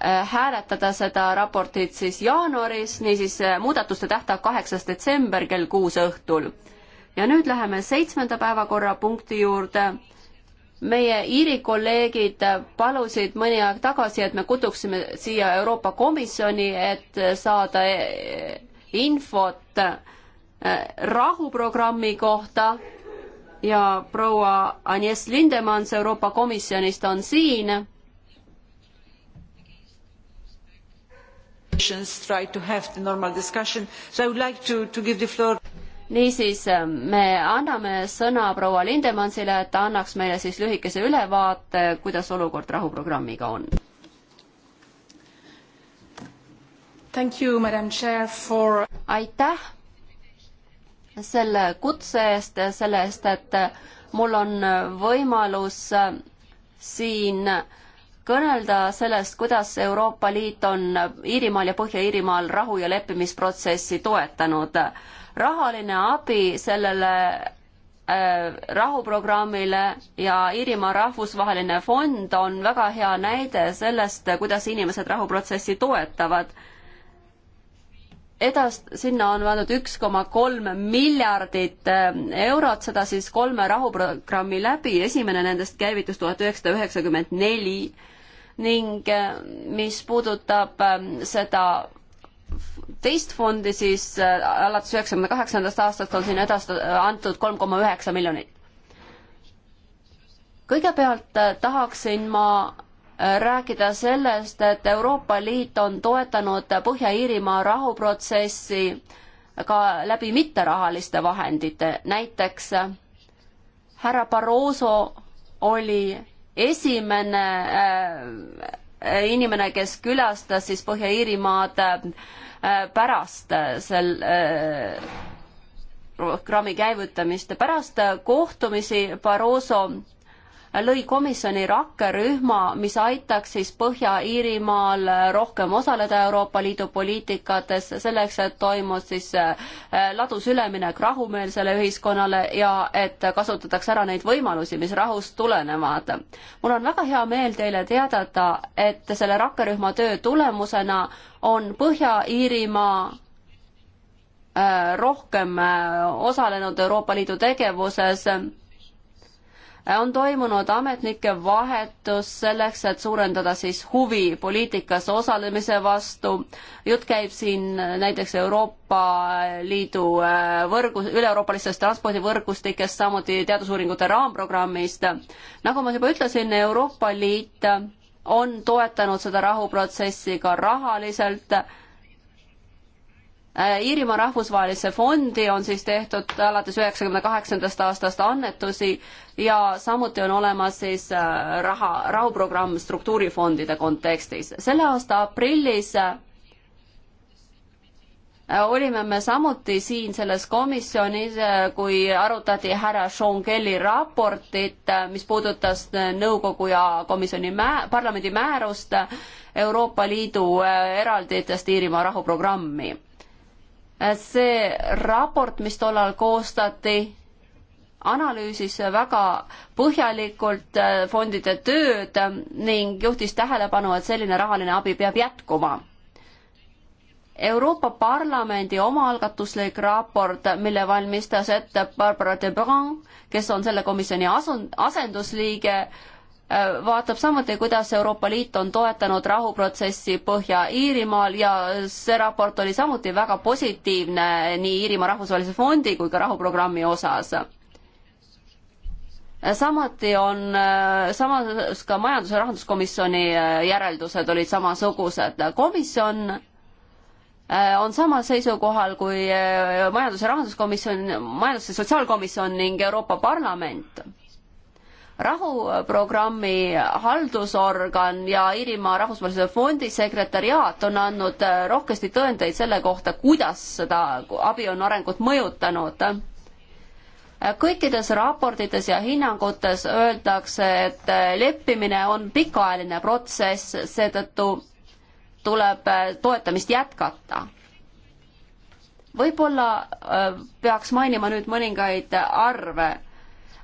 äh, hääletada seda raportit siis jaanuaris, niisiis äh, muudatuste tähtaeg kaheksas detsember kell kuus õhtul. ja nüüd läheme seitsmenda päevakorrapunkti juurde meie Iiri kolleegid palusid mõni aeg tagasi, et me kutsuksime siia Euroopa Komisjoni, et saada e- e- infot äh, rahuprogrammi kohta ja proua Agnes Lindemans Euroopa Komisjonist on siin. try to have the normal discussion, so I would like to, to give the floor niisiis ähm, me anname sõna proua Lindemannsile, et ta annaks meile siis lühikese ülevaate, kuidas olukord rahuprogrammiga on. For... aitäh selle kutse eest, selle eest, et mul on võimalus äh, siin kõnelda sellest, kuidas Euroopa Liit on Iirimaal ja Põhja-Iirimaal rahu- ja leppimisprotsessi toetanud rahaline abi sellele äh, rahuprogrammile ja Iirimaa rahvusvaheline fond on väga hea näide sellest, kuidas inimesed rahuprotsessi toetavad. edast-, sinna on pandud üks koma kolm miljardit äh, eurot, seda siis kolme rahuprogrammi läbi, esimene nendest käivitus tuhat üheksasada üheksakümmend neli ning äh, mis puudutab seda teist fondi, siis äh, alates üheksakümne kaheksandast aastast on siin edast-, äh, antud kolm koma üheksa miljonit. kõigepealt äh, tahaksin ma rääkida sellest, et Euroopa Liit on toetanud Põhja-Iirimaa rahuprotsessi ka läbi mitterahaliste vahendite, näiteks härra Barroso oli esimene äh, inimene, kes külastas siis Põhja-Iirimaad äh, Äh, pärast äh, sel äh, programmi käivitamist, pärast kohtumisi Barroso lõi komisjoni rakkerühma, mis aitaks siis Põhja-Iirimaal rohkem osaleda Euroopa Liidu poliitikates, selleks et toimus siis äh, ladus üleminek rahumeelsele ühiskonnale ja et kasutatakse ära neid võimalusi, mis rahust tulenevad. mul on väga hea meel teile teadata, et selle rakkerühma töö tulemusena on Põhja-Iirimaa äh, rohkem äh, osalenud Euroopa Liidu tegevuses on toimunud ametnike vahetus selleks, et suurendada siis huvi poliitikas osalemise vastu. jutt käib siin näiteks Euroopa Liidu äh, võrgu, üle-euroopalistest transpordivõrgustikest, samuti teadusuuringute raamprogrammist. nagu ma juba ütlesin, Euroopa Liit on toetanud seda rahuprotsessi ka rahaliselt Äh, Iirimaa rahvusvahelisse fondi on siis tehtud alates üheksakümne kaheksandast aastast annetusi ja samuti on olemas siis äh, raha, rahuprogramm struktuurifondide kontekstis. selle aasta aprillis äh, olime me samuti siin selles komisjonis, kui arutati härra Sean Kelly raportit, mis puudutas nõukogu ja komisjoni mä-, parlamendi määrust Euroopa Liidu eralditest Iirimaa rahuprogrammi see raport, mis tollal koostati, analüüsis väga põhjalikult äh, fondide tööd ning juhtis tähelepanu, et selline rahaline abi peab jätkuma. Euroopa Parlamendi omaalgatuslik raport, mille valmistas ette Barbara de Brun, kes on selle komisjoni asun-, asendusliige, Äh, vaatab samuti, kuidas Euroopa Liit on toetanud rahuprotsessi Põhja-Iirimaal ja see raport oli samuti väga positiivne nii Iirimaa Rahvusvahelise Fondi kui ka rahuprogrammi osas. samuti on, äh, samas ka Majandus- ja Rahanduskomisjoni äh, järeldused olid samasugused. komisjon on samal seisukohal kui Majandus- ja Rahanduskomisjon, Majandus- ja Sotsiaalkomisjon ning Euroopa Parlament rahuprogrammi haldusorgan ja Iirimaa Rahvusvahelise Fondi sekretäriaat on andnud äh, rohkesti tõendeid selle kohta, kuidas seda abi on arengut mõjutanud. kõikides raportites ja hinnangutes öeldakse, et äh, leppimine on pikaajaline protsess, seetõttu tuleb äh, toetamist jätkata võib-olla peaks mainima nüüd mõningaid arve.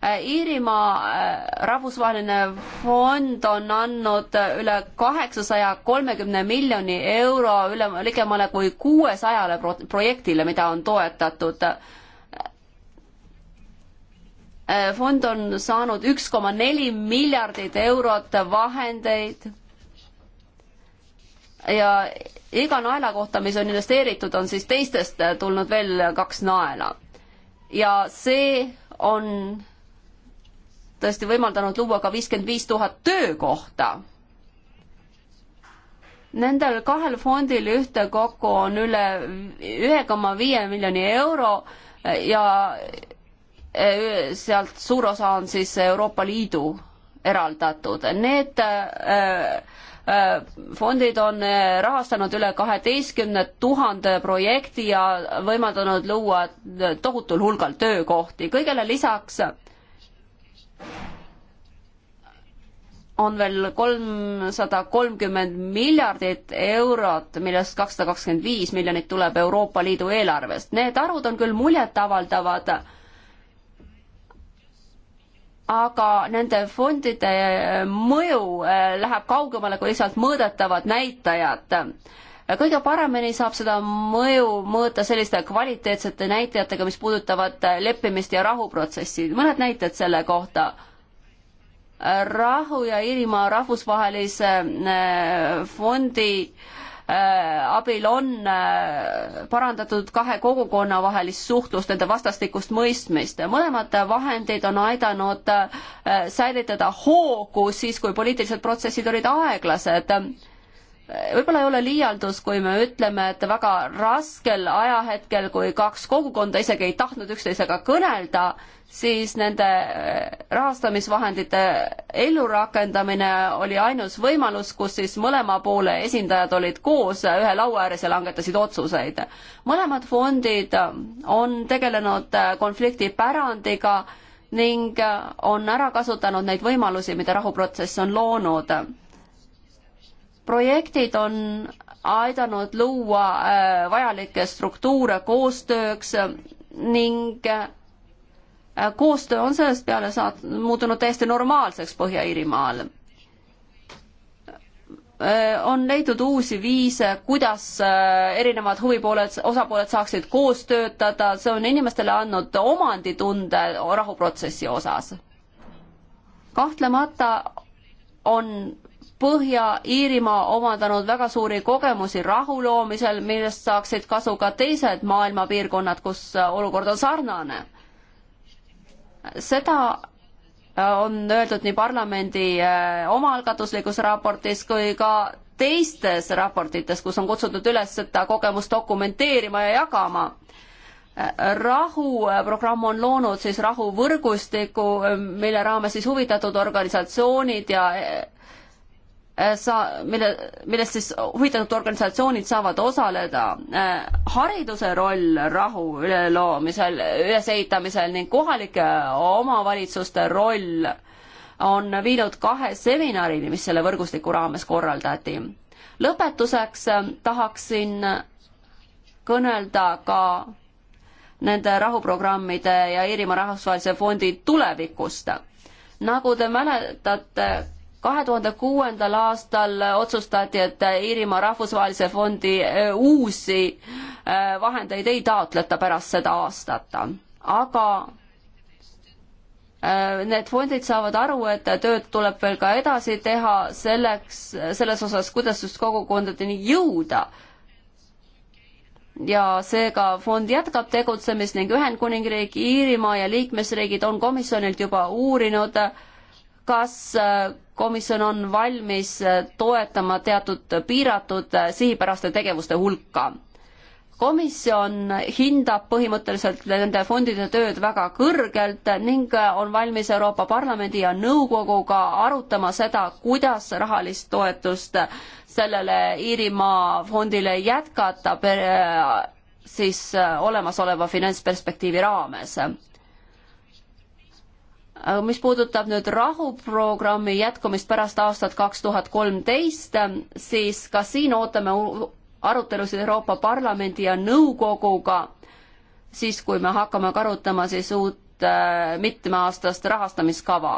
Äh, Iirimaa äh, rahvusvaheline fond on andnud äh, üle kaheksasaja kolmekümne miljoni euro üle ligemale kui kuuesajale projektile, mida on toetatud. fond on saanud üks koma neli miljardit eurot vahendeid ja iga naela kohta, mis on investeeritud, on siis teistest tulnud veel kaks naela. ja see on tõesti võimaldanud luua ka viiskümmend viis tuhat töökohta. Nendel kahel fondil ühtekokku on üle ühe koma viie miljoni euro ja e, sealt suur osa on siis Euroopa Liidu eraldatud. Need e, e, fondid on rahastanud üle kaheteistkümne tuhande projekti ja võimaldanud luua tohutul hulgal töökohti. kõigele lisaks on veel kolmsada kolmkümmend miljardit eurot, millest kakssada kakskümmend viis miljonit tuleb Euroopa Liidu eelarvest. Need arvud on küll muljetavaldavad, aga nende fondide mõju eh, läheb kaugemale kui lihtsalt mõõdetavad näitajad. kõige paremini saab seda mõju mõõta selliste kvaliteetsete näitajatega, mis puudutavad leppimist ja rahuprotsessi. mõned näited selle kohta rahu ja Iirimaa rahvusvahelise äh, fondi äh, abil on äh, parandatud kahe kogukonna vahelist suhtlust, nende vastastikust mõistmist. mõlemad vahendid on aidanud säilitada hoogu siis, kui poliitilised protsessid olid aeglased võib-olla ei ole liialdus, kui me ütleme, et väga raskel ajahetkel, kui kaks kogukonda isegi ei tahtnud üksteisega kõnelda, siis nende eh, rahastamisvahendite ellurakendamine oli ainus võimalus, kus siis mõlema poole esindajad olid koos ühe laua ääres ja langetasid otsuseid. mõlemad fondid on tegelenud eh, konflikti pärandiga ning eh, on ära kasutanud neid võimalusi, mida rahuprotsess on loonud projektid on aidanud luua äh, vajalikke struktuure koostööks ning äh, koostöö on sellest peale saat-, muutunud täiesti normaalseks Põhja-Iirimaal. Äh, on leitud uusi viise, kuidas erinevad huvipooled, osapooled saaksid koos töötada, see on inimestele andnud omanditunde rahuprotsessi osas. kahtlemata on Põhja-Iirimaa omandanud väga suuri kogemusi rahu loomisel, millest saaksid kasu ka teised maailma piirkonnad, kus äh, olukord on sarnane. seda äh, on öeldud nii parlamendi äh, omaalgatuslikus raportis kui ka teistes raportites, kus on kutsutud üles seda kogemust dokumenteerima ja jagama rahuprogramm on loonud siis rahuvõrgustiku, mille raames siis huvitatud organisatsioonid ja Äh, sa, mille, millest siis huvitatud organisatsioonid saavad osaleda. Äh, hariduse roll rahu üleloomisel, ülesehitamisel ning kohalike omavalitsuste roll on viinud kahe seminarini, mis selle võrgustiku raames korraldati. lõpetuseks äh, tahaksin kõnelda ka nende rahuprogrammide ja Iirimaa Rahvusvahelise Fondi tulevikust. nagu te mäletate, kahe tuhande kuuendal aastal otsustati, et Iirimaa Rahvusvahelise Fondi äh, uusi äh, vahendeid ei taotleta pärast seda aastat, aga äh, need fondid saavad aru, et tööd tuleb veel ka edasi teha selleks, selles osas, kuidas just kogukondadeni jõuda. ja seega fond jätkab tegutsemist ning Ühendkuningriik, Iirimaa ja liikmesriigid on komisjonilt juba uurinud äh, kas äh, komisjon on valmis äh, toetama teatud piiratud äh, sihipäraste tegevuste hulka? komisjon hindab põhimõtteliselt nende fondide tööd väga kõrgelt ning on valmis Euroopa Parlamendi ja nõukoguga arutama seda, kuidas rahalist toetust sellele Iirimaa fondile jätkata siis olemasoleva finantsperspektiivi raames Äh, mis puudutab nüüd rahuprogrammi jätkumist pärast aastat kaks tuhat kolmteist, siis ka siin ootame arutelusid Euroopa Parlamendi ja nõukoguga, siis kui me hakkame ka arutama siis uut äh, mitmeaastast rahastamiskava.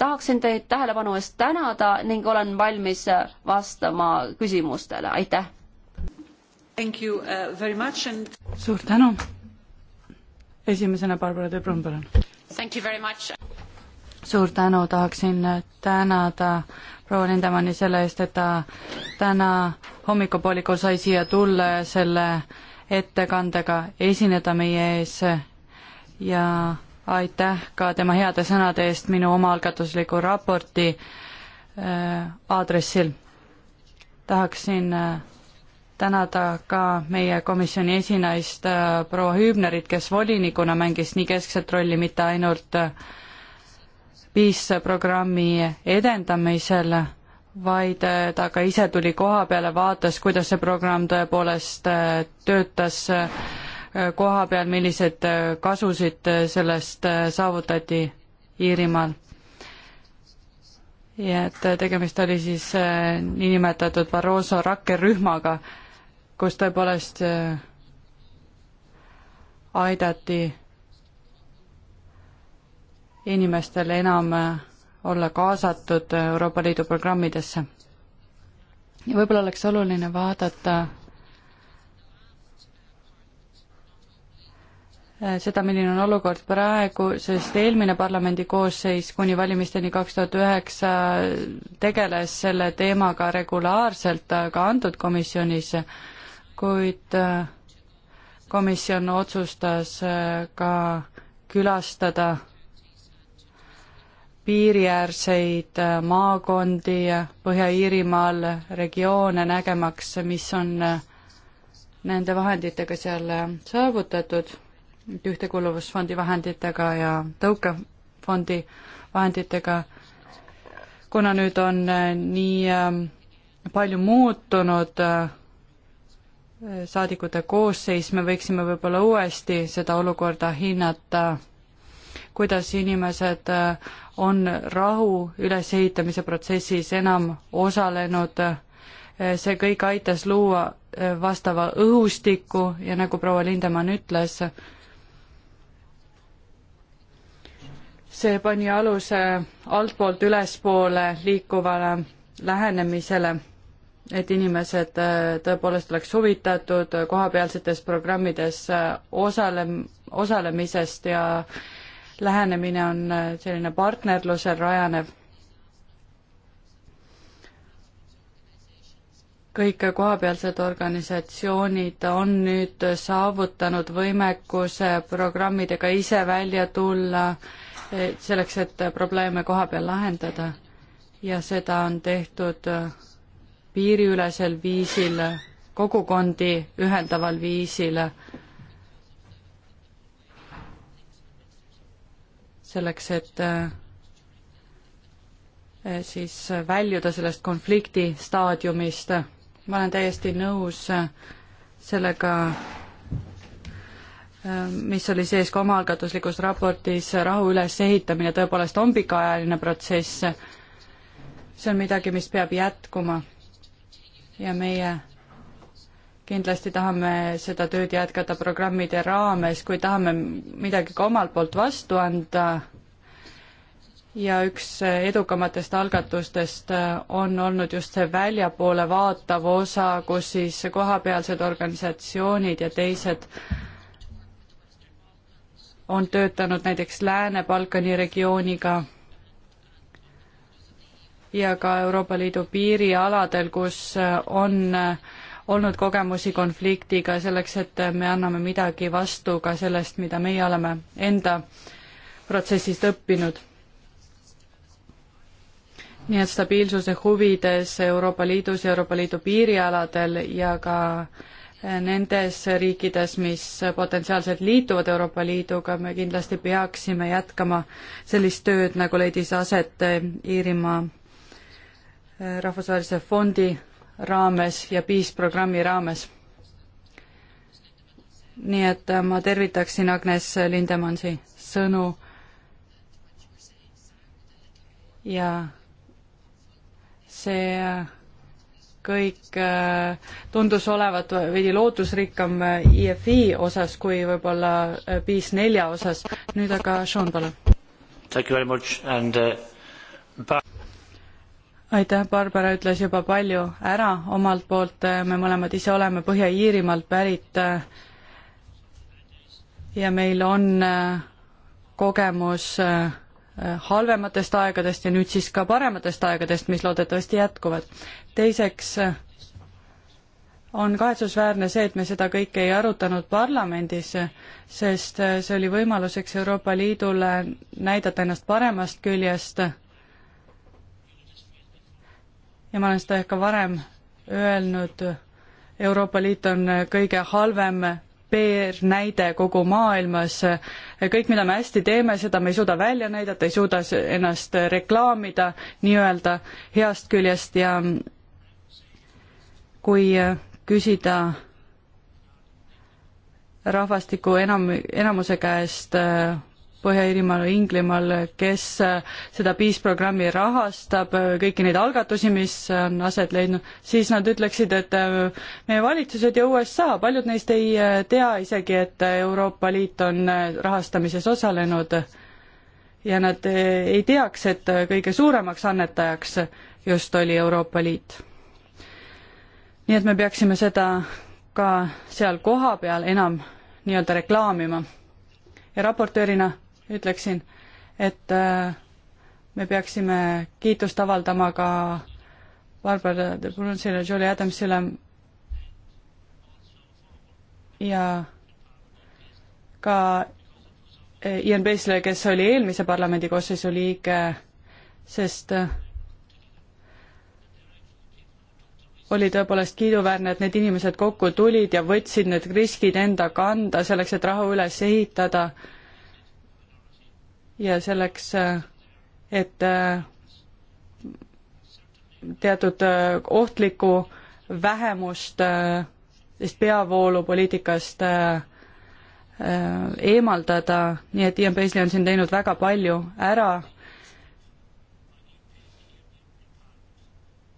tahaksin teid tähelepanu eest tänada ning olen valmis äh, vastama küsimustele, aitäh! Uh, and... suur tänu! esimesena Barbara de Brun, palun! suur tänu, tahaksin tänada proua Lindemanni selle eest, et ta täna hommikupoolikul sai siia tulla ja selle ettekandega esineda meie ees ja aitäh ka tema heade sõnade eest minu omaalgatusliku raporti äh, aadressil. tahaksin äh, tänada ka meie komisjoni esinaist äh, proua Hübnerit, kes volinikuna mängis nii keskset rolli mitte ainult äh, Peace programmi edendamisel, vaid äh, ta ka ise tuli koha peale, vaatas, kuidas see programm tõepoolest töötas koha peal, millised kasusid sellest saavutati Iirimaal ja et tegemist oli siis niinimetatud Barroso rakkerühmaga kus tõepoolest äh, aidati inimestel enam äh, olla kaasatud Euroopa Liidu programmidesse. ja võib-olla oleks oluline vaadata äh, seda, milline on olukord praegu, sest eelmine parlamendi koosseis kuni valimisteni kaks tuhat üheksa tegeles selle teemaga regulaarselt ka antud komisjonis kuid äh, komisjon otsustas äh, ka külastada piiriäärseid äh, maakondi Põhja-Iirimaal, regioone, nägemaks, mis on nende vahenditega seal saavutatud, ühtekuuluvusfondi vahenditega ja tõukefondi vahenditega. kuna nüüd on nii palju muutunud saadikute koosseis, me võiksime võib-olla uuesti seda olukorda hinnata, kuidas inimesed äh, on rahu ülesehitamise protsessis enam osalenud, äh, see kõik aitas luua äh, vastava õhustiku ja nagu proua Lindemann ütles, see pani aluse altpoolt ülespoole liikuvale lähenemisele et inimesed äh, tõepoolest oleks huvitatud kohapealsetes programmides äh, osale, osalemisest ja lähenemine on äh, selline partnerlusel rajanev. kõik kohapealsed organisatsioonid on nüüd saavutanud võimekuse programmidega ise välja tulla, eh, selleks, et probleeme koha peal lahendada ja seda on tehtud piiriülesel viisil, kogukondi ühendaval viisil, selleks, et eh, siis väljuda sellest konflikti staadiumist. ma olen täiesti nõus sellega, eh, mis oli sees ka omaalgatuslikus raportis, rahu ülesehitamine tõepoolest on pikaajaline protsess, see on midagi, mis peab jätkuma ja meie kindlasti tahame seda tööd jätkata programmide raames, kui tahame midagi ka omalt poolt vastu anda. ja üks edukamatest algatustest on olnud just see väljapoole vaatav osa, kus siis kohapealsed organisatsioonid ja teised on töötanud näiteks Lääne-Balkani regiooniga ja ka Euroopa Liidu piirialadel, kus äh, on äh, olnud kogemusi konfliktiga, selleks et äh, me anname midagi vastu ka sellest, mida meie oleme enda protsessist õppinud. nii et stabiilsuse huvides Euroopa Liidus ja Euroopa Liidu piirialadel ja ka nendes riikides, mis potentsiaalselt liituvad Euroopa Liiduga, me kindlasti peaksime jätkama sellist tööd, nagu leidis aset Iirimaa rahvusvahelise fondi raames ja Peace programmi raames. nii et äh, ma tervitaksin Agnes Lindemansi sõnu ja see äh, kõik äh, tundus olevat veidi lootusrikkam EFI osas kui võib-olla Peace nelja osas, nüüd aga Sean, palun aitäh, Barbara ütles juba palju ära omalt poolt, äh, me mõlemad ise oleme Põhja-Iirimaalt pärit äh, ja meil on äh, kogemus halvematest aegadest ja nüüd siis ka parematest aegadest, mis loodetavasti jätkuvad. teiseks on kahetsusväärne see, et me seda kõike ei arutanud parlamendis, sest see oli võimaluseks Euroopa Liidule näidata ennast paremast küljest ja ma olen seda ka varem öelnud, Euroopa Liit on kõige halvem PR-näide kogu maailmas, kõik, mida me hästi teeme, seda me ei suuda välja näidata, ei suuda ennast reklaamida nii-öelda heast küljest ja kui küsida rahvastiku enam, enamuse käest Põhja-Iirimaal, Inglimaal, kes äh, seda Peace programmi rahastab, äh, kõiki neid algatusi, mis äh, on aset leidnud, siis nad ütleksid, et meie valitsused ja USA, paljud neist ei tea isegi, et Euroopa Liit on rahastamises osalenud ja nad ei teaks, et kõige suuremaks annetajaks just oli Euroopa Liit. nii et me peaksime seda ka seal kohapeal enam nii-öelda reklaamima ja raportöörina ütleksin, et äh, me peaksime kiitust avaldama ka Barbara de Brunsile, Julie Adamsile ja ka äh, Ian Paisele, kes oli eelmise parlamendi koosseisu liige, sest äh, oli tõepoolest kiiduväärne, et need inimesed kokku tulid ja võtsid need riskid enda kanda selleks, et rahu üles ehitada ja selleks, et äh, teatud äh, ohtlikku vähemust äh, sellist peavoolupoliitikast eemaldada, nii et Ian Paisley on siin teinud väga palju ära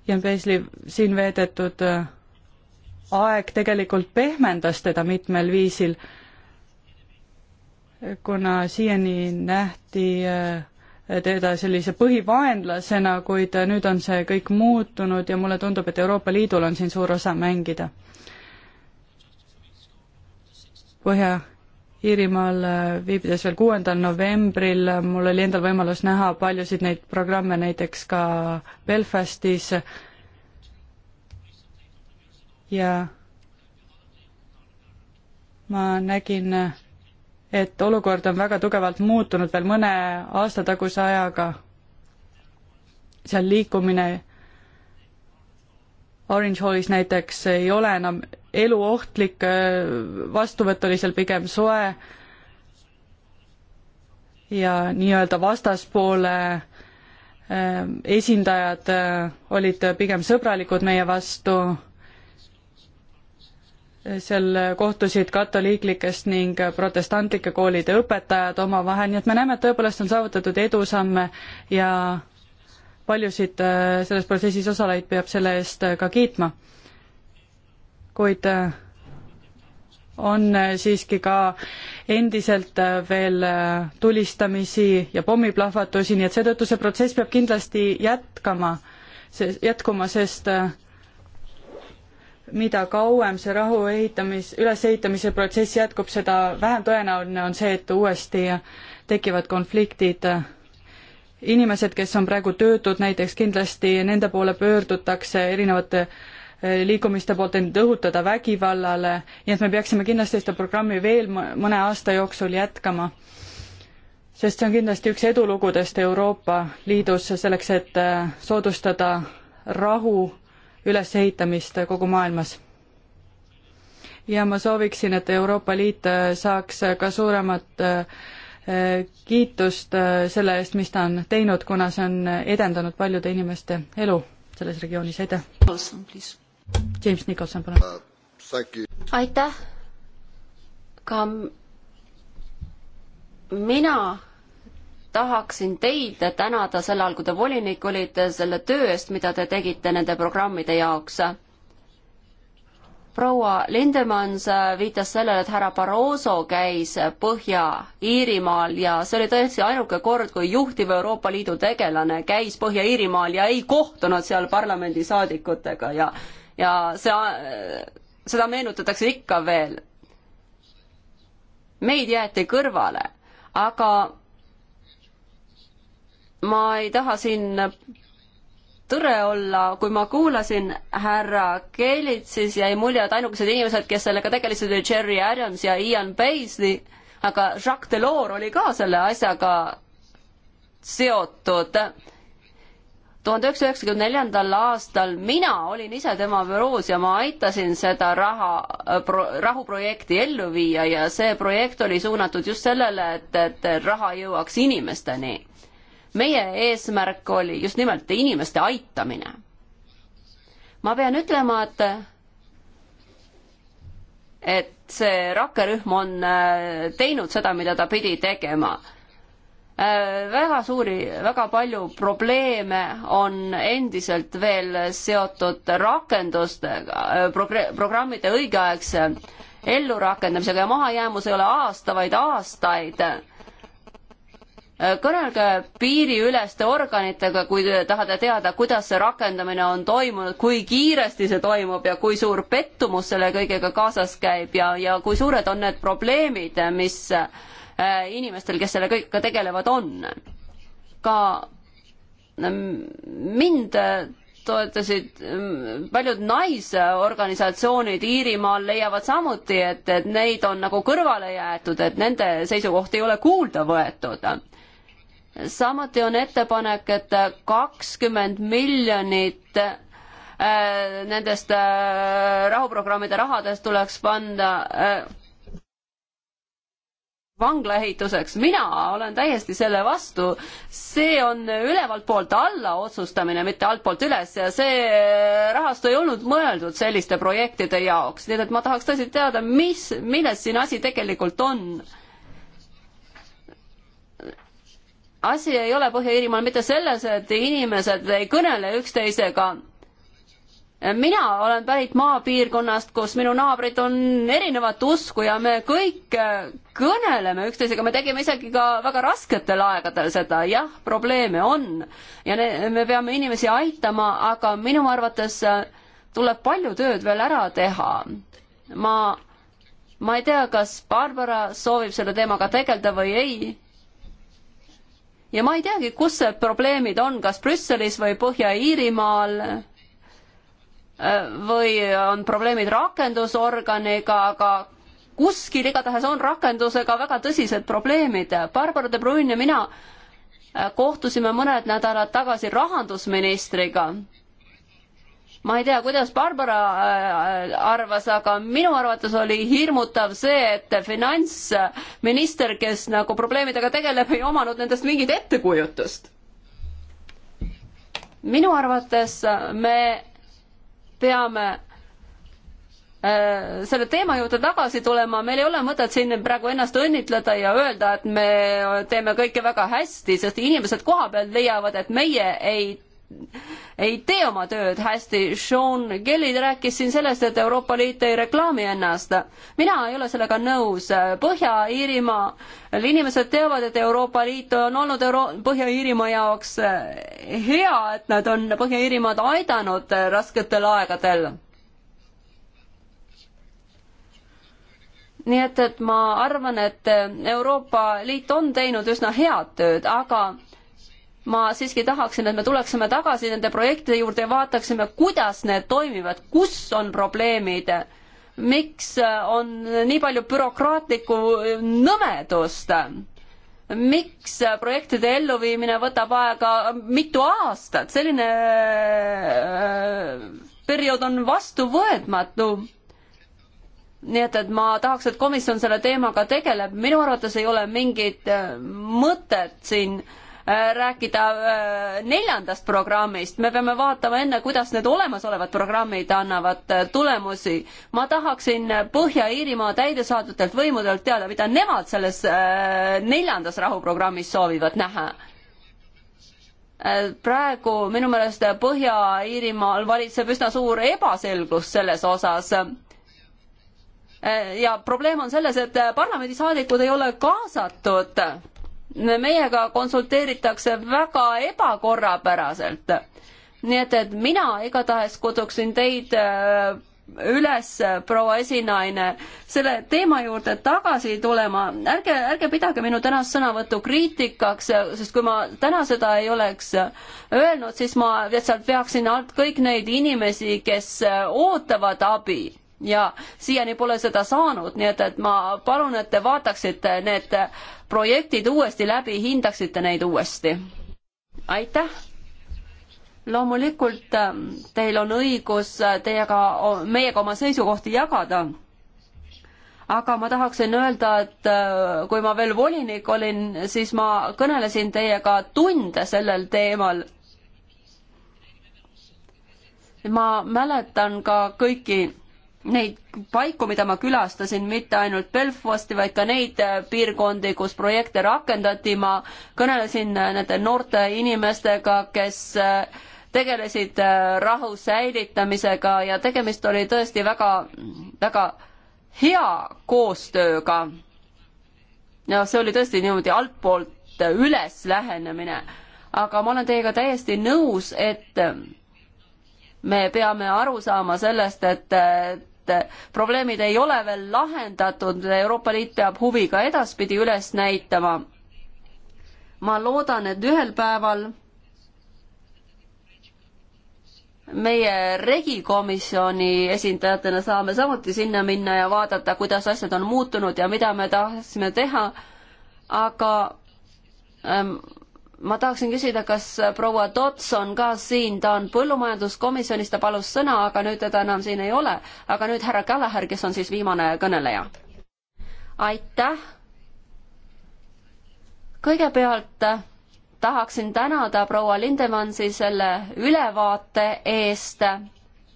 Ian Paisley siin veedetud aeg tegelikult pehmendas teda mitmel viisil, kuna siiani nähti eh, teda sellise põhivaenlasena, kuid eh, nüüd on see kõik muutunud ja mulle tundub, et Euroopa Liidul on siin suur osa mängida. Põhja-Iirimaal eh, viibides veel kuuendal novembril mul oli endal võimalus näha paljusid neid programme näiteks ka Belfastis ja ma nägin et olukord on väga tugevalt muutunud veel mõne aasta taguse ajaga. seal liikumine Orange Hallis näiteks ei ole enam eluohtlik, vastuvõtt oli seal pigem soe ja nii-öelda vastaspoole ehm, esindajad eh, olid pigem sõbralikud meie vastu seal kohtusid katoliiklikest ning protestantlike koolide õpetajad omavahel, nii et me näeme, et tõepoolest on saavutatud edusamme ja paljusid äh, selles protsessis osalejaid peab selle eest äh, ka kiitma. kuid äh, on siiski ka endiselt veel tulistamisi ja pommiplahvatusi, nii et seetõttu see protsess peab kindlasti jätkama, jätkuma, sest äh, mida kauem see rahu ehitamis, ülesehitamise protsess jätkub, seda vähem tõenäoline on see, et uuesti tekivad konfliktid. inimesed, kes on praegu töötud näiteks, kindlasti nende poole pöördutakse erinevate eh, liikumiste poolt end õhutada vägivallale, nii et me peaksime kindlasti seda programmi veel mõne aasta jooksul jätkama. sest see on kindlasti üks edulugudest Euroopa Liidus selleks, et eh, soodustada rahu ülesehitamist kogu maailmas. ja ma sooviksin, et Euroopa Liit saaks ka suuremat eh, kiitust eh, selle eest, mis ta on teinud, kuna see on edendanud paljude inimeste elu selles regioonis, aitäh! James Nicholson, palun! Uh, aitäh! ka mina tahaksin teid tänada sel ajal, kui te volinik olite, selle töö eest, mida te tegite nende programmide jaoks. proua Lindemans viitas sellele, et härra Barroso käis Põhja-Iirimaal ja see oli tõesti ainuke kord, kui juhtiv Euroopa Liidu tegelane käis Põhja-Iirimaal ja ei kohtunud seal parlamendisaadikutega ja, ja see, seda meenutatakse ikka veel. meid jäeti kõrvale, aga ma ei taha siin tõre olla, kui ma kuulasin härra Keelit, siis jäi mulje, et ainukesed inimesed, kes sellega tegelesid, olid Cherry Adams ja Ian Paisley, aga Jacques Delors oli ka selle asjaga seotud. tuhande üheksasaja üheksakümne neljandal aastal mina olin ise tema büroos ja ma aitasin seda raha pro,, rahuprojekti ellu viia ja see projekt oli suunatud just sellele, et, et raha jõuaks inimesteni meie eesmärk oli just nimelt inimeste aitamine. ma pean ütlema, et et see rakkerühm on äh, teinud seda, mida ta pidi tegema. Äh, väga suuri, väga palju probleeme on endiselt veel seotud rakendustega, äh, programmide õigeaegse ellurakendamisega ja mahajäämus ei ole aasta, vaid aastaid Äh, kõnelge piiriüleste organitega, kui te tahate teada, kuidas see rakendamine on toimunud, kui kiiresti see toimub ja kui suur pettumus selle kõigega kaasas käib ja, ja kui suured on need probleemid, mis äh, inimestel, kes selle kõigega tegelevad, on. ka mm, mind toetasid mm, paljud naisorganisatsioonid Iirimaal leiavad samuti, et, et neid on nagu kõrvale jäetud, et nende seisukoht ei ole kuulda võetud samuti on ettepanek, et kakskümmend miljonit äh, nendest äh, rahuprogrammide rahadest tuleks panna äh, vangla ehituseks, mina olen täiesti selle vastu. see on ülevalt poolt alla otsustamine, mitte altpoolt üles ja see rahastu ei olnud mõeldud selliste projektide jaoks, nii et ma tahaks tõesti teada, mis, milles siin asi tegelikult on asi ei ole Põhja-Iirimaal mitte selles, et inimesed ei kõnele üksteisega. mina olen pärit maapiirkonnast, kus minu naabrid on erinevat usku ja me kõik äh, kõneleme üksteisega, me tegime isegi ka väga rasketel aegadel seda, jah, probleeme on ja ne, me peame inimesi aitama, aga minu arvates äh, tuleb palju tööd veel ära teha. ma, ma ei tea, kas Barbara soovib selle teemaga tegeleda või ei ja ma ei teagi, kus probleemid on, kas Brüsselis või Põhja-Iirimaal äh, või on probleemid rakendusorganiga, aga kuskil igatahes on rakendusega väga tõsised probleemid. Barbara de Bruin ja mina äh, kohtusime mõned nädalad tagasi rahandusministriga ma ei tea, kuidas Barbara äh, arvas, aga minu arvates oli hirmutav see, et finantsminister, kes nagu probleemidega tegeleb, ei omanud nendest mingit ettekujutust. minu arvates me peame äh, selle teema juurde tagasi tulema, meil ei ole mõtet siin praegu ennast õnnitleda ja öelda, et me teeme kõike väga hästi, sest inimesed kohapeal leiavad, et meie ei ei tee oma tööd hästi. Sean Kelly rääkis siin sellest, et Euroopa Liit ei reklaami ennast. mina ei ole sellega nõus. Põhja-Iirimaal inimesed teavad, et Euroopa Liit on olnud Euro-, Põhja-Iirimaa jaoks hea, et nad on Põhja-Iirimaad aidanud rasketel aegadel. nii et, et ma arvan, et Euroopa Liit on teinud üsna head tööd, aga ma siiski tahaksin, et me tuleksime tagasi nende projektide juurde ja vaataksime, kuidas need toimivad, kus on probleemid, miks on nii palju bürokraatlikku nõmedust, miks projektide elluviimine võtab aega mitu aastat, selline äh, periood on vastuvõetmatu nii et, et ma tahaks, et komisjon selle teemaga tegeleb, minu arvates ei ole mingit äh, mõtet siin äh, Äh, rääkida äh, neljandast programmist, me peame vaatama enne, kuidas need olemasolevad programmid annavad äh, tulemusi. ma tahaksin Põhja-Iirimaa täidesaatvatelt võimudelt teada, mida nemad selles neljandas rahuprogrammis soovivad näha. praegu minu meelest Põhja-Iirimaal valitseb üsna suur ebaselgus selles osas ja probleem on selles, et parlamendisaadikud ei ole kaasatud meiega konsulteeritakse väga ebakorrapäraselt. nii et, et mina igatahes kutsuksin teid äh, üles, proua esinaine, selle teema juurde tagasi tulema, ärge, ärge pidage minu tänast sõnavõttu kriitikaks, sest kui ma täna seda ei oleks öelnud, siis ma lihtsalt veaksin alt kõik neid inimesi, kes ootavad abi ja siiani pole seda saanud, nii et, et ma palun, et te vaataksite need projektid uuesti läbi, hindaksite neid uuesti. aitäh! loomulikult ähm, teil on õigus äh, teiega, meiega oma seisukohti jagada aga ma tahaksin öelda, et äh, kui ma veel volinik olin, siis ma kõnelesin teiega tunde sellel teemal. ma mäletan ka kõiki neid paiku, mida ma külastasin, mitte ainult Belfasti, vaid ka neid äh, piirkondi, kus projekte rakendati, ma kõnelesin äh, nende noorte inimestega, kes äh, tegelesid rahu säilitamisega ja tegemist oli tõesti väga, väga hea koostööga. ja see oli tõesti niimoodi altpoolt üles lähenemine. aga ma olen teiega täiesti nõus, et me peame aru saama sellest, et et probleemid ei ole veel lahendatud, Euroopa Liit peab huvi ka edaspidi üles näitama. ma loodan, et ühel päeval meie regikomisjoni esindajatena saame samuti sinna minna ja vaadata, kuidas asjad on muutunud ja mida me tahtsime teha, aga ähm, ma tahaksin küsida, kas proua Tots on ka siin, ta on põllumajanduskomisjonis, ta palus sõna, aga nüüd teda enam siin ei ole. aga nüüd härra Kallahär, kes on siis viimane kõneleja. aitäh. kõigepealt tahaksin tänada proua Lindemansi selle ülevaate eest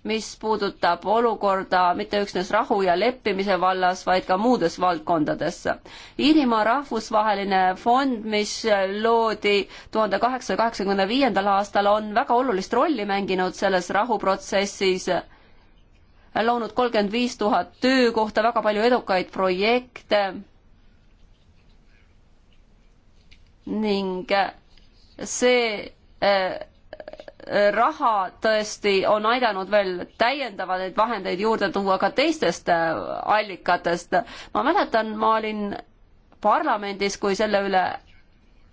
mis puudutab olukorda mitte üksnes rahu ja leppimise vallas, vaid ka muudes valdkondades. Iirimaa rahvusvaheline fond, mis loodi tuhande kaheksasaja kaheksakümne viiendal aastal, on väga olulist rolli mänginud selles rahuprotsessis, loonud kolmkümmend viis tuhat töökohta, väga palju edukaid projekte ning see eh, raha tõesti on aidanud veel täiendava neid vahendeid juurde tuua ka teistest äh, allikatest. ma mäletan, ma olin parlamendis, kui selle üle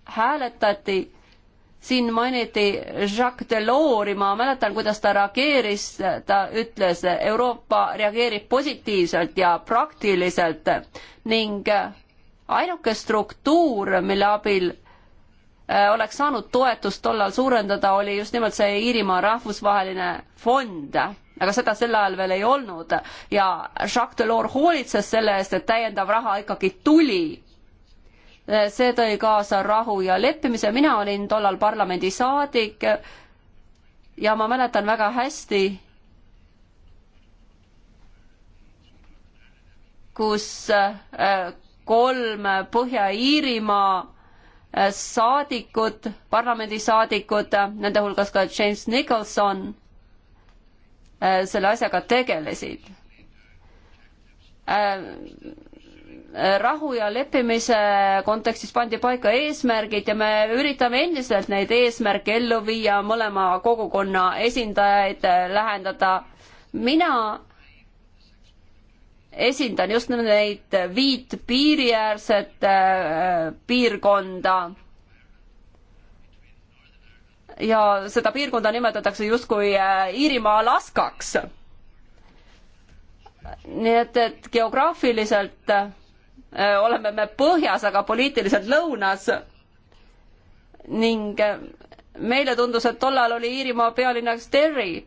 hääletati, siin mainiti Jacques Delors'i, ma mäletan, kuidas ta reageeris, ta ütles, Euroopa reageerib positiivselt ja praktiliselt ning ainuke struktuur, mille abil Äh, oleks saanud toetust tollal suurendada, oli just nimelt see Iirimaa rahvusvaheline fond aga seda sel ajal veel ei olnud ja Jacques Delors hoolitses selle eest, et täiendav raha ikkagi tuli. Äh, see tõi kaasa rahu ja leppimise, mina olin tollal parlamendisaadik ja ma mäletan väga hästi, kus äh, kolm Põhja-Iirimaa Äh, saadikud, parlamendisaadikud, nende hulgas ka James Nicholson, äh, selle asjaga tegelesid. Äh, rahu ja leppimise kontekstis pandi paika eesmärgid ja me üritame endiselt neid eesmärke ellu viia, mõlema kogukonna esindajaid lähendada. mina esindan just neid viit piiriäärset äh, piirkonda. ja seda piirkonda nimetatakse justkui äh, Iirimaa laskaks. nii et, et geograafiliselt äh, oleme me põhjas, aga poliitiliselt lõunas. ning meile tundus, et tollal oli Iirimaa pealinnaks Derry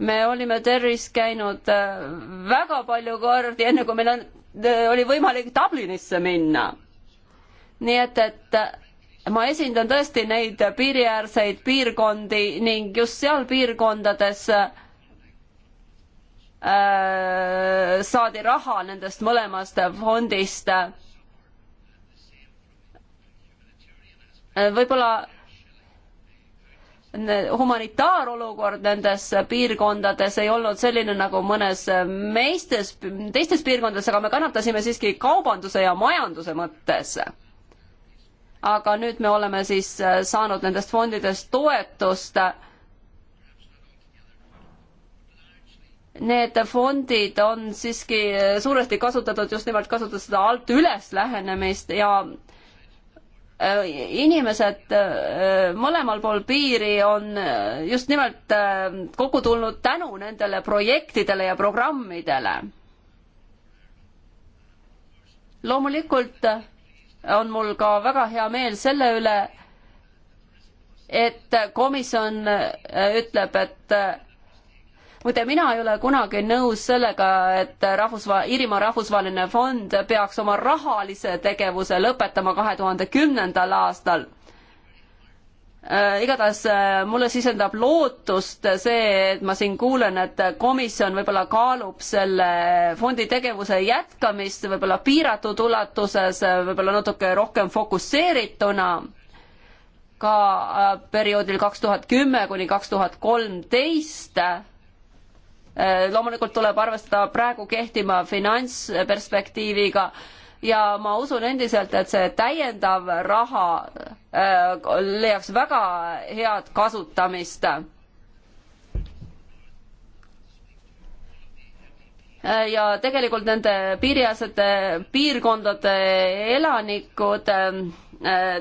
me olime Terris käinud äh, väga palju kordi, enne kui meil on, äh, oli võimalik Dublinisse minna. nii et, et äh, ma esindan tõesti neid piiriäärseid piirkondi ning just seal piirkondades äh, saadi raha nendest mõlemast fondist. võib-olla humanitaarolukord nendes piirkondades ei olnud selline nagu mõnes meistes, teistes piirkondades, aga me kannatasime siiski kaubanduse ja majanduse mõttes. aga nüüd me oleme siis saanud nendest fondidest toetust. Need fondid on siiski suuresti kasutatud just nimelt kasutades seda alt üles lähenemist ja äh, Äh, inimesed äh, mõlemal pool piiri on äh, just nimelt kokku tulnud tänu nendele projektidele ja programmidele. loomulikult on mul ka väga hea meel selle üle, et komisjon ütleb, et muide, mina ei ole kunagi nõus sellega, et rahvusva-, Iirimaa rahvusvaheline fond peaks oma rahalise tegevuse lõpetama kahe tuhande kümnendal aastal äh, igatahes äh, mulle sisendab lootust see, et ma siin kuulen, et komisjon võib-olla kaalub selle fondi tegevuse jätkamist võib-olla piiratud ulatuses, võib-olla natuke rohkem fokusseerituna ka äh, perioodil kaks tuhat kümme kuni kaks tuhat kolmteist Äh, loomulikult tuleb arvestada praegu kehtima finantsperspektiiviga ja ma usun endiselt, et see täiendav raha äh, leiaks väga head kasutamist äh, ja tegelikult nende piiriäärsete piirkondade elanikud,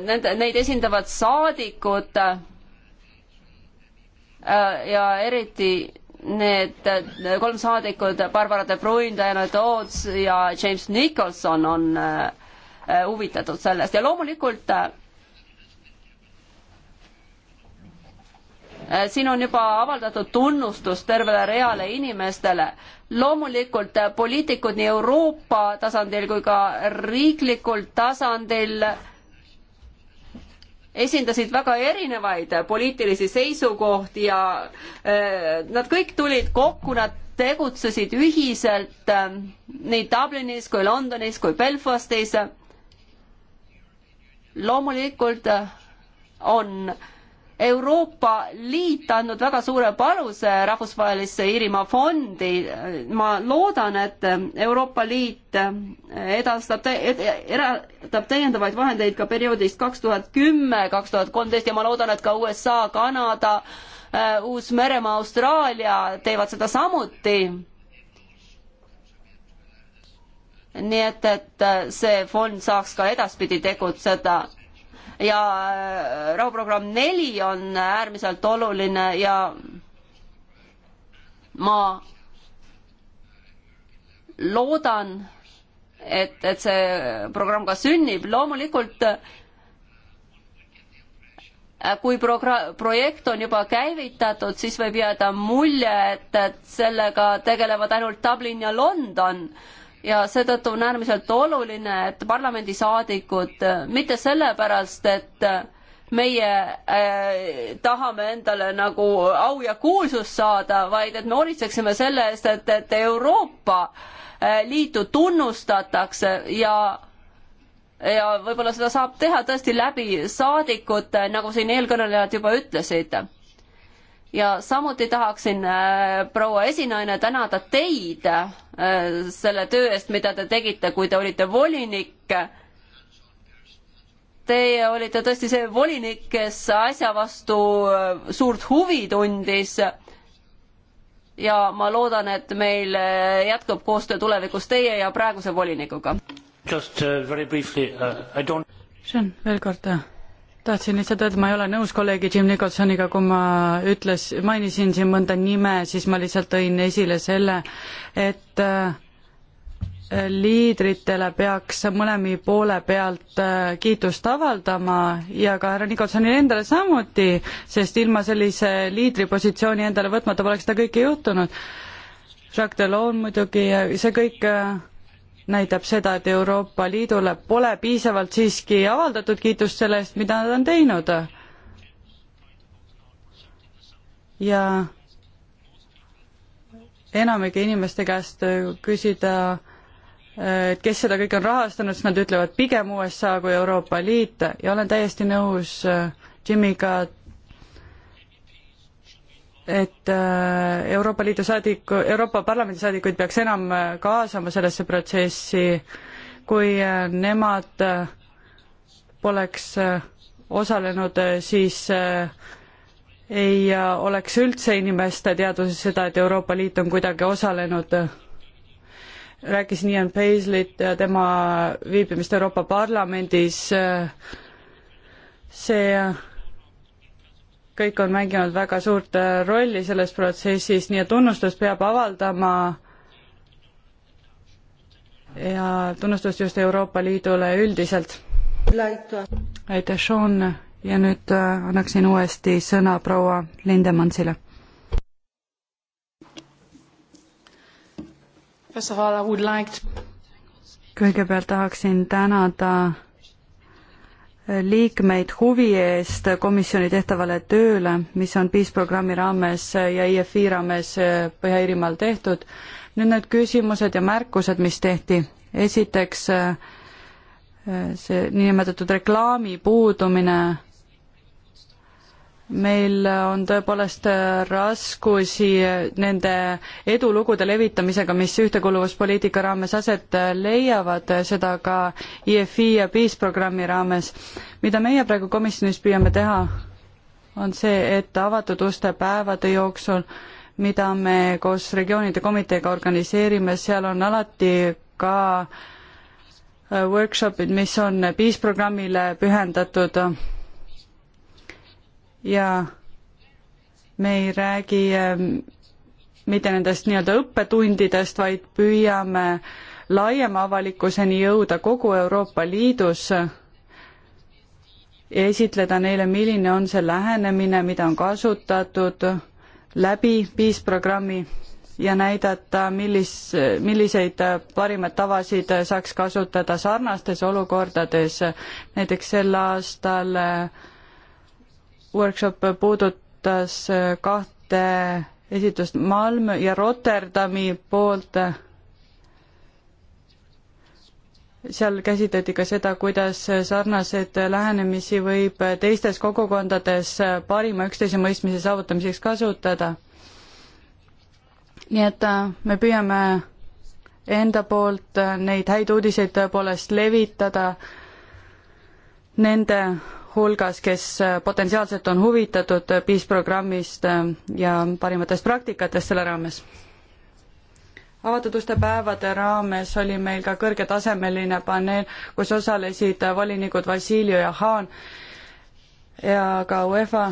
nende, neid esindavad saadikud ja eriti need kolm saadikut, Barbara de Bruin, Diana Toots ja James Nicholson on äh, äh, huvitatud sellest ja loomulikult äh, siin on juba avaldatud tunnustust tervele reale inimestele. loomulikult poliitikud nii Euroopa tasandil kui ka riiklikul tasandil äh, esindasid väga erinevaid poliitilisi seisukohti ja äh, nad kõik tulid kokku, nad tegutsesid ühiselt äh, nii Dublinis kui Londonis kui Belfastis. loomulikult äh, on äh, Euroopa Liit andnud väga suure panuse rahvusvahelisse Iirimaa fondi. ma loodan, et Euroopa Liit edastab ed,, eraldab täiendavaid vahendeid ka perioodist kaks tuhat kümme, kaks tuhat kolmteist ja ma loodan, et ka USA, Kanada, äh, Uus-Meremaa, Austraalia teevad seda samuti. nii et, et see fond saaks ka edaspidi tegutseda ja äh, rahuprogramm neli on äärmiselt oluline ja ma loodan, et, et see programm ka sünnib, loomulikult äh, kui progra-, projekt on juba käivitatud, siis võib jääda mulje, et, et sellega tegelevad ainult Dublin ja London äh, ja seetõttu on äärmiselt oluline, et parlamendisaadikud äh, mitte sellepärast, et äh, meie äh, tahame endale nagu au ja kuulsust saada, vaid et me hoolitseksime selle eest, et, et Euroopa äh, Liitu tunnustatakse ja ja võib-olla seda saab teha tõesti läbi saadikute, nagu siin eelkõnelejad juba ütlesid ja samuti tahaksin äh, proua esinaine tänada teid Äh, selle töö eest, mida te tegite, kui te olite volinik. Teie olite tõesti see volinik, kes asja vastu äh, suurt huvi tundis. ja ma loodan, et meil äh, jätkub koostöö tulevikus teie ja praeguse volinikuga. Just uh, very briefly uh,, I don't. Sean, veel kord tahtsin lihtsalt öelda, ma ei ole nõus kolleegi Jim Nicholsoniga, kui ma ütles, mainisin siin mõnda nime, siis ma lihtsalt tõin esile selle, et äh, liidritele peaks mõlemi poole pealt äh, kiitust avaldama ja ka härra Nicholsonile endale samuti, sest ilma sellise liidripositsiooni endale võtmata poleks seda kõike juhtunud. Jacques Delors muidugi, see kõik äh, näitab seda, et Euroopa Liidule pole piisavalt siiski avaldatud kiitust selle eest, mida nad on teinud. ja enamike inimeste käest küsida, et kes seda kõike on rahastanud, siis nad ütlevad pigem USA kui Euroopa Liit ja olen täiesti nõus Jimmiga, et et äh, Euroopa Liidu saadik, Euroopa Parlamendi saadikuid peaks enam äh, kaasama sellesse protsessi, kui äh, nemad poleks osalenud, siis ei oleks üldse inimeste teadvuses seda, et Euroopa Liit on kuidagi osalenud. rääkis Ian Paislit ja tema viibimist Euroopa Parlamendis, see kõik on mänginud väga suurt äh, rolli selles protsessis, nii et tunnustust peab avaldama ja tunnustust just Euroopa Liidule üldiselt. aitäh, Sean, ja nüüd äh, annaksin uuesti sõna proua Lindemannsile. kõigepealt tahaksin tänada liikmeid huvi eest komisjoni tehtavale tööle, mis on PIS programmi raames ja EFI raames Põhja-Iirimaal tehtud. nüüd need küsimused ja märkused, mis tehti. esiteks see niinimetatud reklaami puudumine meil on tõepoolest raskusi nende edulugude levitamisega, mis ühtekuuluvuspoliitika raames aset leiavad, seda ka EFI ja PIS programmi raames. mida meie praegu komisjonis püüame teha, on see, et avatud uste päevade jooksul, mida me koos regioonide komiteega organiseerime, seal on alati ka workshopid, mis on PIS programmile pühendatud ja me ei räägi ähm, mitte nendest nii-öelda õppetundidest, vaid püüame laiema avalikkuseni jõuda kogu Euroopa Liidus ja esitleda neile, milline on see lähenemine, mida on kasutatud läbi PIS programmi ja näidata, millis, milliseid parimaid tavasid saaks kasutada sarnastes olukordades. näiteks sel aastal äh, workshop puudutas kahte esitust Malmö ja Rotterdami poolt. seal käsitleti ka seda, kuidas sarnaseid lähenemisi võib teistes kogukondades parima üksteise mõistmise saavutamiseks kasutada. nii et äh, me püüame enda poolt neid häid uudiseid tõepoolest levitada nende hulgas, kes potentsiaalselt on huvitatud PIS programmist äh, ja parimatest praktikatest selle raames. avatud uste päevade raames oli meil ka kõrgetasemeline paneel, kus osalesid volinikud Vassiljev ja Haan ja ka UEFA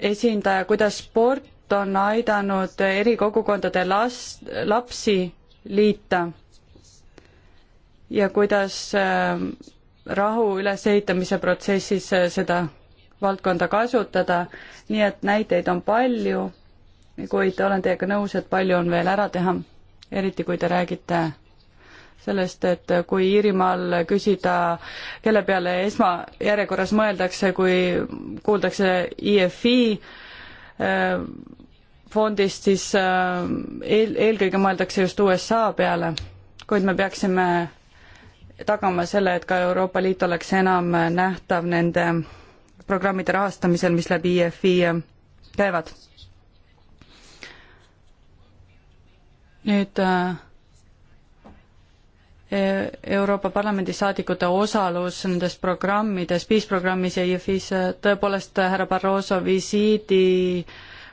esindaja, kuidas sport on aidanud eri kogukondade last, lapsi liita ja kuidas äh, rahu ülesehitamise protsessis äh, seda valdkonda kasutada, nii et näiteid on palju, kuid olen teiega nõus, et palju on veel ära teha, eriti kui te räägite sellest, et kui Iirimaal küsida, kelle peale esmajärjekorras mõeldakse, kui kuuldakse EFI äh, fondist, siis äh, eel, eelkõige mõeldakse just USA peale, kuid me peaksime tagama selle, et ka Euroopa Liit oleks enam nähtav nende programmide rahastamisel, mis läbi EFI käivad. nüüd äh, e-, Euroopa Parlamendi saadikute osalus nendes programmides, PIS programmis ja EFI-s, tõepoolest härra Barroso visiidi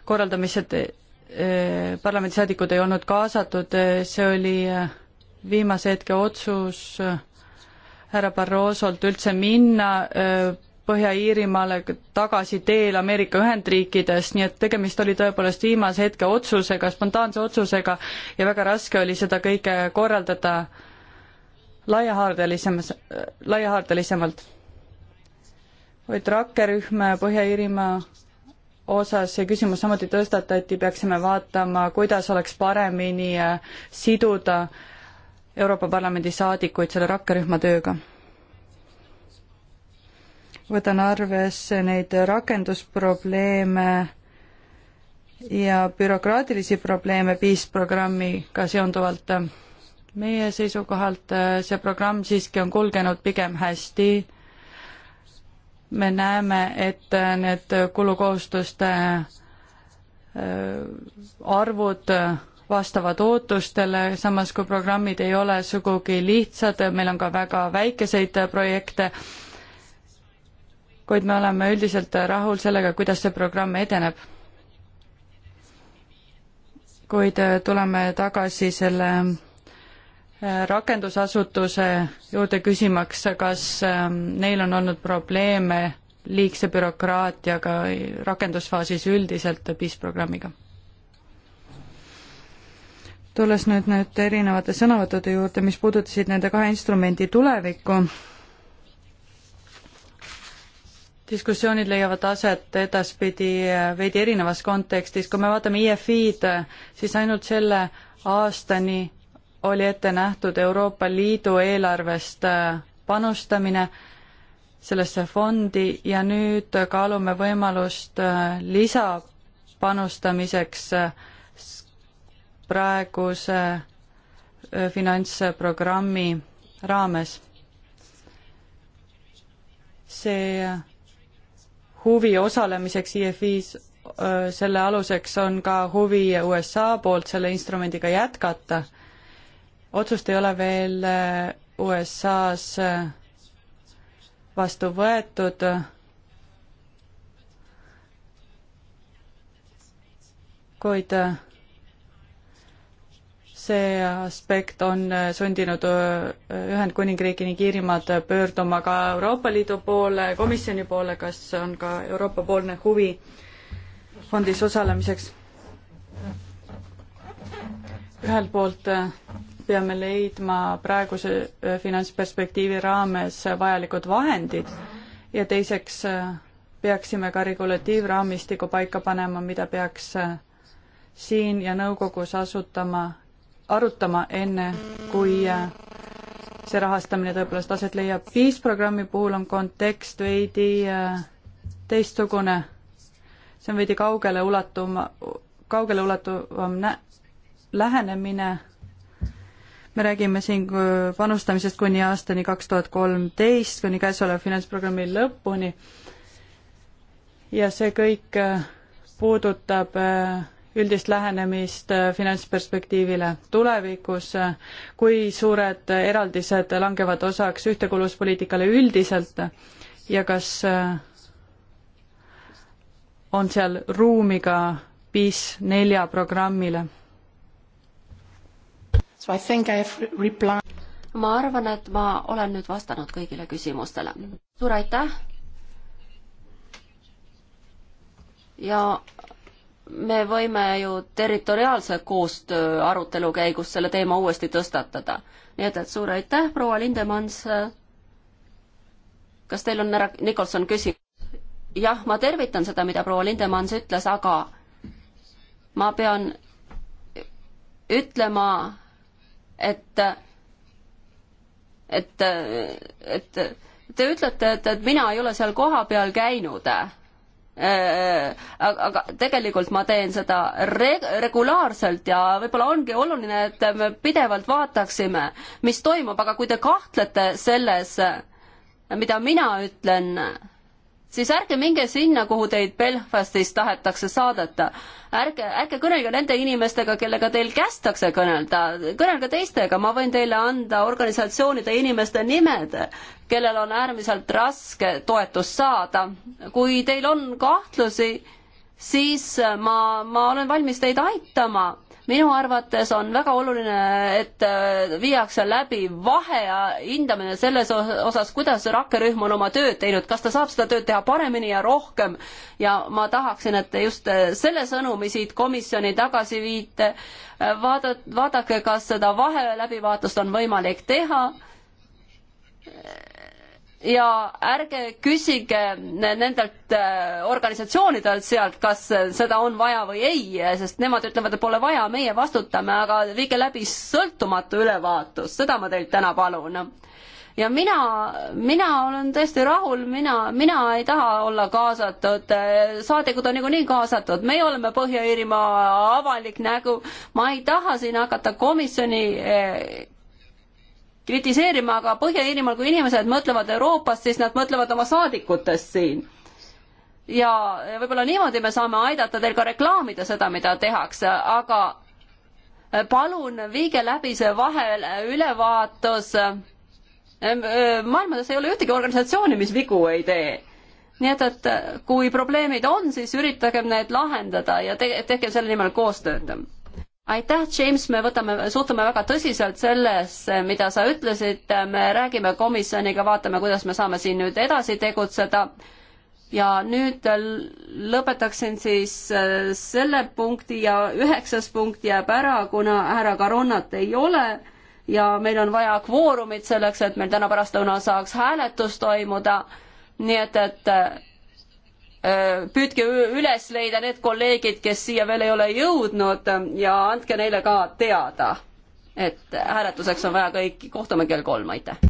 korraldamisse e-, parlamendisaadikud ei olnud kaasatud, see oli äh, viimase hetke otsus äh, härra Barrosolt üldse minna äh, Põhja-Iirimaale tagasi teel Ameerika Ühendriikidest, nii et tegemist oli tõepoolest viimase hetke otsusega, spontaanse otsusega ja väga raske oli seda kõike korraldada laiahaardelisemas, laiahaardelisemalt. vaid rakkerühm Põhja-Iirimaa osas see küsimus samuti tõstatati, peaksime vaatama, kuidas oleks paremini äh, siduda äh, Euroopa Parlamendi saadikuid selle rakkerühma tööga. võtan arvesse neid rakendusprobleeme ja bürokraatilisi probleeme PIS programmiga seonduvalt. meie seisukohalt äh, see programm siiski on kulgenud pigem hästi me näeme, et äh, need kulukohustuste äh, arvud vastavad ootustele, samas kui programmid ei ole sugugi lihtsad, meil on ka väga väikeseid projekte, kuid me oleme üldiselt rahul sellega, kuidas see programm edeneb. kuid tuleme tagasi selle äh, rakendusasutuse juurde küsimaks, kas ähm, neil on olnud probleeme liigse bürokraatiaga rakendusfaasis üldiselt PIS programmiga tulles nüüd nüüd erinevate sõnavõttude juurde, mis puudutasid nende kahe instrumendi tulevikku, diskussioonid leiavad aset edaspidi veidi erinevas kontekstis, kui me vaatame IFI-d, siis ainult selle aastani oli ette nähtud Euroopa Liidu eelarvest panustamine sellesse fondi ja nüüd kaalume võimalust lisapanustamiseks äh, praeguse äh, finantsprogrammi raames. see huvi osalemiseks IFI-s, äh, selle aluseks on ka huvi USA poolt selle instrumendiga jätkata. otsust ei ole veel äh, USA-s vastu võetud kuid see aspekt on äh, sundinud äh, Ühendkuningriigi ning Iirimaad pöörduma ka Euroopa Liidu poole, komisjoni poole, kas on ka Euroopa-poolne huvi fondis osalemiseks? ühelt poolt äh, peame leidma praeguse finantsperspektiivi raames vajalikud vahendid ja teiseks peaksime ka regulatiivraamistiku paika panema, mida peaks siin ja nõukogus asutama arutama, enne kui äh, see rahastamine tõepoolest aset leiab. viis programmi puhul on kontekst veidi äh, teistsugune. see on veidi kaugele ulatuma, kaugele ulatuvam nä-, lähenemine. me räägime siin äh, panustamisest kuni aastani kaks tuhat kolmteist, kuni käesoleva finantsprogrammi lõpuni. ja see kõik puudutab äh, üldist lähenemist äh, finantsperspektiivile tulevikus, äh, kui suured eraldised langevad osaks ühtekuuluvuspoliitikale üldiselt ja kas äh, on seal ruumi ka PIS nelja programmile? ma arvan, et ma olen nüüd vastanud kõigile küsimustele. suur aitäh! ja me võime ju territoriaalse koostöö arutelu käigus selle teema uuesti tõstatada. nii et, et suur aitäh, proua Lindemans. kas teil on, härra Nikolson, küsimus? jah, ma tervitan seda, mida proua Lindemans ütles, aga ma pean ütlema, et, et, et te ütlete, et, et mina ei ole seal kohapeal käinud Äh, äh, aga tegelikult ma teen seda reg regulaarselt ja võib-olla ongi oluline, et me pidevalt vaataksime, mis toimub, aga kui te kahtlete selles, mida mina ütlen, siis ärge minge sinna, kuhu teid Belfastis tahetakse saadeta. ärge, ärge kõnelge nende inimestega, kellega teil kästakse kõnelda, kõnelge teistega, ma võin teile anda organisatsioonide inimeste nimed, kellel on äärmiselt raske toetust saada. kui teil on kahtlusi, siis ma, ma olen valmis teid aitama minu arvates on väga oluline, et äh, viiakse läbi vahe ja hindamine selles osas, kuidas rakkerühm on oma tööd teinud, kas ta saab seda tööd teha paremini ja rohkem. ja ma tahaksin, et te just äh, selle sõnumi siit komisjoni tagasi viite, äh, vaadat-, vaadake, kas seda vahe läbivaatust on võimalik teha ja ärge küsige nendelt äh, organisatsioonidelt sealt, kas seda on vaja või ei, sest nemad ütlevad, et pole vaja, meie vastutame, aga viige läbi sõltumatu ülevaatus, seda ma teilt täna palun. ja mina, mina olen tõesti rahul, mina, mina ei taha olla kaasatud, saadikud on niikuinii kaasatud, meie oleme Põhja-Iirimaa avalik nägu, ma ei taha siin hakata komisjoni kritiseerima, aga Põhja-Iirimaal, kui inimesed mõtlevad Euroopast, siis nad mõtlevad oma saadikutest siin ja võib-olla niimoodi me saame aidata teil ka reklaamida seda, mida tehakse, aga palun viige läbi see vahel ülevaatus. maailmas ei ole ühtegi organisatsiooni, mis vigu ei tee. nii et, et kui probleemid on, siis üritagem need lahendada ja te tehke selle nimel koostööd aitäh, James, me võtame, suhtume väga tõsiselt sellesse, mida sa ütlesid, me räägime komisjoniga, vaatame, kuidas me saame siin nüüd edasi tegutseda ja nüüd lõpetaksin siis äh, selle punkti ja üheksas punkt jääb ära, kuna härra Karonnat ei ole ja meil on vaja kvoorumit selleks, et meil täna pärastlõunal saaks hääletus toimuda. nii et, et äh, Äh, püüdke üles leida need kolleegid, kes siia veel ei ole jõudnud ähm, ja andke neile ka teada, et hääletuseks on vaja kõiki, kohtume kell kolm, aitäh!